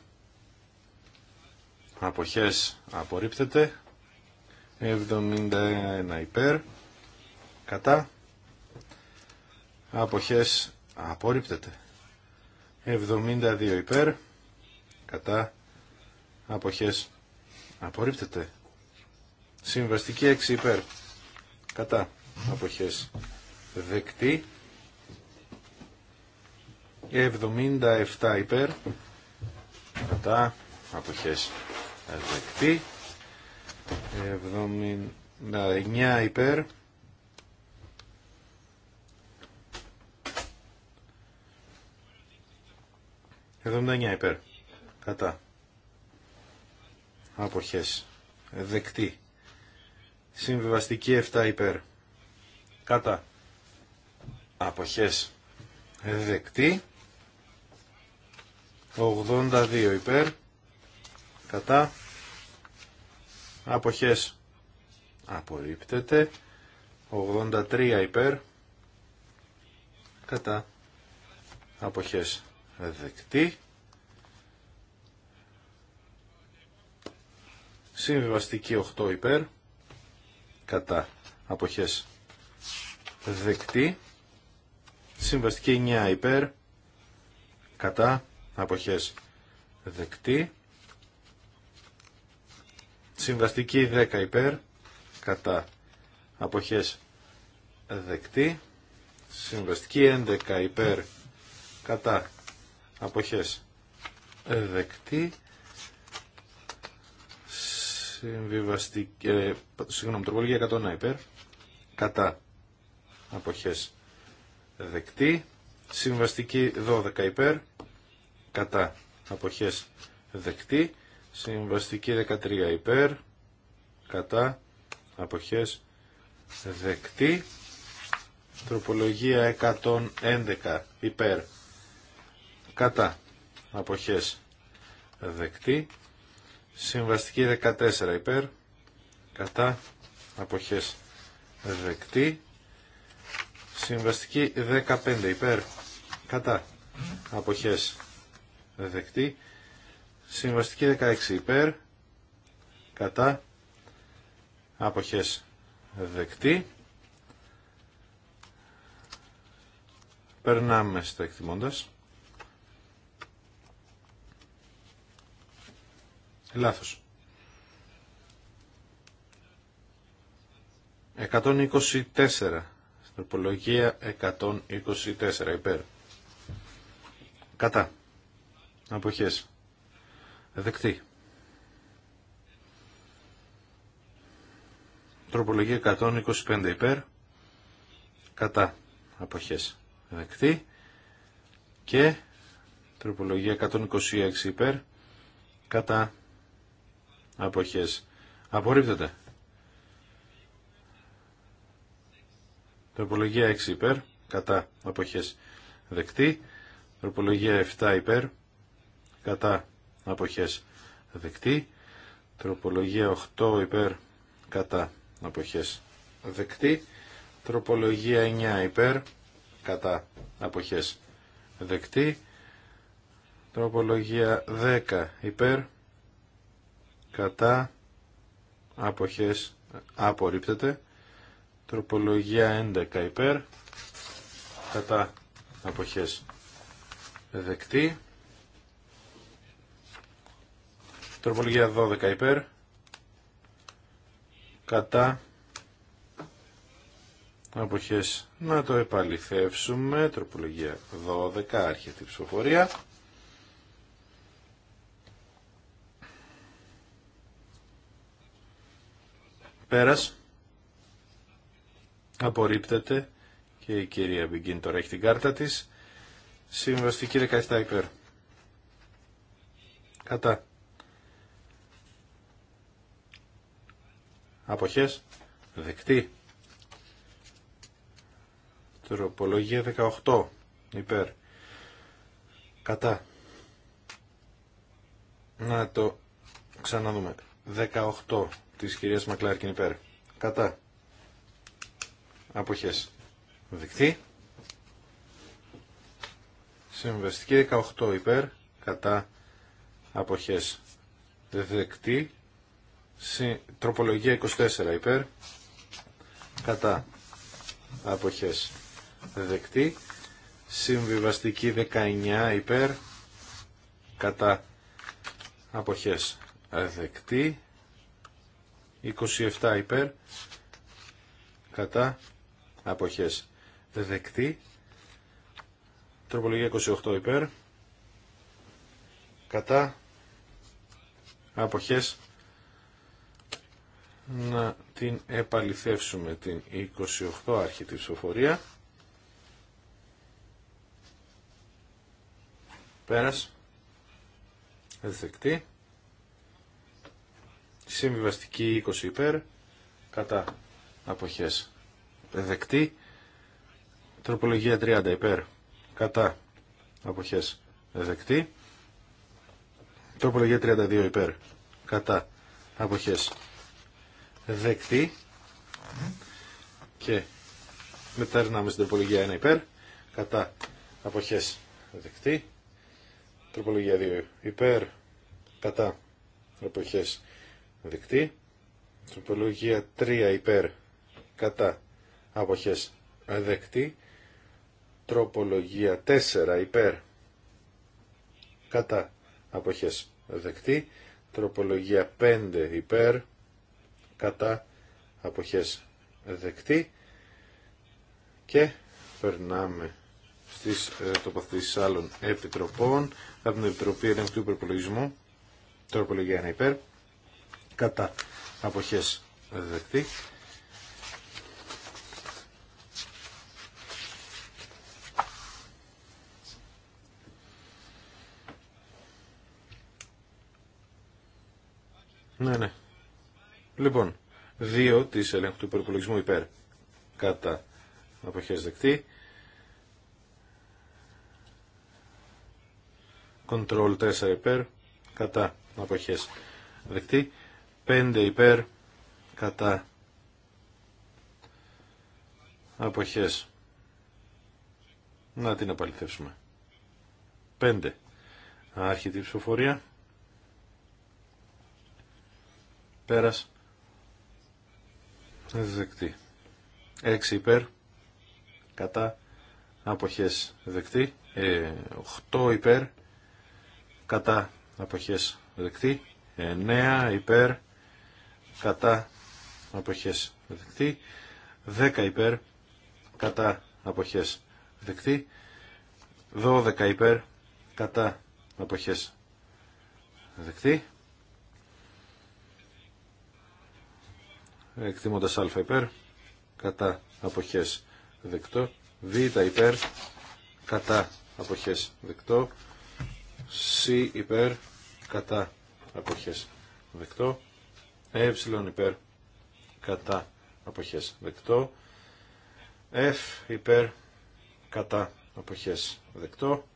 Αποχές απορρίπτεται. 71 υπέρ. Κατά. Αποχές Απορρίπτεται. 72 υπέρ. Κατά. Αποχές. Απορρίπτεται. Συμβαστική 6 υπέρ. Κατά. Αποχές. Δεκτή. 77 υπέρ. Κατά. Αποχές. Δεκτή. 79 υπέρ 79 υπέρ. Κατά. Αποχές. Δεκτή. Συμβιβαστική 7 υπέρ. Κατά. Αποχές. Δεκτή. 82 υπέρ. Κατά. Αποχές. Απορρίπτεται. 83 υπέρ. Κατά. Αποχές δεκτή. Συμβιβαστική 8 υπέρ, κατά αποχές δεκτή. Συμβαστική 9 υπέρ, κατά αποχές δεκτή. Συμβαστική 10 υπέρ, κατά αποχές δεκτή. Συμβαστική 11 υπέρ, κατά αποχές δεκτή συμβιβαστική ε, συγγνώμη τροπολογία 101 υπέρ κατά αποχές δεκτή συμβαστική 12 υπέρ κατά αποχές δεκτή συμβαστική 13 υπέρ κατά αποχές δεκτή τροπολογία 111 υπέρ κατά αποχές δεκτή συμβαστική 14 υπέρ κατά αποχές δεκτή συμβαστική 15 υπέρ κατά αποχές δεκτή συμβαστική 16 υπέρ κατά αποχές δεκτή περνάμε στα εκτιμώντας Λάθος. 124. Τροπολογία 124 υπέρ. Κατά. Αποχές. Δεκτή. Τροπολογία 125 υπέρ. Κατά. Αποχές. Δεκτή. Και τροπολογία 126 υπέρ. Κατά αποχές απορρίπτεται. Τροπολογία 6 υπέρ, κατά αποχές δεκτή. Τροπολογία 7 υπέρ, κατά αποχές δεκτή. Τροπολογία 8 υπέρ, κατά αποχές δεκτή. Τροπολογία 9 υπέρ, κατά αποχές δεκτή. Τροπολογία 10 υπέρ, κατά αποχές απορρίπτεται τροπολογία 11 υπέρ κατά αποχές δεκτή τροπολογία 12 υπέρ κατά αποχές να το επαληθεύσουμε τροπολογία 12 άρχεται η ψηφοφορία Πέρας. Απορρίπτεται. Και η κυρία Μπιγκίν τώρα έχει την κάρτα της. Συμβαστική 17 υπέρ. Κατά. Αποχές. Δεκτή. Τροπολογία 18 υπέρ. Κατά. Να το ξαναδούμε. 18 της κυρίας Μακλάρκιν υπέρ. Κατά. Αποχές. Δεκτή. Συμβεστική 18 υπέρ. Κατά. Αποχές. Δεκτή. Τροπολογία 24 υπέρ. Κατά. Αποχές. Δεκτή. Συμβιβαστική 19 υπέρ. Κατά. Αποχές. Δεκτή. 27 υπέρ κατά αποχές δεκτή τροπολογία 28 υπέρ κατά αποχές να την επαληθεύσουμε την 28 άρχη τη ψηφοφορία πέρας δεκτή Συμβιβαστική 20 υπέρ. Κατά αποχές δεκτή. Τροπολογία 30 υπέρ. Κατά αποχές δεκτή. Τροπολογία 32 υπέρ. Κατά αποχές δεκτή. Και μετά ερνάμε στην τροπολογία 1 υπέρ. Κατά αποχές δεκτή. Τροπολογία 2 υπέρ. Κατά αποχές δεκτή Τροπολογία 3 υπέρ κατά αποχές δεκτή. Τροπολογία 4 υπέρ κατά αποχές δεκτή. Τροπολογία 5 υπέρ κατά αποχές δεκτή. Και περνάμε στις ε, τοποθετήσεις άλλων επιτροπών. Από την Επιτροπή Ελεγκτού του Υπερπολογισμού. Τροπολογία 1 υπέρ κατά αποχές δεκτή. Ναι, ναι. Λοιπόν, δύο της ελέγχου του υπερπολογισμού υπέρ κατά αποχές δεκτή. Control 4 υπέρ κατά αποχές δεκτή. 5 υπέρ κατά αποχές. Να την επαληθεύσουμε. 5. Άρχεται ψηφοφορία. Πέρας. Δεκτή. 6 υπέρ. Κατά. Αποχές δεκτή. 8 ε, υπέρ. Κατά. Αποχές δεκτή. 9 ε, υπέρ κατά αποχές δεκτή 10 υπέρ κατά αποχές δεκτή 12 υπέρ κατά αποχές δεκτή εκτιμώντας α υπέρ κατά αποχές δεκτό β υπέρ κατά αποχές δεκτό σ υπέρ κατά αποχές δεκτό ε υπέρ κατά αποχές δεκτό, F υπέρ κατά αποχές δεκτό,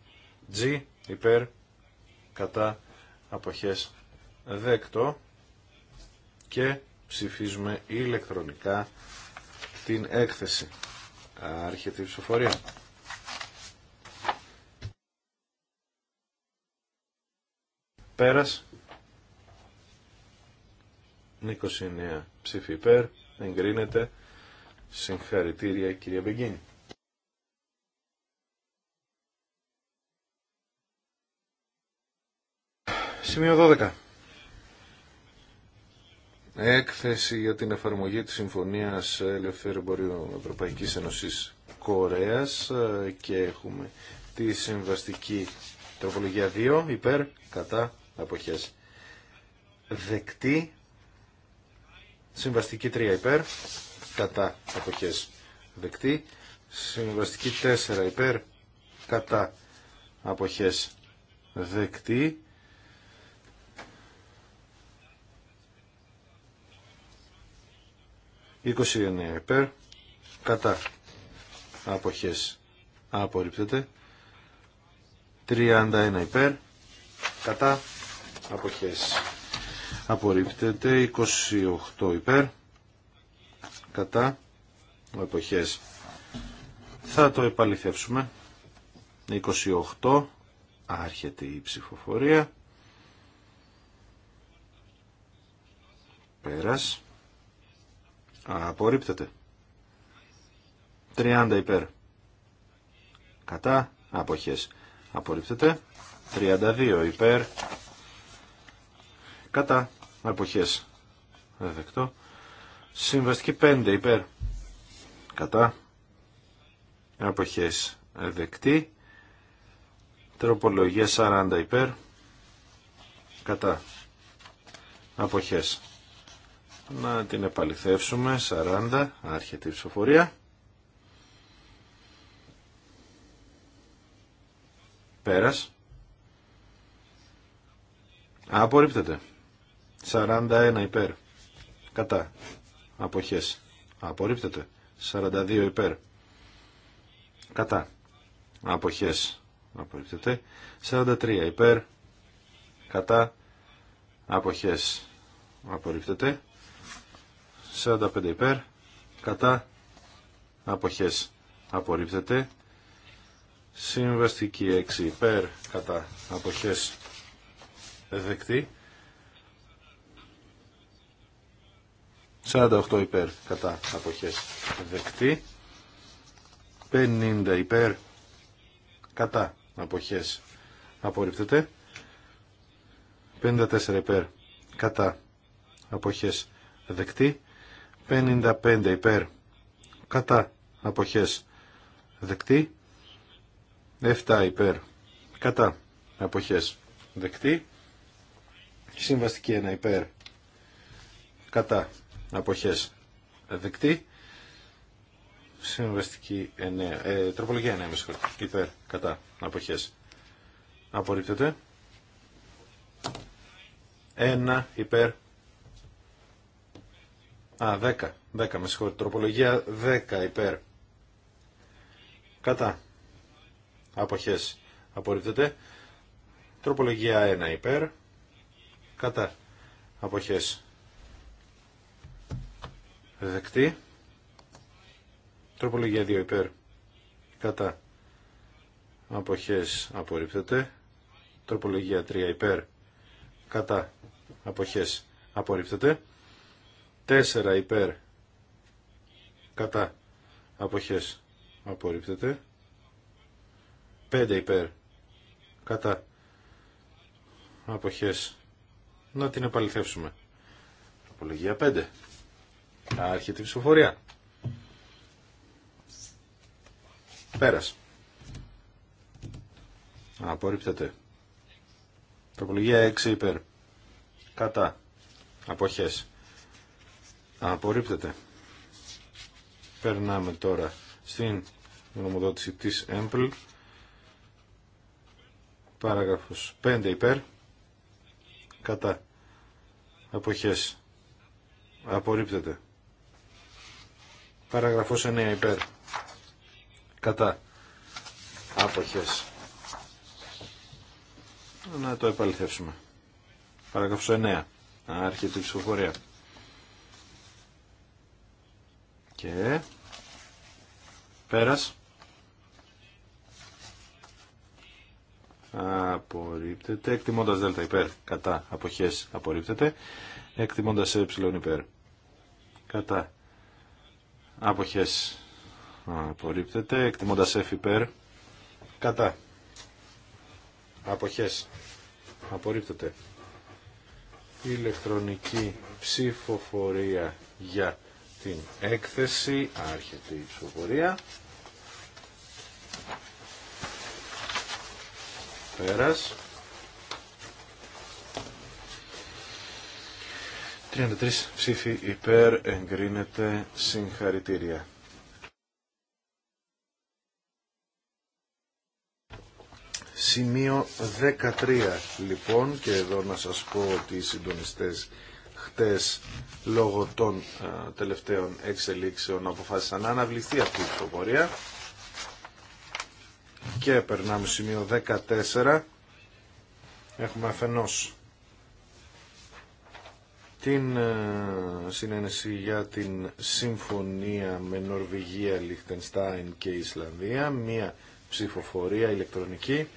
G υπέρ κατά αποχές δεκτό και ψηφίζουμε ηλεκτρονικά την έκθεση. Άρχεται η ψηφοφορία. Πέρας. 29 ψήφοι υπέρ, εγκρίνεται. Συγχαρητήρια κυρία Μπεγκίνη. Σημείο 12. Έκθεση για την εφαρμογή της Συμφωνίας Ελευθέρου Εμπορίου Ευρωπαϊκής Ένωσης Κορέας και έχουμε τη συμβαστική τροπολογία 2 υπέρ κατά αποχές. Δεκτή Συμβαστική 3 υπέρ, κατά αποχές δεκτή. Συμβαστική 4 υπέρ, κατά αποχές δεκτή. 29 υπέρ, κατά αποχές απορρίπτεται. 31 υπέρ, κατά αποχές απορρίπτεται 28 υπέρ κατά εποχές θα το επαληθεύσουμε 28 άρχεται η ψηφοφορία πέρας απορρίπτεται 30 υπέρ κατά αποχές απορρίπτεται 32 υπέρ κατά Αποχέ. εδεκτό Συμβαστική 5 υπέρ κατά αποχές εδεκτή Τροπολογία 40 υπέρ κατά αποχές. Να την επαληθεύσουμε. 40 άρχεται η ψηφοφορία. Πέρας. Απορρίπτεται. 41 υπέρ. Κατά. Αποχές. Απορρίπτεται. 42 υπέρ. Κατά. Αποχές. Απορρίπτεται. 43 υπέρ. Κατά. Αποχές. Απορρίπτεται. 45 υπέρ. Κατά. Αποχές. Απορρίπτεται. Συμβαστική 6 υπέρ. Κατά. Αποχές. εδεκτή 48 υπέρ κατά αποχές δεκτή. 50 υπέρ κατά αποχές απορρίπτεται. 54 υπέρ κατά αποχές δεκτή. 55 υπέρ κατά αποχές δεκτή. 7 υπέρ κατά αποχές δεκτή. Συμβαστική 1 υπέρ κατά αποχές δεκτή. Συμβαστική 9, ε, τροπολογία 9, με συγχωρείτε, υπέρ, κατά, αποχές απορρίπτεται. 1 υπέρ, α, 10, 10, με συγχωρείτε, τροπολογία 10 υπέρ, κατά, αποχές απορρίπτεται. Τροπολογία 1 υπέρ, κατά, αποχές δεκτή. Τροπολογία 2 υπέρ κατά αποχές απορρίπτεται. Τροπολογία 3 υπέρ κατά αποχές απορρίπτεται. 4 υπέρ κατά αποχές απορρίπτεται. 5 υπέρ κατά αποχές να την επαληθεύσουμε. Τροπολογία 5. Άρχεται η ψηφοφορία. Πέρας. Απορρίπτεται. Τροπολογία 6 υπέρ. Κατά. Αποχές. Απορρίπτεται. Περνάμε τώρα στην νομοδότηση της ΕΜΠΛ. Παράγραφος 5 υπέρ. Κατά. Αποχές. Απορρίπτεται. Παραγραφός 9 υπέρ. Κατά. Αποχές. Να το επαληθεύσουμε. Παραγραφός 9. Άρχεται η ψηφοφορία. Και... Πέρας. Απορρίπτεται. Εκτιμώντας δέλτα υπέρ. Κατά. Αποχές. Απορρίπτεται. Εκτιμώντας ε υπέρ. Κατά Αποχές απορρίπτεται. Εκτιμώντας F Κατά. Αποχές. Απορρίπτεται. Ηλεκτρονική ψηφοφορία για την έκθεση. Άρχεται η ψηφοφορία. Πέρας. 33 ψήφοι υπέρ εγκρίνεται συγχαρητήρια. Σημείο 13 λοιπόν και εδώ να σας πω ότι οι συντονιστές χτες λόγω των α, τελευταίων εξελίξεων αποφάσισαν να αναβληθεί αυτή η και περνάμε σημείο 14 έχουμε αφενός την ε, συνένεση για την συμφωνία με Νορβηγία, Λιχτενστάιν και Ισλανδία, μία ψηφοφορία ηλεκτρονική.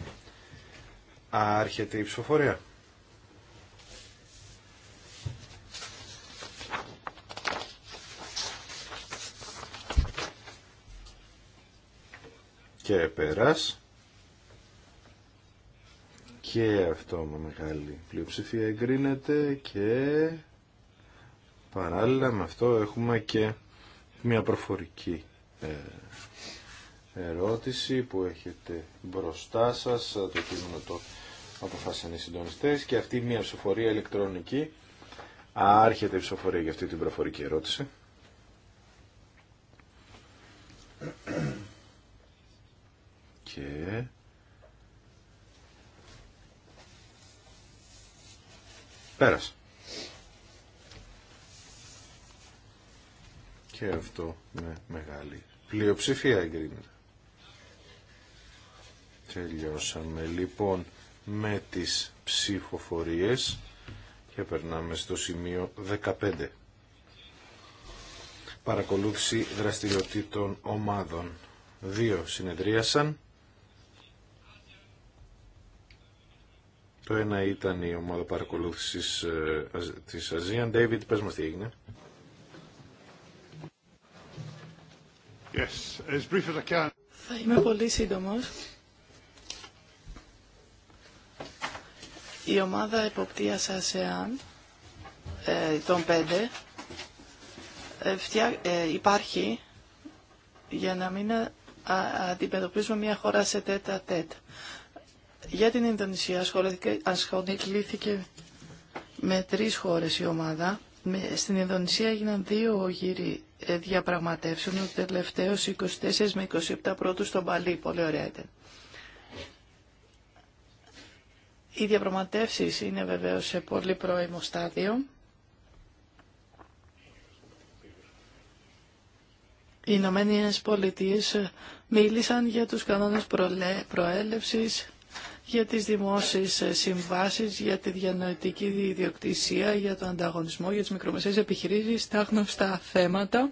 Άρχεται η ψηφοφορία. Και πέρας. Και αυτό με μεγάλη πλειοψηφία εγκρίνεται και... Παράλληλα με αυτό έχουμε και μια προφορική ε, ερώτηση που έχετε μπροστά σας, ε, το κείμενο το αποφάσισαν οι συντονιστές και αυτή μια ψηφοφορία ηλεκτρονική. Άρχεται η ψηφοφορία για αυτή την προφορική ερώτηση. Και... Πέρασε. Και αυτό με μεγάλη πλειοψηφία εγκρίνεται. Τελειώσαμε λοιπόν με τις ψηφοφορίες και περνάμε στο σημείο 15. Παρακολούθηση δραστηριοτήτων ομάδων. Δύο συνεδρίασαν. Το ένα ήταν η ομάδα παρακολούθησης ε, της Αζίαν. David, πες μας τι έγινε. Θα είμαι πολύ σύντομο. Η ομάδα εποπτείας ΑΣΕΑΝ ε, των πέντε ε, ε, υπάρχει για να μην ε, α, αντιμετωπίζουμε μια χώρα σε τέτα τέτ. Για την Ινδονησία ασχολήθηκε με τρεις χώρες η ομάδα. στην Ινδονησία έγιναν δύο γύροι διαπραγματεύσουν ο τελευταίος 24 με 27 πρώτου στον Παλί. Πολύ ωραία ήταν. Οι διαπραγματεύσεις είναι βεβαίως σε πολύ πρώιμο στάδιο. Οι Ηνωμένε Πολιτείε μίλησαν για τους κανόνες προέλευσης για τις δημόσιες ε, συμβάσεις, για τη διανοητική ιδιοκτησία, για τον ανταγωνισμό, για τις μικρομεσαίες επιχειρήσεις, τα γνωστά θέματα.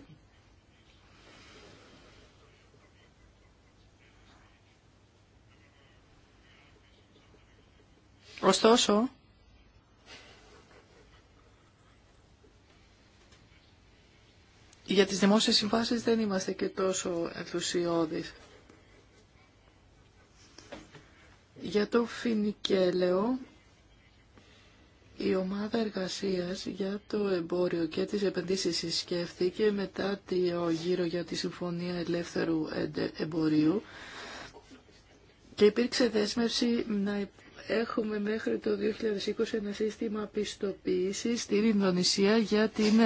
Ωστόσο, για τις δημόσιες συμβάσεις δεν είμαστε και τόσο ενθουσιώδεις. Για το φινικέλεο η ομάδα εργασίας για το εμπόριο και τις επενδύσεις συσκέφθηκε μετά το γύρο για τη Συμφωνία Ελεύθερου Εμπορίου και υπήρξε δέσμευση να έχουμε μέχρι το 2020 ένα σύστημα πιστοποίηση στην Ινδονησία για την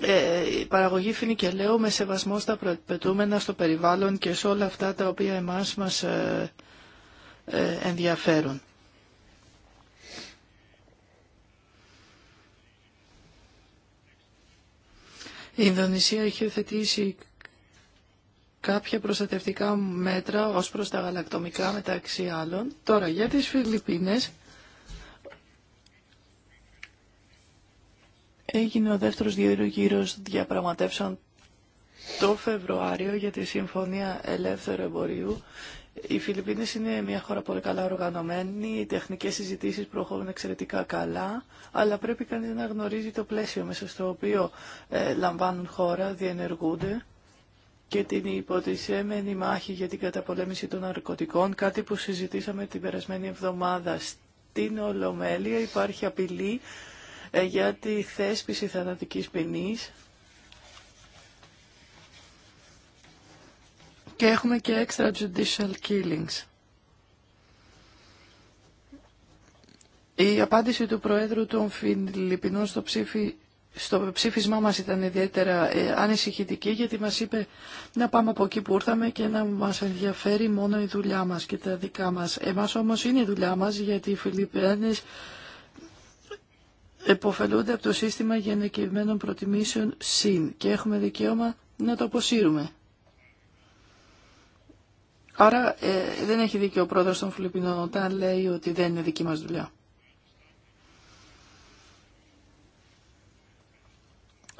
ε, παραγωγή φινικελαίου με σεβασμό στα προεπαιτούμενα στο περιβάλλον και σε όλα αυτά τα οποία εμάς μας ε, ε, ενδιαφέρον. Η Ινδονησία έχει θετήσει κάποια προστατευτικά μέτρα ως προς τα γαλακτομικά μεταξύ άλλων. Τώρα για τις Φιλιππίνες έγινε ο δεύτερος γύρος διαπραγματεύσεων το Φεβρουάριο για τη Συμφωνία Ελεύθερου Εμπορίου οι Φιλιππίνες είναι μια χώρα πολύ καλά οργανωμένη, οι τεχνικές συζητήσεις προχωρούν εξαιρετικά καλά, αλλά πρέπει κανείς να γνωρίζει το πλαίσιο μέσα στο οποίο ε, λαμβάνουν χώρα, διενεργούνται και την υποτισέμενη μάχη για την καταπολέμηση των ναρκωτικών, κάτι που συζητήσαμε την περασμένη εβδομάδα στην Ολομέλεια, υπάρχει απειλή ε, για τη θέσπιση θανατικής ποινής Και έχουμε και extrajudicial killings. Η απάντηση του Προέδρου των Φιλιππινών στο, ψήφισμά μας ήταν ιδιαίτερα ε, ανησυχητική γιατί μας είπε να πάμε από εκεί που ήρθαμε και να μας ενδιαφέρει μόνο η δουλειά μας και τα δικά μας. Εμάς όμως είναι η δουλειά μας γιατί οι Φιλιππιάνες εποφελούνται από το σύστημα γενικευμένων προτιμήσεων ΣΥΝ και έχουμε δικαίωμα να το αποσύρουμε. Άρα ε, δεν έχει δίκιο ο πρόεδρος των Φιλιππινών όταν λέει ότι δεν είναι δική μας δουλειά.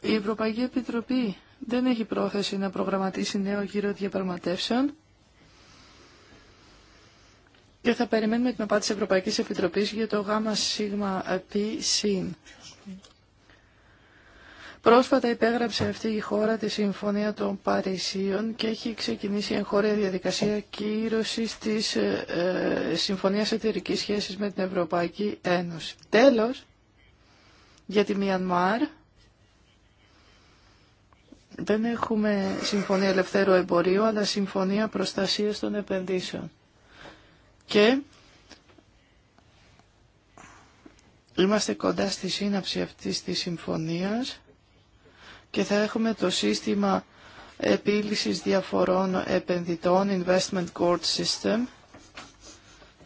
Η Ευρωπαϊκή Επιτροπή δεν έχει πρόθεση να προγραμματίσει νέο γύρο διαπραγματεύσεων και θα περιμένουμε την απάντηση Ευρωπαϊκής Επιτροπής για το γάμα σίγμα πι Πρόσφατα υπέγραψε αυτή η χώρα τη Συμφωνία των Παρισίων και έχει ξεκινήσει εγχώρια διαδικασία κύρωσης της ε, ε, Συμφωνίας Εταιρικής Σχέσης με την Ευρωπαϊκή Ένωση. Τέλος, για τη Μιανμάρ δεν έχουμε Συμφωνία Ελευθέρω Εμπορίου, αλλά Συμφωνία Προστασίας των Επενδύσεων. Και Είμαστε κοντά στη σύναψη αυτής της συμφωνίας και θα έχουμε το σύστημα επίλυσης διαφορών επενδυτών, Investment Court System,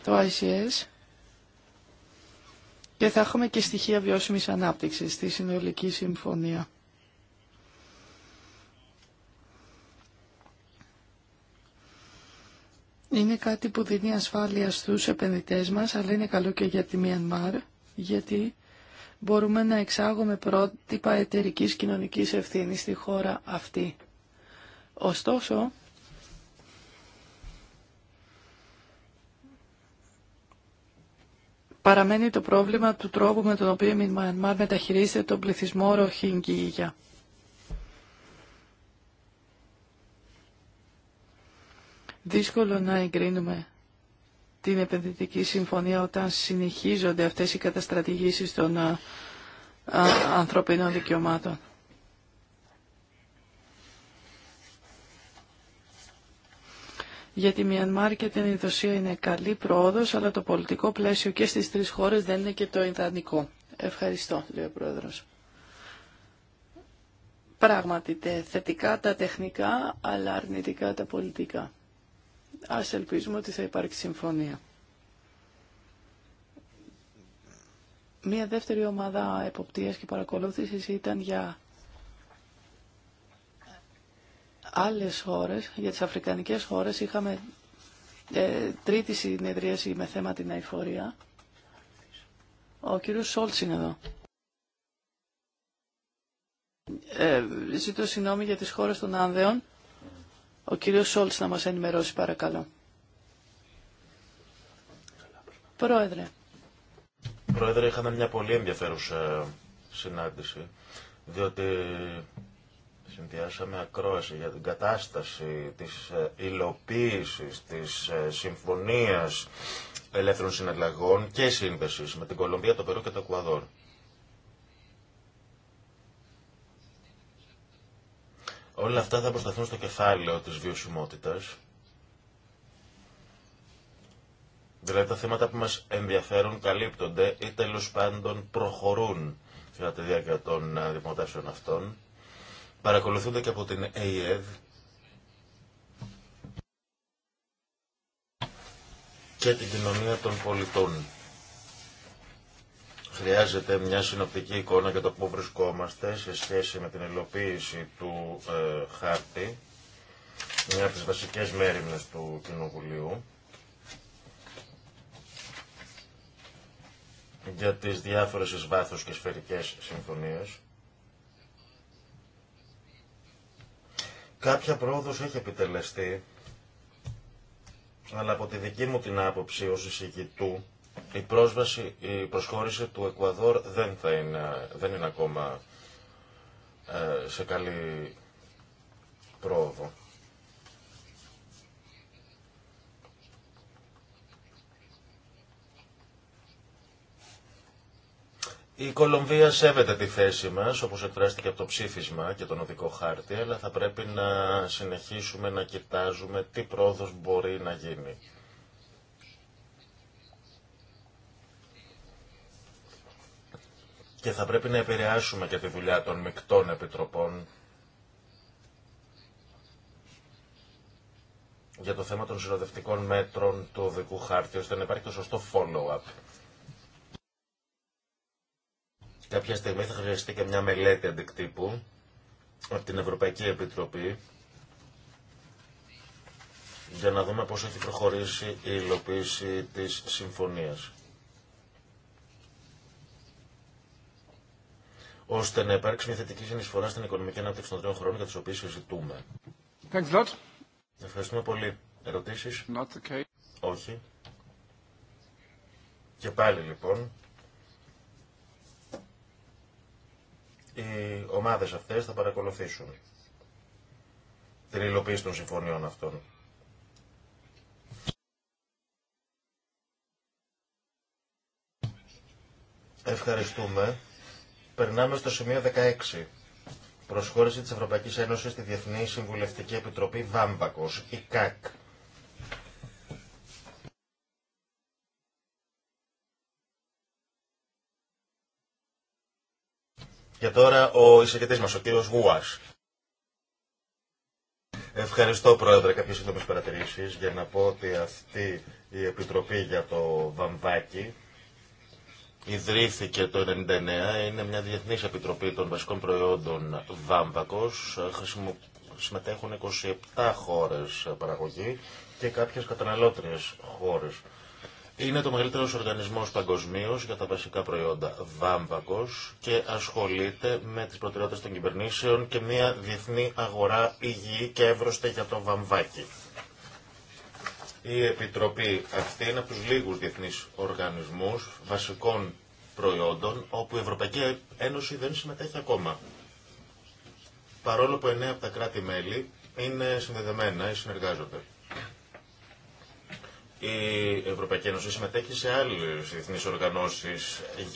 το ICS, και θα έχουμε και στοιχεία βιώσιμης ανάπτυξης στη συνολική συμφωνία. Είναι κάτι που δίνει ασφάλεια στους επενδυτές μας, αλλά είναι καλό και για τη Μιανμάρ, γιατί μπορούμε να εξάγουμε πρότυπα εταιρικής κοινωνικής ευθύνης στη χώρα αυτή. Ωστόσο, παραμένει το πρόβλημα του τρόπου με τον οποίο η Μιανμάρ μεταχειρίζεται τον πληθυσμό Ροχίνγκίγια. Δύσκολο να εγκρίνουμε την επενδυτική συμφωνία όταν συνεχίζονται αυτές οι καταστρατηγήσεις των ανθρωπίνων δικαιωμάτων. Για τη Μιανμάρ και την Ινδοσία είναι καλή πρόοδος, αλλά το πολιτικό πλαίσιο και στις τρεις χώρες δεν είναι και το ιδανικό. Ευχαριστώ, λέει ο Πρόεδρος. Πράγματι θετικά τα τεχνικά, αλλά αρνητικά τα πολιτικά. Ας ελπίζουμε ότι θα υπάρξει συμφωνία. Μία δεύτερη ομάδα εποπτείας και παρακολούθησης ήταν για άλλες χώρες, για τις αφρικανικές χώρες. Είχαμε ε, τρίτη συνεδρίαση με θέμα την αηφορία. Ο κύριος Σόλτς είναι εδώ. Ε, ζητώ συγνώμη για τις χώρες των Άνδεων. Ο κύριος Σόλτς να μας ενημερώσει παρακαλώ. Πρόεδρε. Πρόεδρε, είχαμε μια πολύ ενδιαφέρουσα συνάντηση, διότι συνδυάσαμε ακρόαση για την κατάσταση της ε, υλοποίησης, της ε, συμφωνίας ελεύθερων συναλλαγών και σύνδεσης με την Κολομπία, το Περού και το Εκουαδόρ. Όλα αυτά θα προσταθούν στο κεφάλαιο της βιωσιμότητας. Δηλαδή τα θέματα που μας ενδιαφέρουν καλύπτονται ή τέλο πάντων προχωρούν κατά τη διάρκεια των ε, δημοτάσεων αυτών. Παρακολουθούνται και από την ΑΕΔ και την κοινωνία των πολιτών χρειάζεται μια συνοπτική εικόνα για το πού βρισκόμαστε σε σχέση με την υλοποίηση του ε, χάρτη, μια από τις βασικές μέρημνες του Κοινοβουλίου, για τις διάφορες εις και σφαιρικές συμφωνίες. Κάποια πρόοδος έχει επιτελεστεί, αλλά από τη δική μου την άποψη ως εισηγητού, η πρόσβαση, η προσχώρηση του Εκουαδόρ δεν, θα είναι, δεν είναι ακόμα ε, σε καλή πρόοδο. Η Κολομβία σέβεται τη θέση μας, όπως εκφράστηκε από το ψήφισμα και τον οδικό χάρτη, αλλά θα πρέπει να συνεχίσουμε να κοιτάζουμε τι πρόοδος μπορεί να γίνει. και θα πρέπει να επηρεάσουμε και τη δουλειά των μεικτών επιτροπών για το θέμα των συνοδευτικών μέτρων του οδικού χάρτη, ώστε να υπάρχει το σωστό follow-up. Κάποια στιγμή θα χρειαστεί και μια μελέτη αντικτύπου από την Ευρωπαϊκή Επιτροπή για να δούμε πώς έχει προχωρήσει η υλοποίηση της συμφωνίας. ώστε να υπάρξει μια θετική συνεισφορά στην οικονομική ανάπτυξη των τριών χρόνων για τι οποίε συζητούμε. Ευχαριστούμε πολύ. Ερωτήσει. Όχι. Και πάλι λοιπόν. Οι ομάδες αυτές θα παρακολουθήσουν την υλοποίηση των συμφωνιών αυτών. Ευχαριστούμε. Περνάμε στο σημείο 16. Προσχώρηση της Ευρωπαϊκής Ένωσης στη Διεθνή Συμβουλευτική Επιτροπή Βάμβακος, η ΚΑΚ. Και τώρα ο εισηγητής μας, ο κύριος Γουάς. Ευχαριστώ Πρόεδρε κάποιες σύντομες παρατηρήσεις για να πω ότι αυτή η Επιτροπή για το Βαμβάκι Ιδρύθηκε το 1999, είναι μια διεθνής επιτροπή των βασικών προϊόντων βάμβακος. Συμμετέχουν 27 χώρες παραγωγή και κάποιες καταναλώτριες χώρες. Είναι το μεγαλύτερος οργανισμός παγκοσμίως για τα βασικά προϊόντα βάμβακος και ασχολείται με τις προτεραιότητες των κυβερνήσεων και μια διεθνή αγορά υγιή και εύρωστη για το βαμβάκι. Η Επιτροπή αυτή είναι από τους λίγους διεθνείς οργανισμούς βασικών προϊόντων όπου η Ευρωπαϊκή Ένωση δεν συμμετέχει ακόμα. Παρόλο που εννέα από τα κράτη-μέλη είναι συνδεδεμένα ή συνεργάζονται. Η Ευρωπαϊκή Ένωση συμμετέχει σε άλλε διεθνεί οργανώσει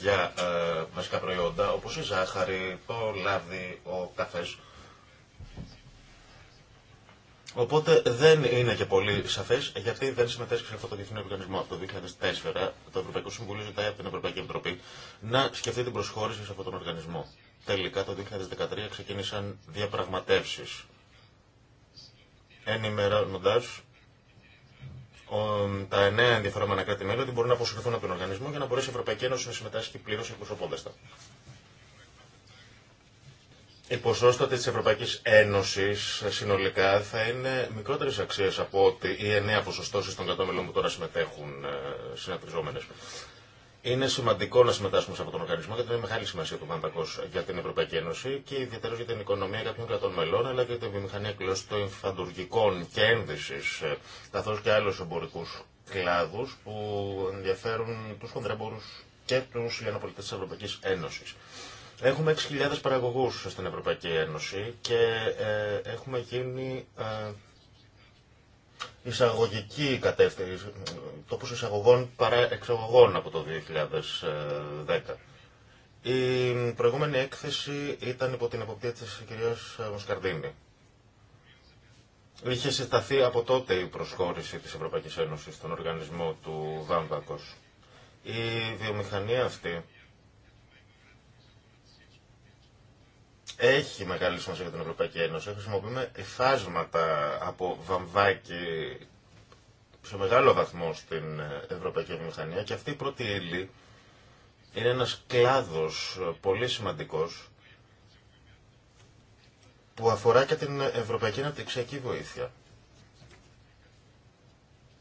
για ε, βασικά προϊόντα, όπω η ζάχαρη, το λάδι, ο καφέ. Οπότε δεν είναι και πολύ σαφέ γιατί δεν συμμετέσχει σε αυτό το διεθνή οργανισμό. Από το 2004 το Ευρωπαϊκό Συμβουλίο ζητάει από την Ευρωπαϊκή Επιτροπή να σκεφτεί την προσχώρηση σε αυτόν τον οργανισμό. Τελικά το 2013 ξεκίνησαν διαπραγματεύσει ενημερώνοντα τα εννέα ενδιαφερόμενα κράτη-μέλη ότι μπορούν να αποσυρθούν από τον οργανισμό για να μπορέσει η Ευρωπαϊκή Ένωση να συμμετάσχει πλήρω εκπροσωπώντα τα η ποσότητα τη Ευρωπαϊκή Ένωση, συνολικά θα είναι μικρότερης αξίας από ότι οι εννέα ποσοστώσει των μελών που τώρα συμμετέχουν ε, συναπτυζόμενες. Είναι σημαντικό να συμμετάσχουμε σε αυτόν τον οργανισμό γιατί είναι μεγάλη σημασία του Παντακό για την Ευρωπαϊκή Ένωση και ιδιαίτερα για την οικονομία κάποιων κρατών μελών αλλά και για την βιομηχανία φαντουργικών και ένδυση ε, καθώ και άλλου εμπορικού κλάδου που ενδιαφέρουν του χονδρέμπορου και του λιανοπολιτέ τη Ευρωπαϊκή Ένωση. Έχουμε 6.000 παραγωγούς στην Ευρωπαϊκή Ένωση και ε, έχουμε γίνει ε, εισαγωγική κατεύθυνση, τόπος εισαγωγών παρά εξαγωγών από το 2010. Η προηγούμενη έκθεση ήταν υπό την εποπτεία της κυρίας Μοσκαρδίνη. Είχε συσταθεί από τότε η προσχώρηση της Ευρωπαϊκής Ένωσης στον οργανισμό του Βάμβακος. Η βιομηχανία αυτή έχει μεγάλη σημασία για την Ευρωπαϊκή Ένωση. Χρησιμοποιούμε εφάσματα από βαμβάκι σε μεγάλο βαθμό στην ε, Ευρωπαϊκή Βιομηχανία και αυτή η πρώτη ύλη είναι ένας κλάδος ε, πολύ σημαντικός που αφορά και την Ευρωπαϊκή Αναπτυξιακή Βοήθεια.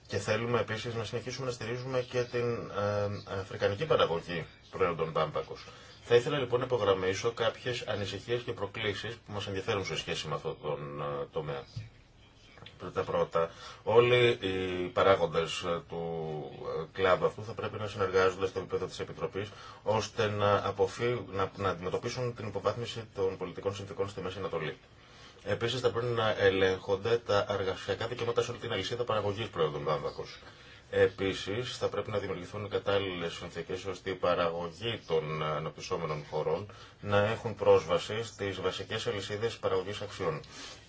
Και θέλουμε επίσης να συνεχίσουμε να στηρίζουμε και την ε, αφρικανική παραγωγή προϊόντων πάμπακος. Θα ήθελα λοιπόν να υπογραμμίσω κάποιε ανησυχίε και προκλήσει που μα ενδιαφέρουν σε σχέση με αυτόν τον ε, τομέα. Πρώτα πρώτα, όλοι οι παράγοντε ε, του ε, κλάδου αυτού θα πρέπει να συνεργάζονται στο επίπεδο τη Επιτροπή ώστε να, αποφύ... να, αντιμετωπίσουν την υποβάθμιση των πολιτικών συνθήκων στη Μέση Ανατολή. Επίση, θα πρέπει να ελέγχονται τα εργασιακά δικαιώματα σε όλη την αλυσίδα παραγωγή προϊόντων βάμβακο. Επίσης, θα πρέπει να δημιουργηθούν κατάλληλες συνθήκε ώστε η παραγωγή των αναπτυσσόμενων χωρών να έχουν πρόσβαση στις βασικές αλυσίδε παραγωγής αξιών.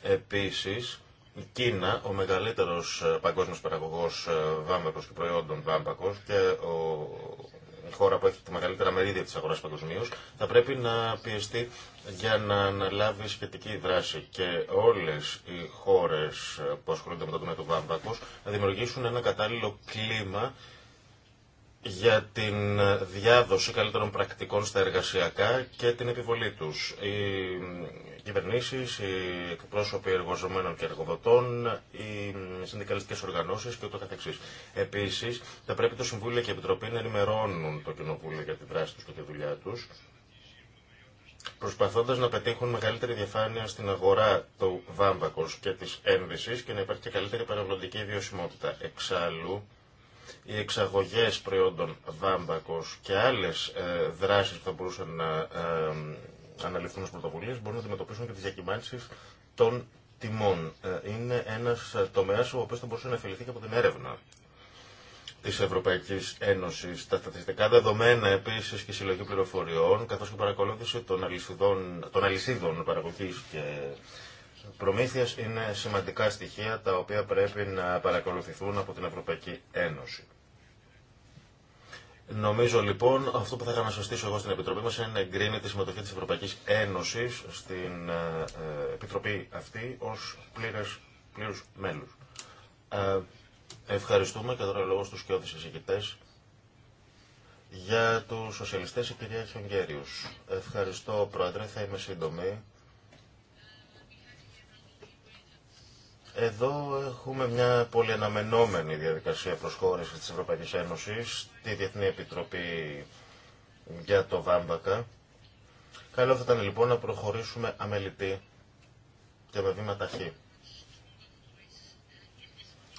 Επίσης, η Κίνα, ο μεγαλύτερος παγκόσμιος παραγωγός ε, βάμβακο και προϊόντων βάμπακος και ο η χώρα που έχει τη μεγαλύτερα μερίδια τη αγορά παγκοσμίω, θα πρέπει να πιεστεί για να αναλάβει σχετική δράση. Και όλε οι χώρε που ασχολούνται με το τομέα του βάμβακο να δημιουργήσουν ένα κατάλληλο κλίμα για την διάδοση καλύτερων πρακτικών στα εργασιακά και την επιβολή τους κυβερνήσει, οι εκπρόσωποι εργοζομένων και εργοδοτών, οι συνδικαλιστικές οργανώσει και ούτω καθεξής. Επίσης, θα πρέπει το Συμβούλιο και η Επιτροπή να ενημερώνουν το Κοινοβούλιο για τη δράση του και τη δουλειά του, προσπαθώντα να πετύχουν μεγαλύτερη διαφάνεια στην αγορά του βάμβακο και τη ένδυσης και να υπάρχει και καλύτερη περιβαλλοντική βιωσιμότητα. Εξάλλου, οι εξαγωγές προϊόντων βάμβακος και άλλες ε, δράσεις που θα μπορούσαν να ε, αναλυθούν ως πρωτοβουλίες μπορούν να αντιμετωπίσουν και τις διακυμάνσεις των τιμών. Ε, είναι ένας ε, τομέας ο οποίος θα μπορούσε να εφεληθεί και από την έρευνα της Ευρωπαϊκής Ένωσης. Τα στατιστικά δεδομένα επίσης και η συλλογή πληροφοριών, καθώς και η παρακολούθηση των αλυσίδων, των αλυσίδων παραγωγής και προμήθειας είναι σημαντικά στοιχεία τα οποία πρέπει να παρακολουθηθούν από την Ευρωπαϊκή Ένωση. Νομίζω λοιπόν αυτό που θα είχα να στήσω εγώ στην Επιτροπή μας είναι να εγκρίνει τη συμμετοχή της Ευρωπαϊκής Ένωσης στην ε, ε, Επιτροπή αυτή ως πλήρου μέλου. μέλους. Ε, ευχαριστούμε και τώρα λόγω στους κοιόδης εισηγητές για τους σοσιαλιστές η κυρία Χιονγκέριους. Ευχαριστώ Πρόεδρε, θα είμαι σύντομη. Εδώ έχουμε μια πολύ αναμενόμενη διαδικασία προσχώρηση της Ευρωπαϊκής Ένωσης, τη Διεθνή Επιτροπή για το Βάμβακα. Καλό θα ήταν λοιπόν να προχωρήσουμε αμελητή και με βήμα ταχύ.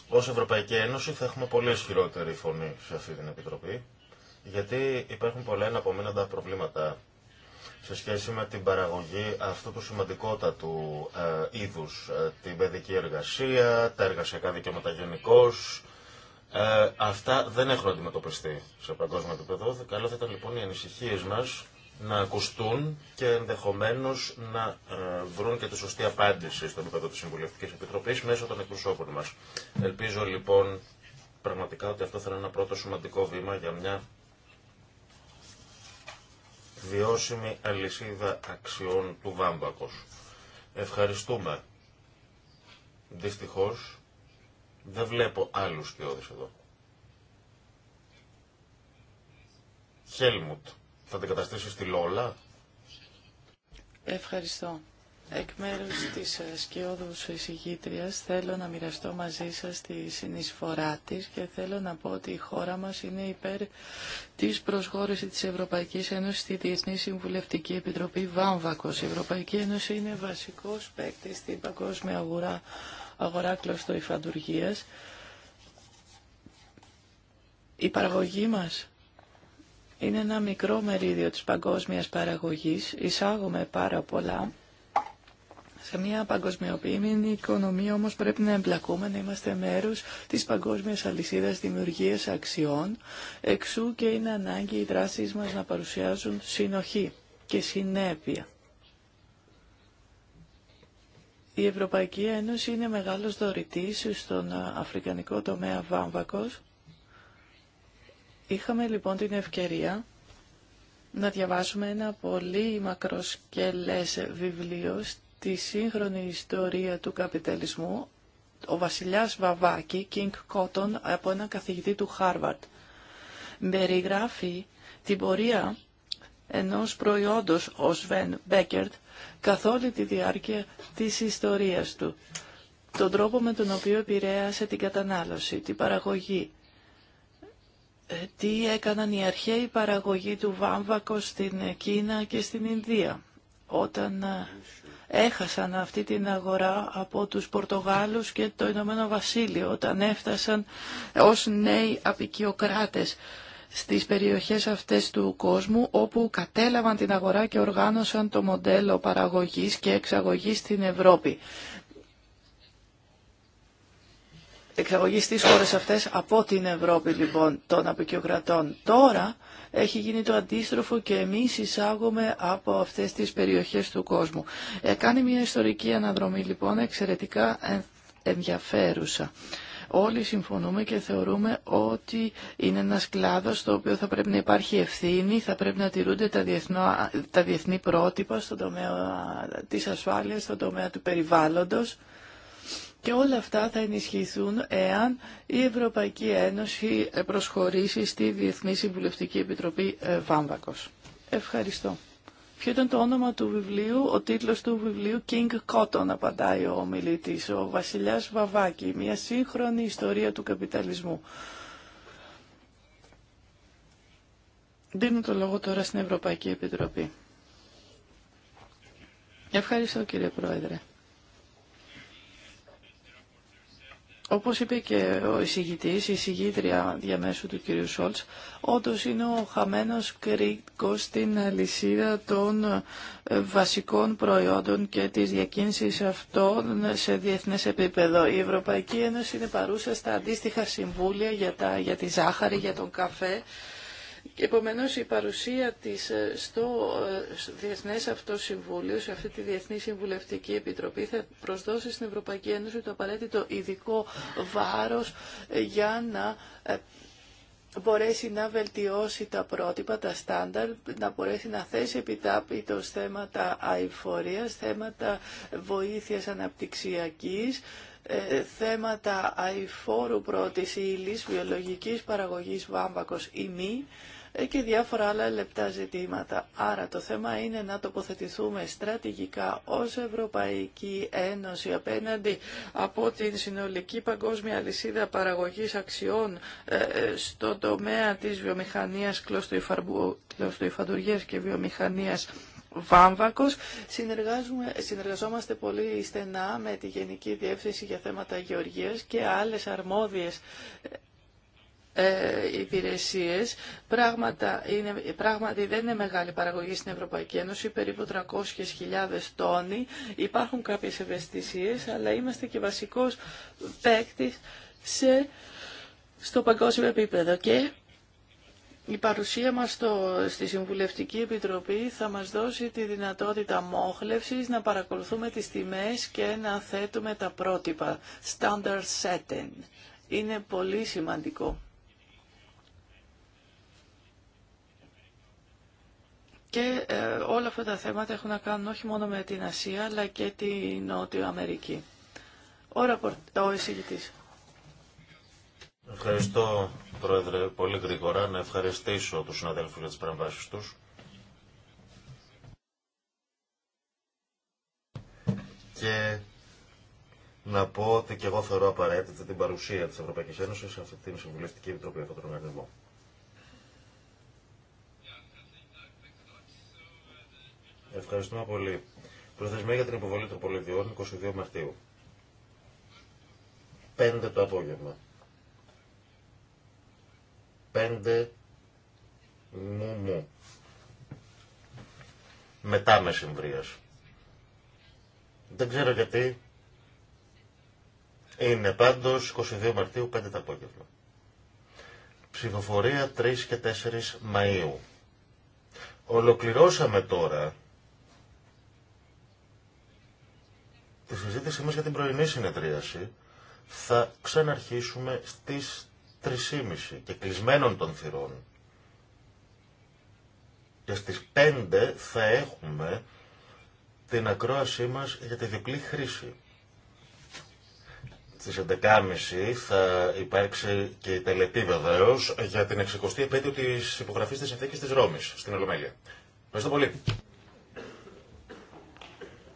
Ως Ευρωπαϊκή Ένωση θα έχουμε πολύ ισχυρότερη φωνή σε αυτή την Επιτροπή, γιατί υπάρχουν πολλά εναπομείναντα προβλήματα σε σχέση με την παραγωγή αυτού του σημαντικότατου ε, είδους, ε, την παιδική εργασία, τα εργασιακά δικαιώματα γενικώ. Ε, αυτά δεν έχουν αντιμετωπιστεί σε παγκόσμιο επίπεδο. Καλό θα ήταν λοιπόν οι ανησυχίε μα να ακουστούν και ενδεχομένω να ε, βρουν και τη σωστή απάντηση στο επίπεδο τη Συμβουλευτική Επιτροπή μέσω των εκπροσώπων μα. Ελπίζω λοιπόν πραγματικά ότι αυτό θα είναι ένα πρώτο σημαντικό βήμα για μια βιώσιμη αλυσίδα αξιών του Βάμπακος. Ευχαριστούμε. Δυστυχώς δεν βλέπω άλλους σκιώδες εδώ. Χέλμουτ, θα την καταστήσεις στη Λόλα. Ευχαριστώ. Εκ μέρους της ε, σκιώδους εισηγήτριας θέλω να μοιραστώ μαζί σας τη συνεισφορά της και θέλω να πω ότι η χώρα μας είναι υπέρ της προσχώρησης της Ευρωπαϊκής Ένωσης στη Διεθνή Συμβουλευτική Επιτροπή Βάμβακος. Η Ευρωπαϊκή Ένωση είναι βασικός παίκτη στην παγκόσμια αγορά, αγορά υφαντουργίας. Η παραγωγή μας είναι ένα μικρό μερίδιο της παγκόσμιας παραγωγής. Εισάγουμε πάρα πολλά σε μια παγκοσμιοποιημένη οικονομία όμως πρέπει να εμπλακούμε, να είμαστε μέρος της παγκόσμιας αλυσίδας δημιουργίας αξιών, εξού και είναι ανάγκη οι δράσεις μας να παρουσιάζουν συνοχή και συνέπεια. Η Ευρωπαϊκή Ένωση είναι μεγάλος δωρητής στον αφρικανικό τομέα βάμβακος. Είχαμε λοιπόν την ευκαιρία να διαβάσουμε ένα πολύ μακροσκελές βιβλίο τη σύγχρονη ιστορία του καπιταλισμού ο βασιλιάς Βαβάκη, King Cotton, από έναν καθηγητή του Χάρβαρτ. Περιγράφει την πορεία ενός προϊόντος ο Σβέν Μπέκερτ καθ' όλη τη διάρκεια της ιστορίας του. Τον τρόπο με τον οποίο επηρέασε την κατανάλωση, την παραγωγή. Ε, τι έκαναν οι αρχαίοι παραγωγοί του βάμβακο στην Κίνα και στην Ινδία όταν ε, έχασαν αυτή την αγορά από τους Πορτογάλους και το Ηνωμένο Βασίλειο όταν έφτασαν ως νέοι απικιοκράτες στις περιοχές αυτές του κόσμου όπου κατέλαβαν την αγορά και οργάνωσαν το μοντέλο παραγωγής και εξαγωγής στην Ευρώπη. Εξαγωγή στις χώρες αυτές από την Ευρώπη λοιπόν των απεικιοκρατών. Τώρα έχει γίνει το αντίστροφο και εμείς εισάγουμε από αυτές τις περιοχές του κόσμου. Ε, κάνει μια ιστορική αναδρομή λοιπόν εξαιρετικά ενδιαφέρουσα. Όλοι συμφωνούμε και θεωρούμε ότι είναι ένας κλάδος στο οποίο θα πρέπει να υπάρχει ευθύνη, θα πρέπει να τηρούνται τα, τα διεθνή πρότυπα στον τομέα της ασφάλειας, στον τομέα του περιβάλλοντος. Και όλα αυτά θα ενισχυθούν εάν η Ευρωπαϊκή Ένωση προσχωρήσει στη Διεθνή Συμβουλευτική Επιτροπή ε, Βάμβακος. Ευχαριστώ. Ποιο ήταν το όνομα του βιβλίου, ο τίτλος του βιβλίου King Cotton, απαντάει ο ομιλητής, ο βασιλιάς Βαβάκη, μια σύγχρονη ιστορία του καπιταλισμού. Δίνω το λόγο τώρα στην Ευρωπαϊκή Επιτροπή. Ευχαριστώ κύριε Πρόεδρε. Όπως είπε και ο εισηγητής, η εισηγήτρια διαμέσου του κυρίου Σόλτς, όντως είναι ο χαμένος κρίκος στην αλυσίδα των ε, βασικών προϊόντων και της διακίνησης αυτών σε διεθνές επίπεδο. Η Ευρωπαϊκή Ένωση είναι παρούσα στα αντίστοιχα συμβούλια για, τα, για τη ζάχαρη, για τον καφέ, Επομένως η παρουσία της ε, ε, στο Διεθνές Αυτοσυμβούλιο, σε αυτή τη Διεθνή Συμβουλευτική Επιτροπή θα προσδώσει στην Ευρωπαϊκή Ένωση το απαραίτητο ειδικό βάρος ε, για να μπορέσει να βελτιώσει τα πρότυπα, τα στάνταρ, να μπορέσει να θέσει επιτάπητος θέματα αηφορίας, θέματα βοήθειας αναπτυξιακής, θέματα αηφόρου πρώτης ύλης, βιολογικής παραγωγής βάμβακος ή μη, ε, και διάφορα άλλα λεπτά ζητήματα. Άρα το θέμα είναι να τοποθετηθούμε στρατηγικά ως Ευρωπαϊκή Ένωση απέναντι από την συνολική παγκόσμια λυσίδα παραγωγής αξιών ε, ε, στο τομέα της βιομηχανίας κλωστοϊφαντουργίας και βιομηχανίας Βάμβακος. Συνεργαζόμαστε πολύ στενά με τη Γενική Διεύθυνση για θέματα γεωργίας και άλλες αρμόδιες ε, υπηρεσίες. Πράγματα πράγματι δεν είναι μεγάλη παραγωγή στην Ευρωπαϊκή Ένωση, περίπου 300.000 τόνοι. Υπάρχουν κάποιες ευαισθησίες, αλλά είμαστε και βασικός παίκτη σε, στο παγκόσμιο επίπεδο. Και η παρουσία μας στο, στη Συμβουλευτική Επιτροπή θα μας δώσει τη δυνατότητα μόχλευσης να παρακολουθούμε τις τιμές και να θέτουμε τα πρότυπα. Standard setting. Είναι πολύ σημαντικό. Και ε, όλα αυτά τα θέματα έχουν να κάνουν όχι μόνο με την Ασία αλλά και την Νότια Αμερική. Ο, ο εισηγητής. Ευχαριστώ, Πρόεδρε, πολύ γρήγορα να ευχαριστήσω τους συναδέλφους για τις παρεμβάσεις τους. Και να πω ότι και εγώ θεωρώ απαραίτητη την παρουσία της Ευρωπαϊκής Ένωσης σε αυτή την Συμβουλευτική Επιτροπή από τον Ευχαριστούμε πολύ. Προθεσμία για την υποβολή πολιτιών 22 Μαρτίου. 5 το απόγευμα. 5 μου μου. Μετά μεσημβρίας. Δεν ξέρω γιατί. Είναι πάντως 22 Μαρτίου 5 το απόγευμα. Ψηφοφορία 3 και 4 Μαΐου. Ολοκληρώσαμε τώρα Στη συζήτησή μας για την πρωινή συνεδρίαση θα ξαναρχίσουμε στις 3.30 και κλεισμένων των θυρών. Και στις 5 θα έχουμε την ακρόασή μας για τη διπλή χρήση. Στις 11.30 θα υπάρξει και η τελετή βεβαίω για την 60η επέτειο της υπογραφής της συνθήκης της Ρώμης στην Ολομέλεια. Ευχαριστώ πολύ.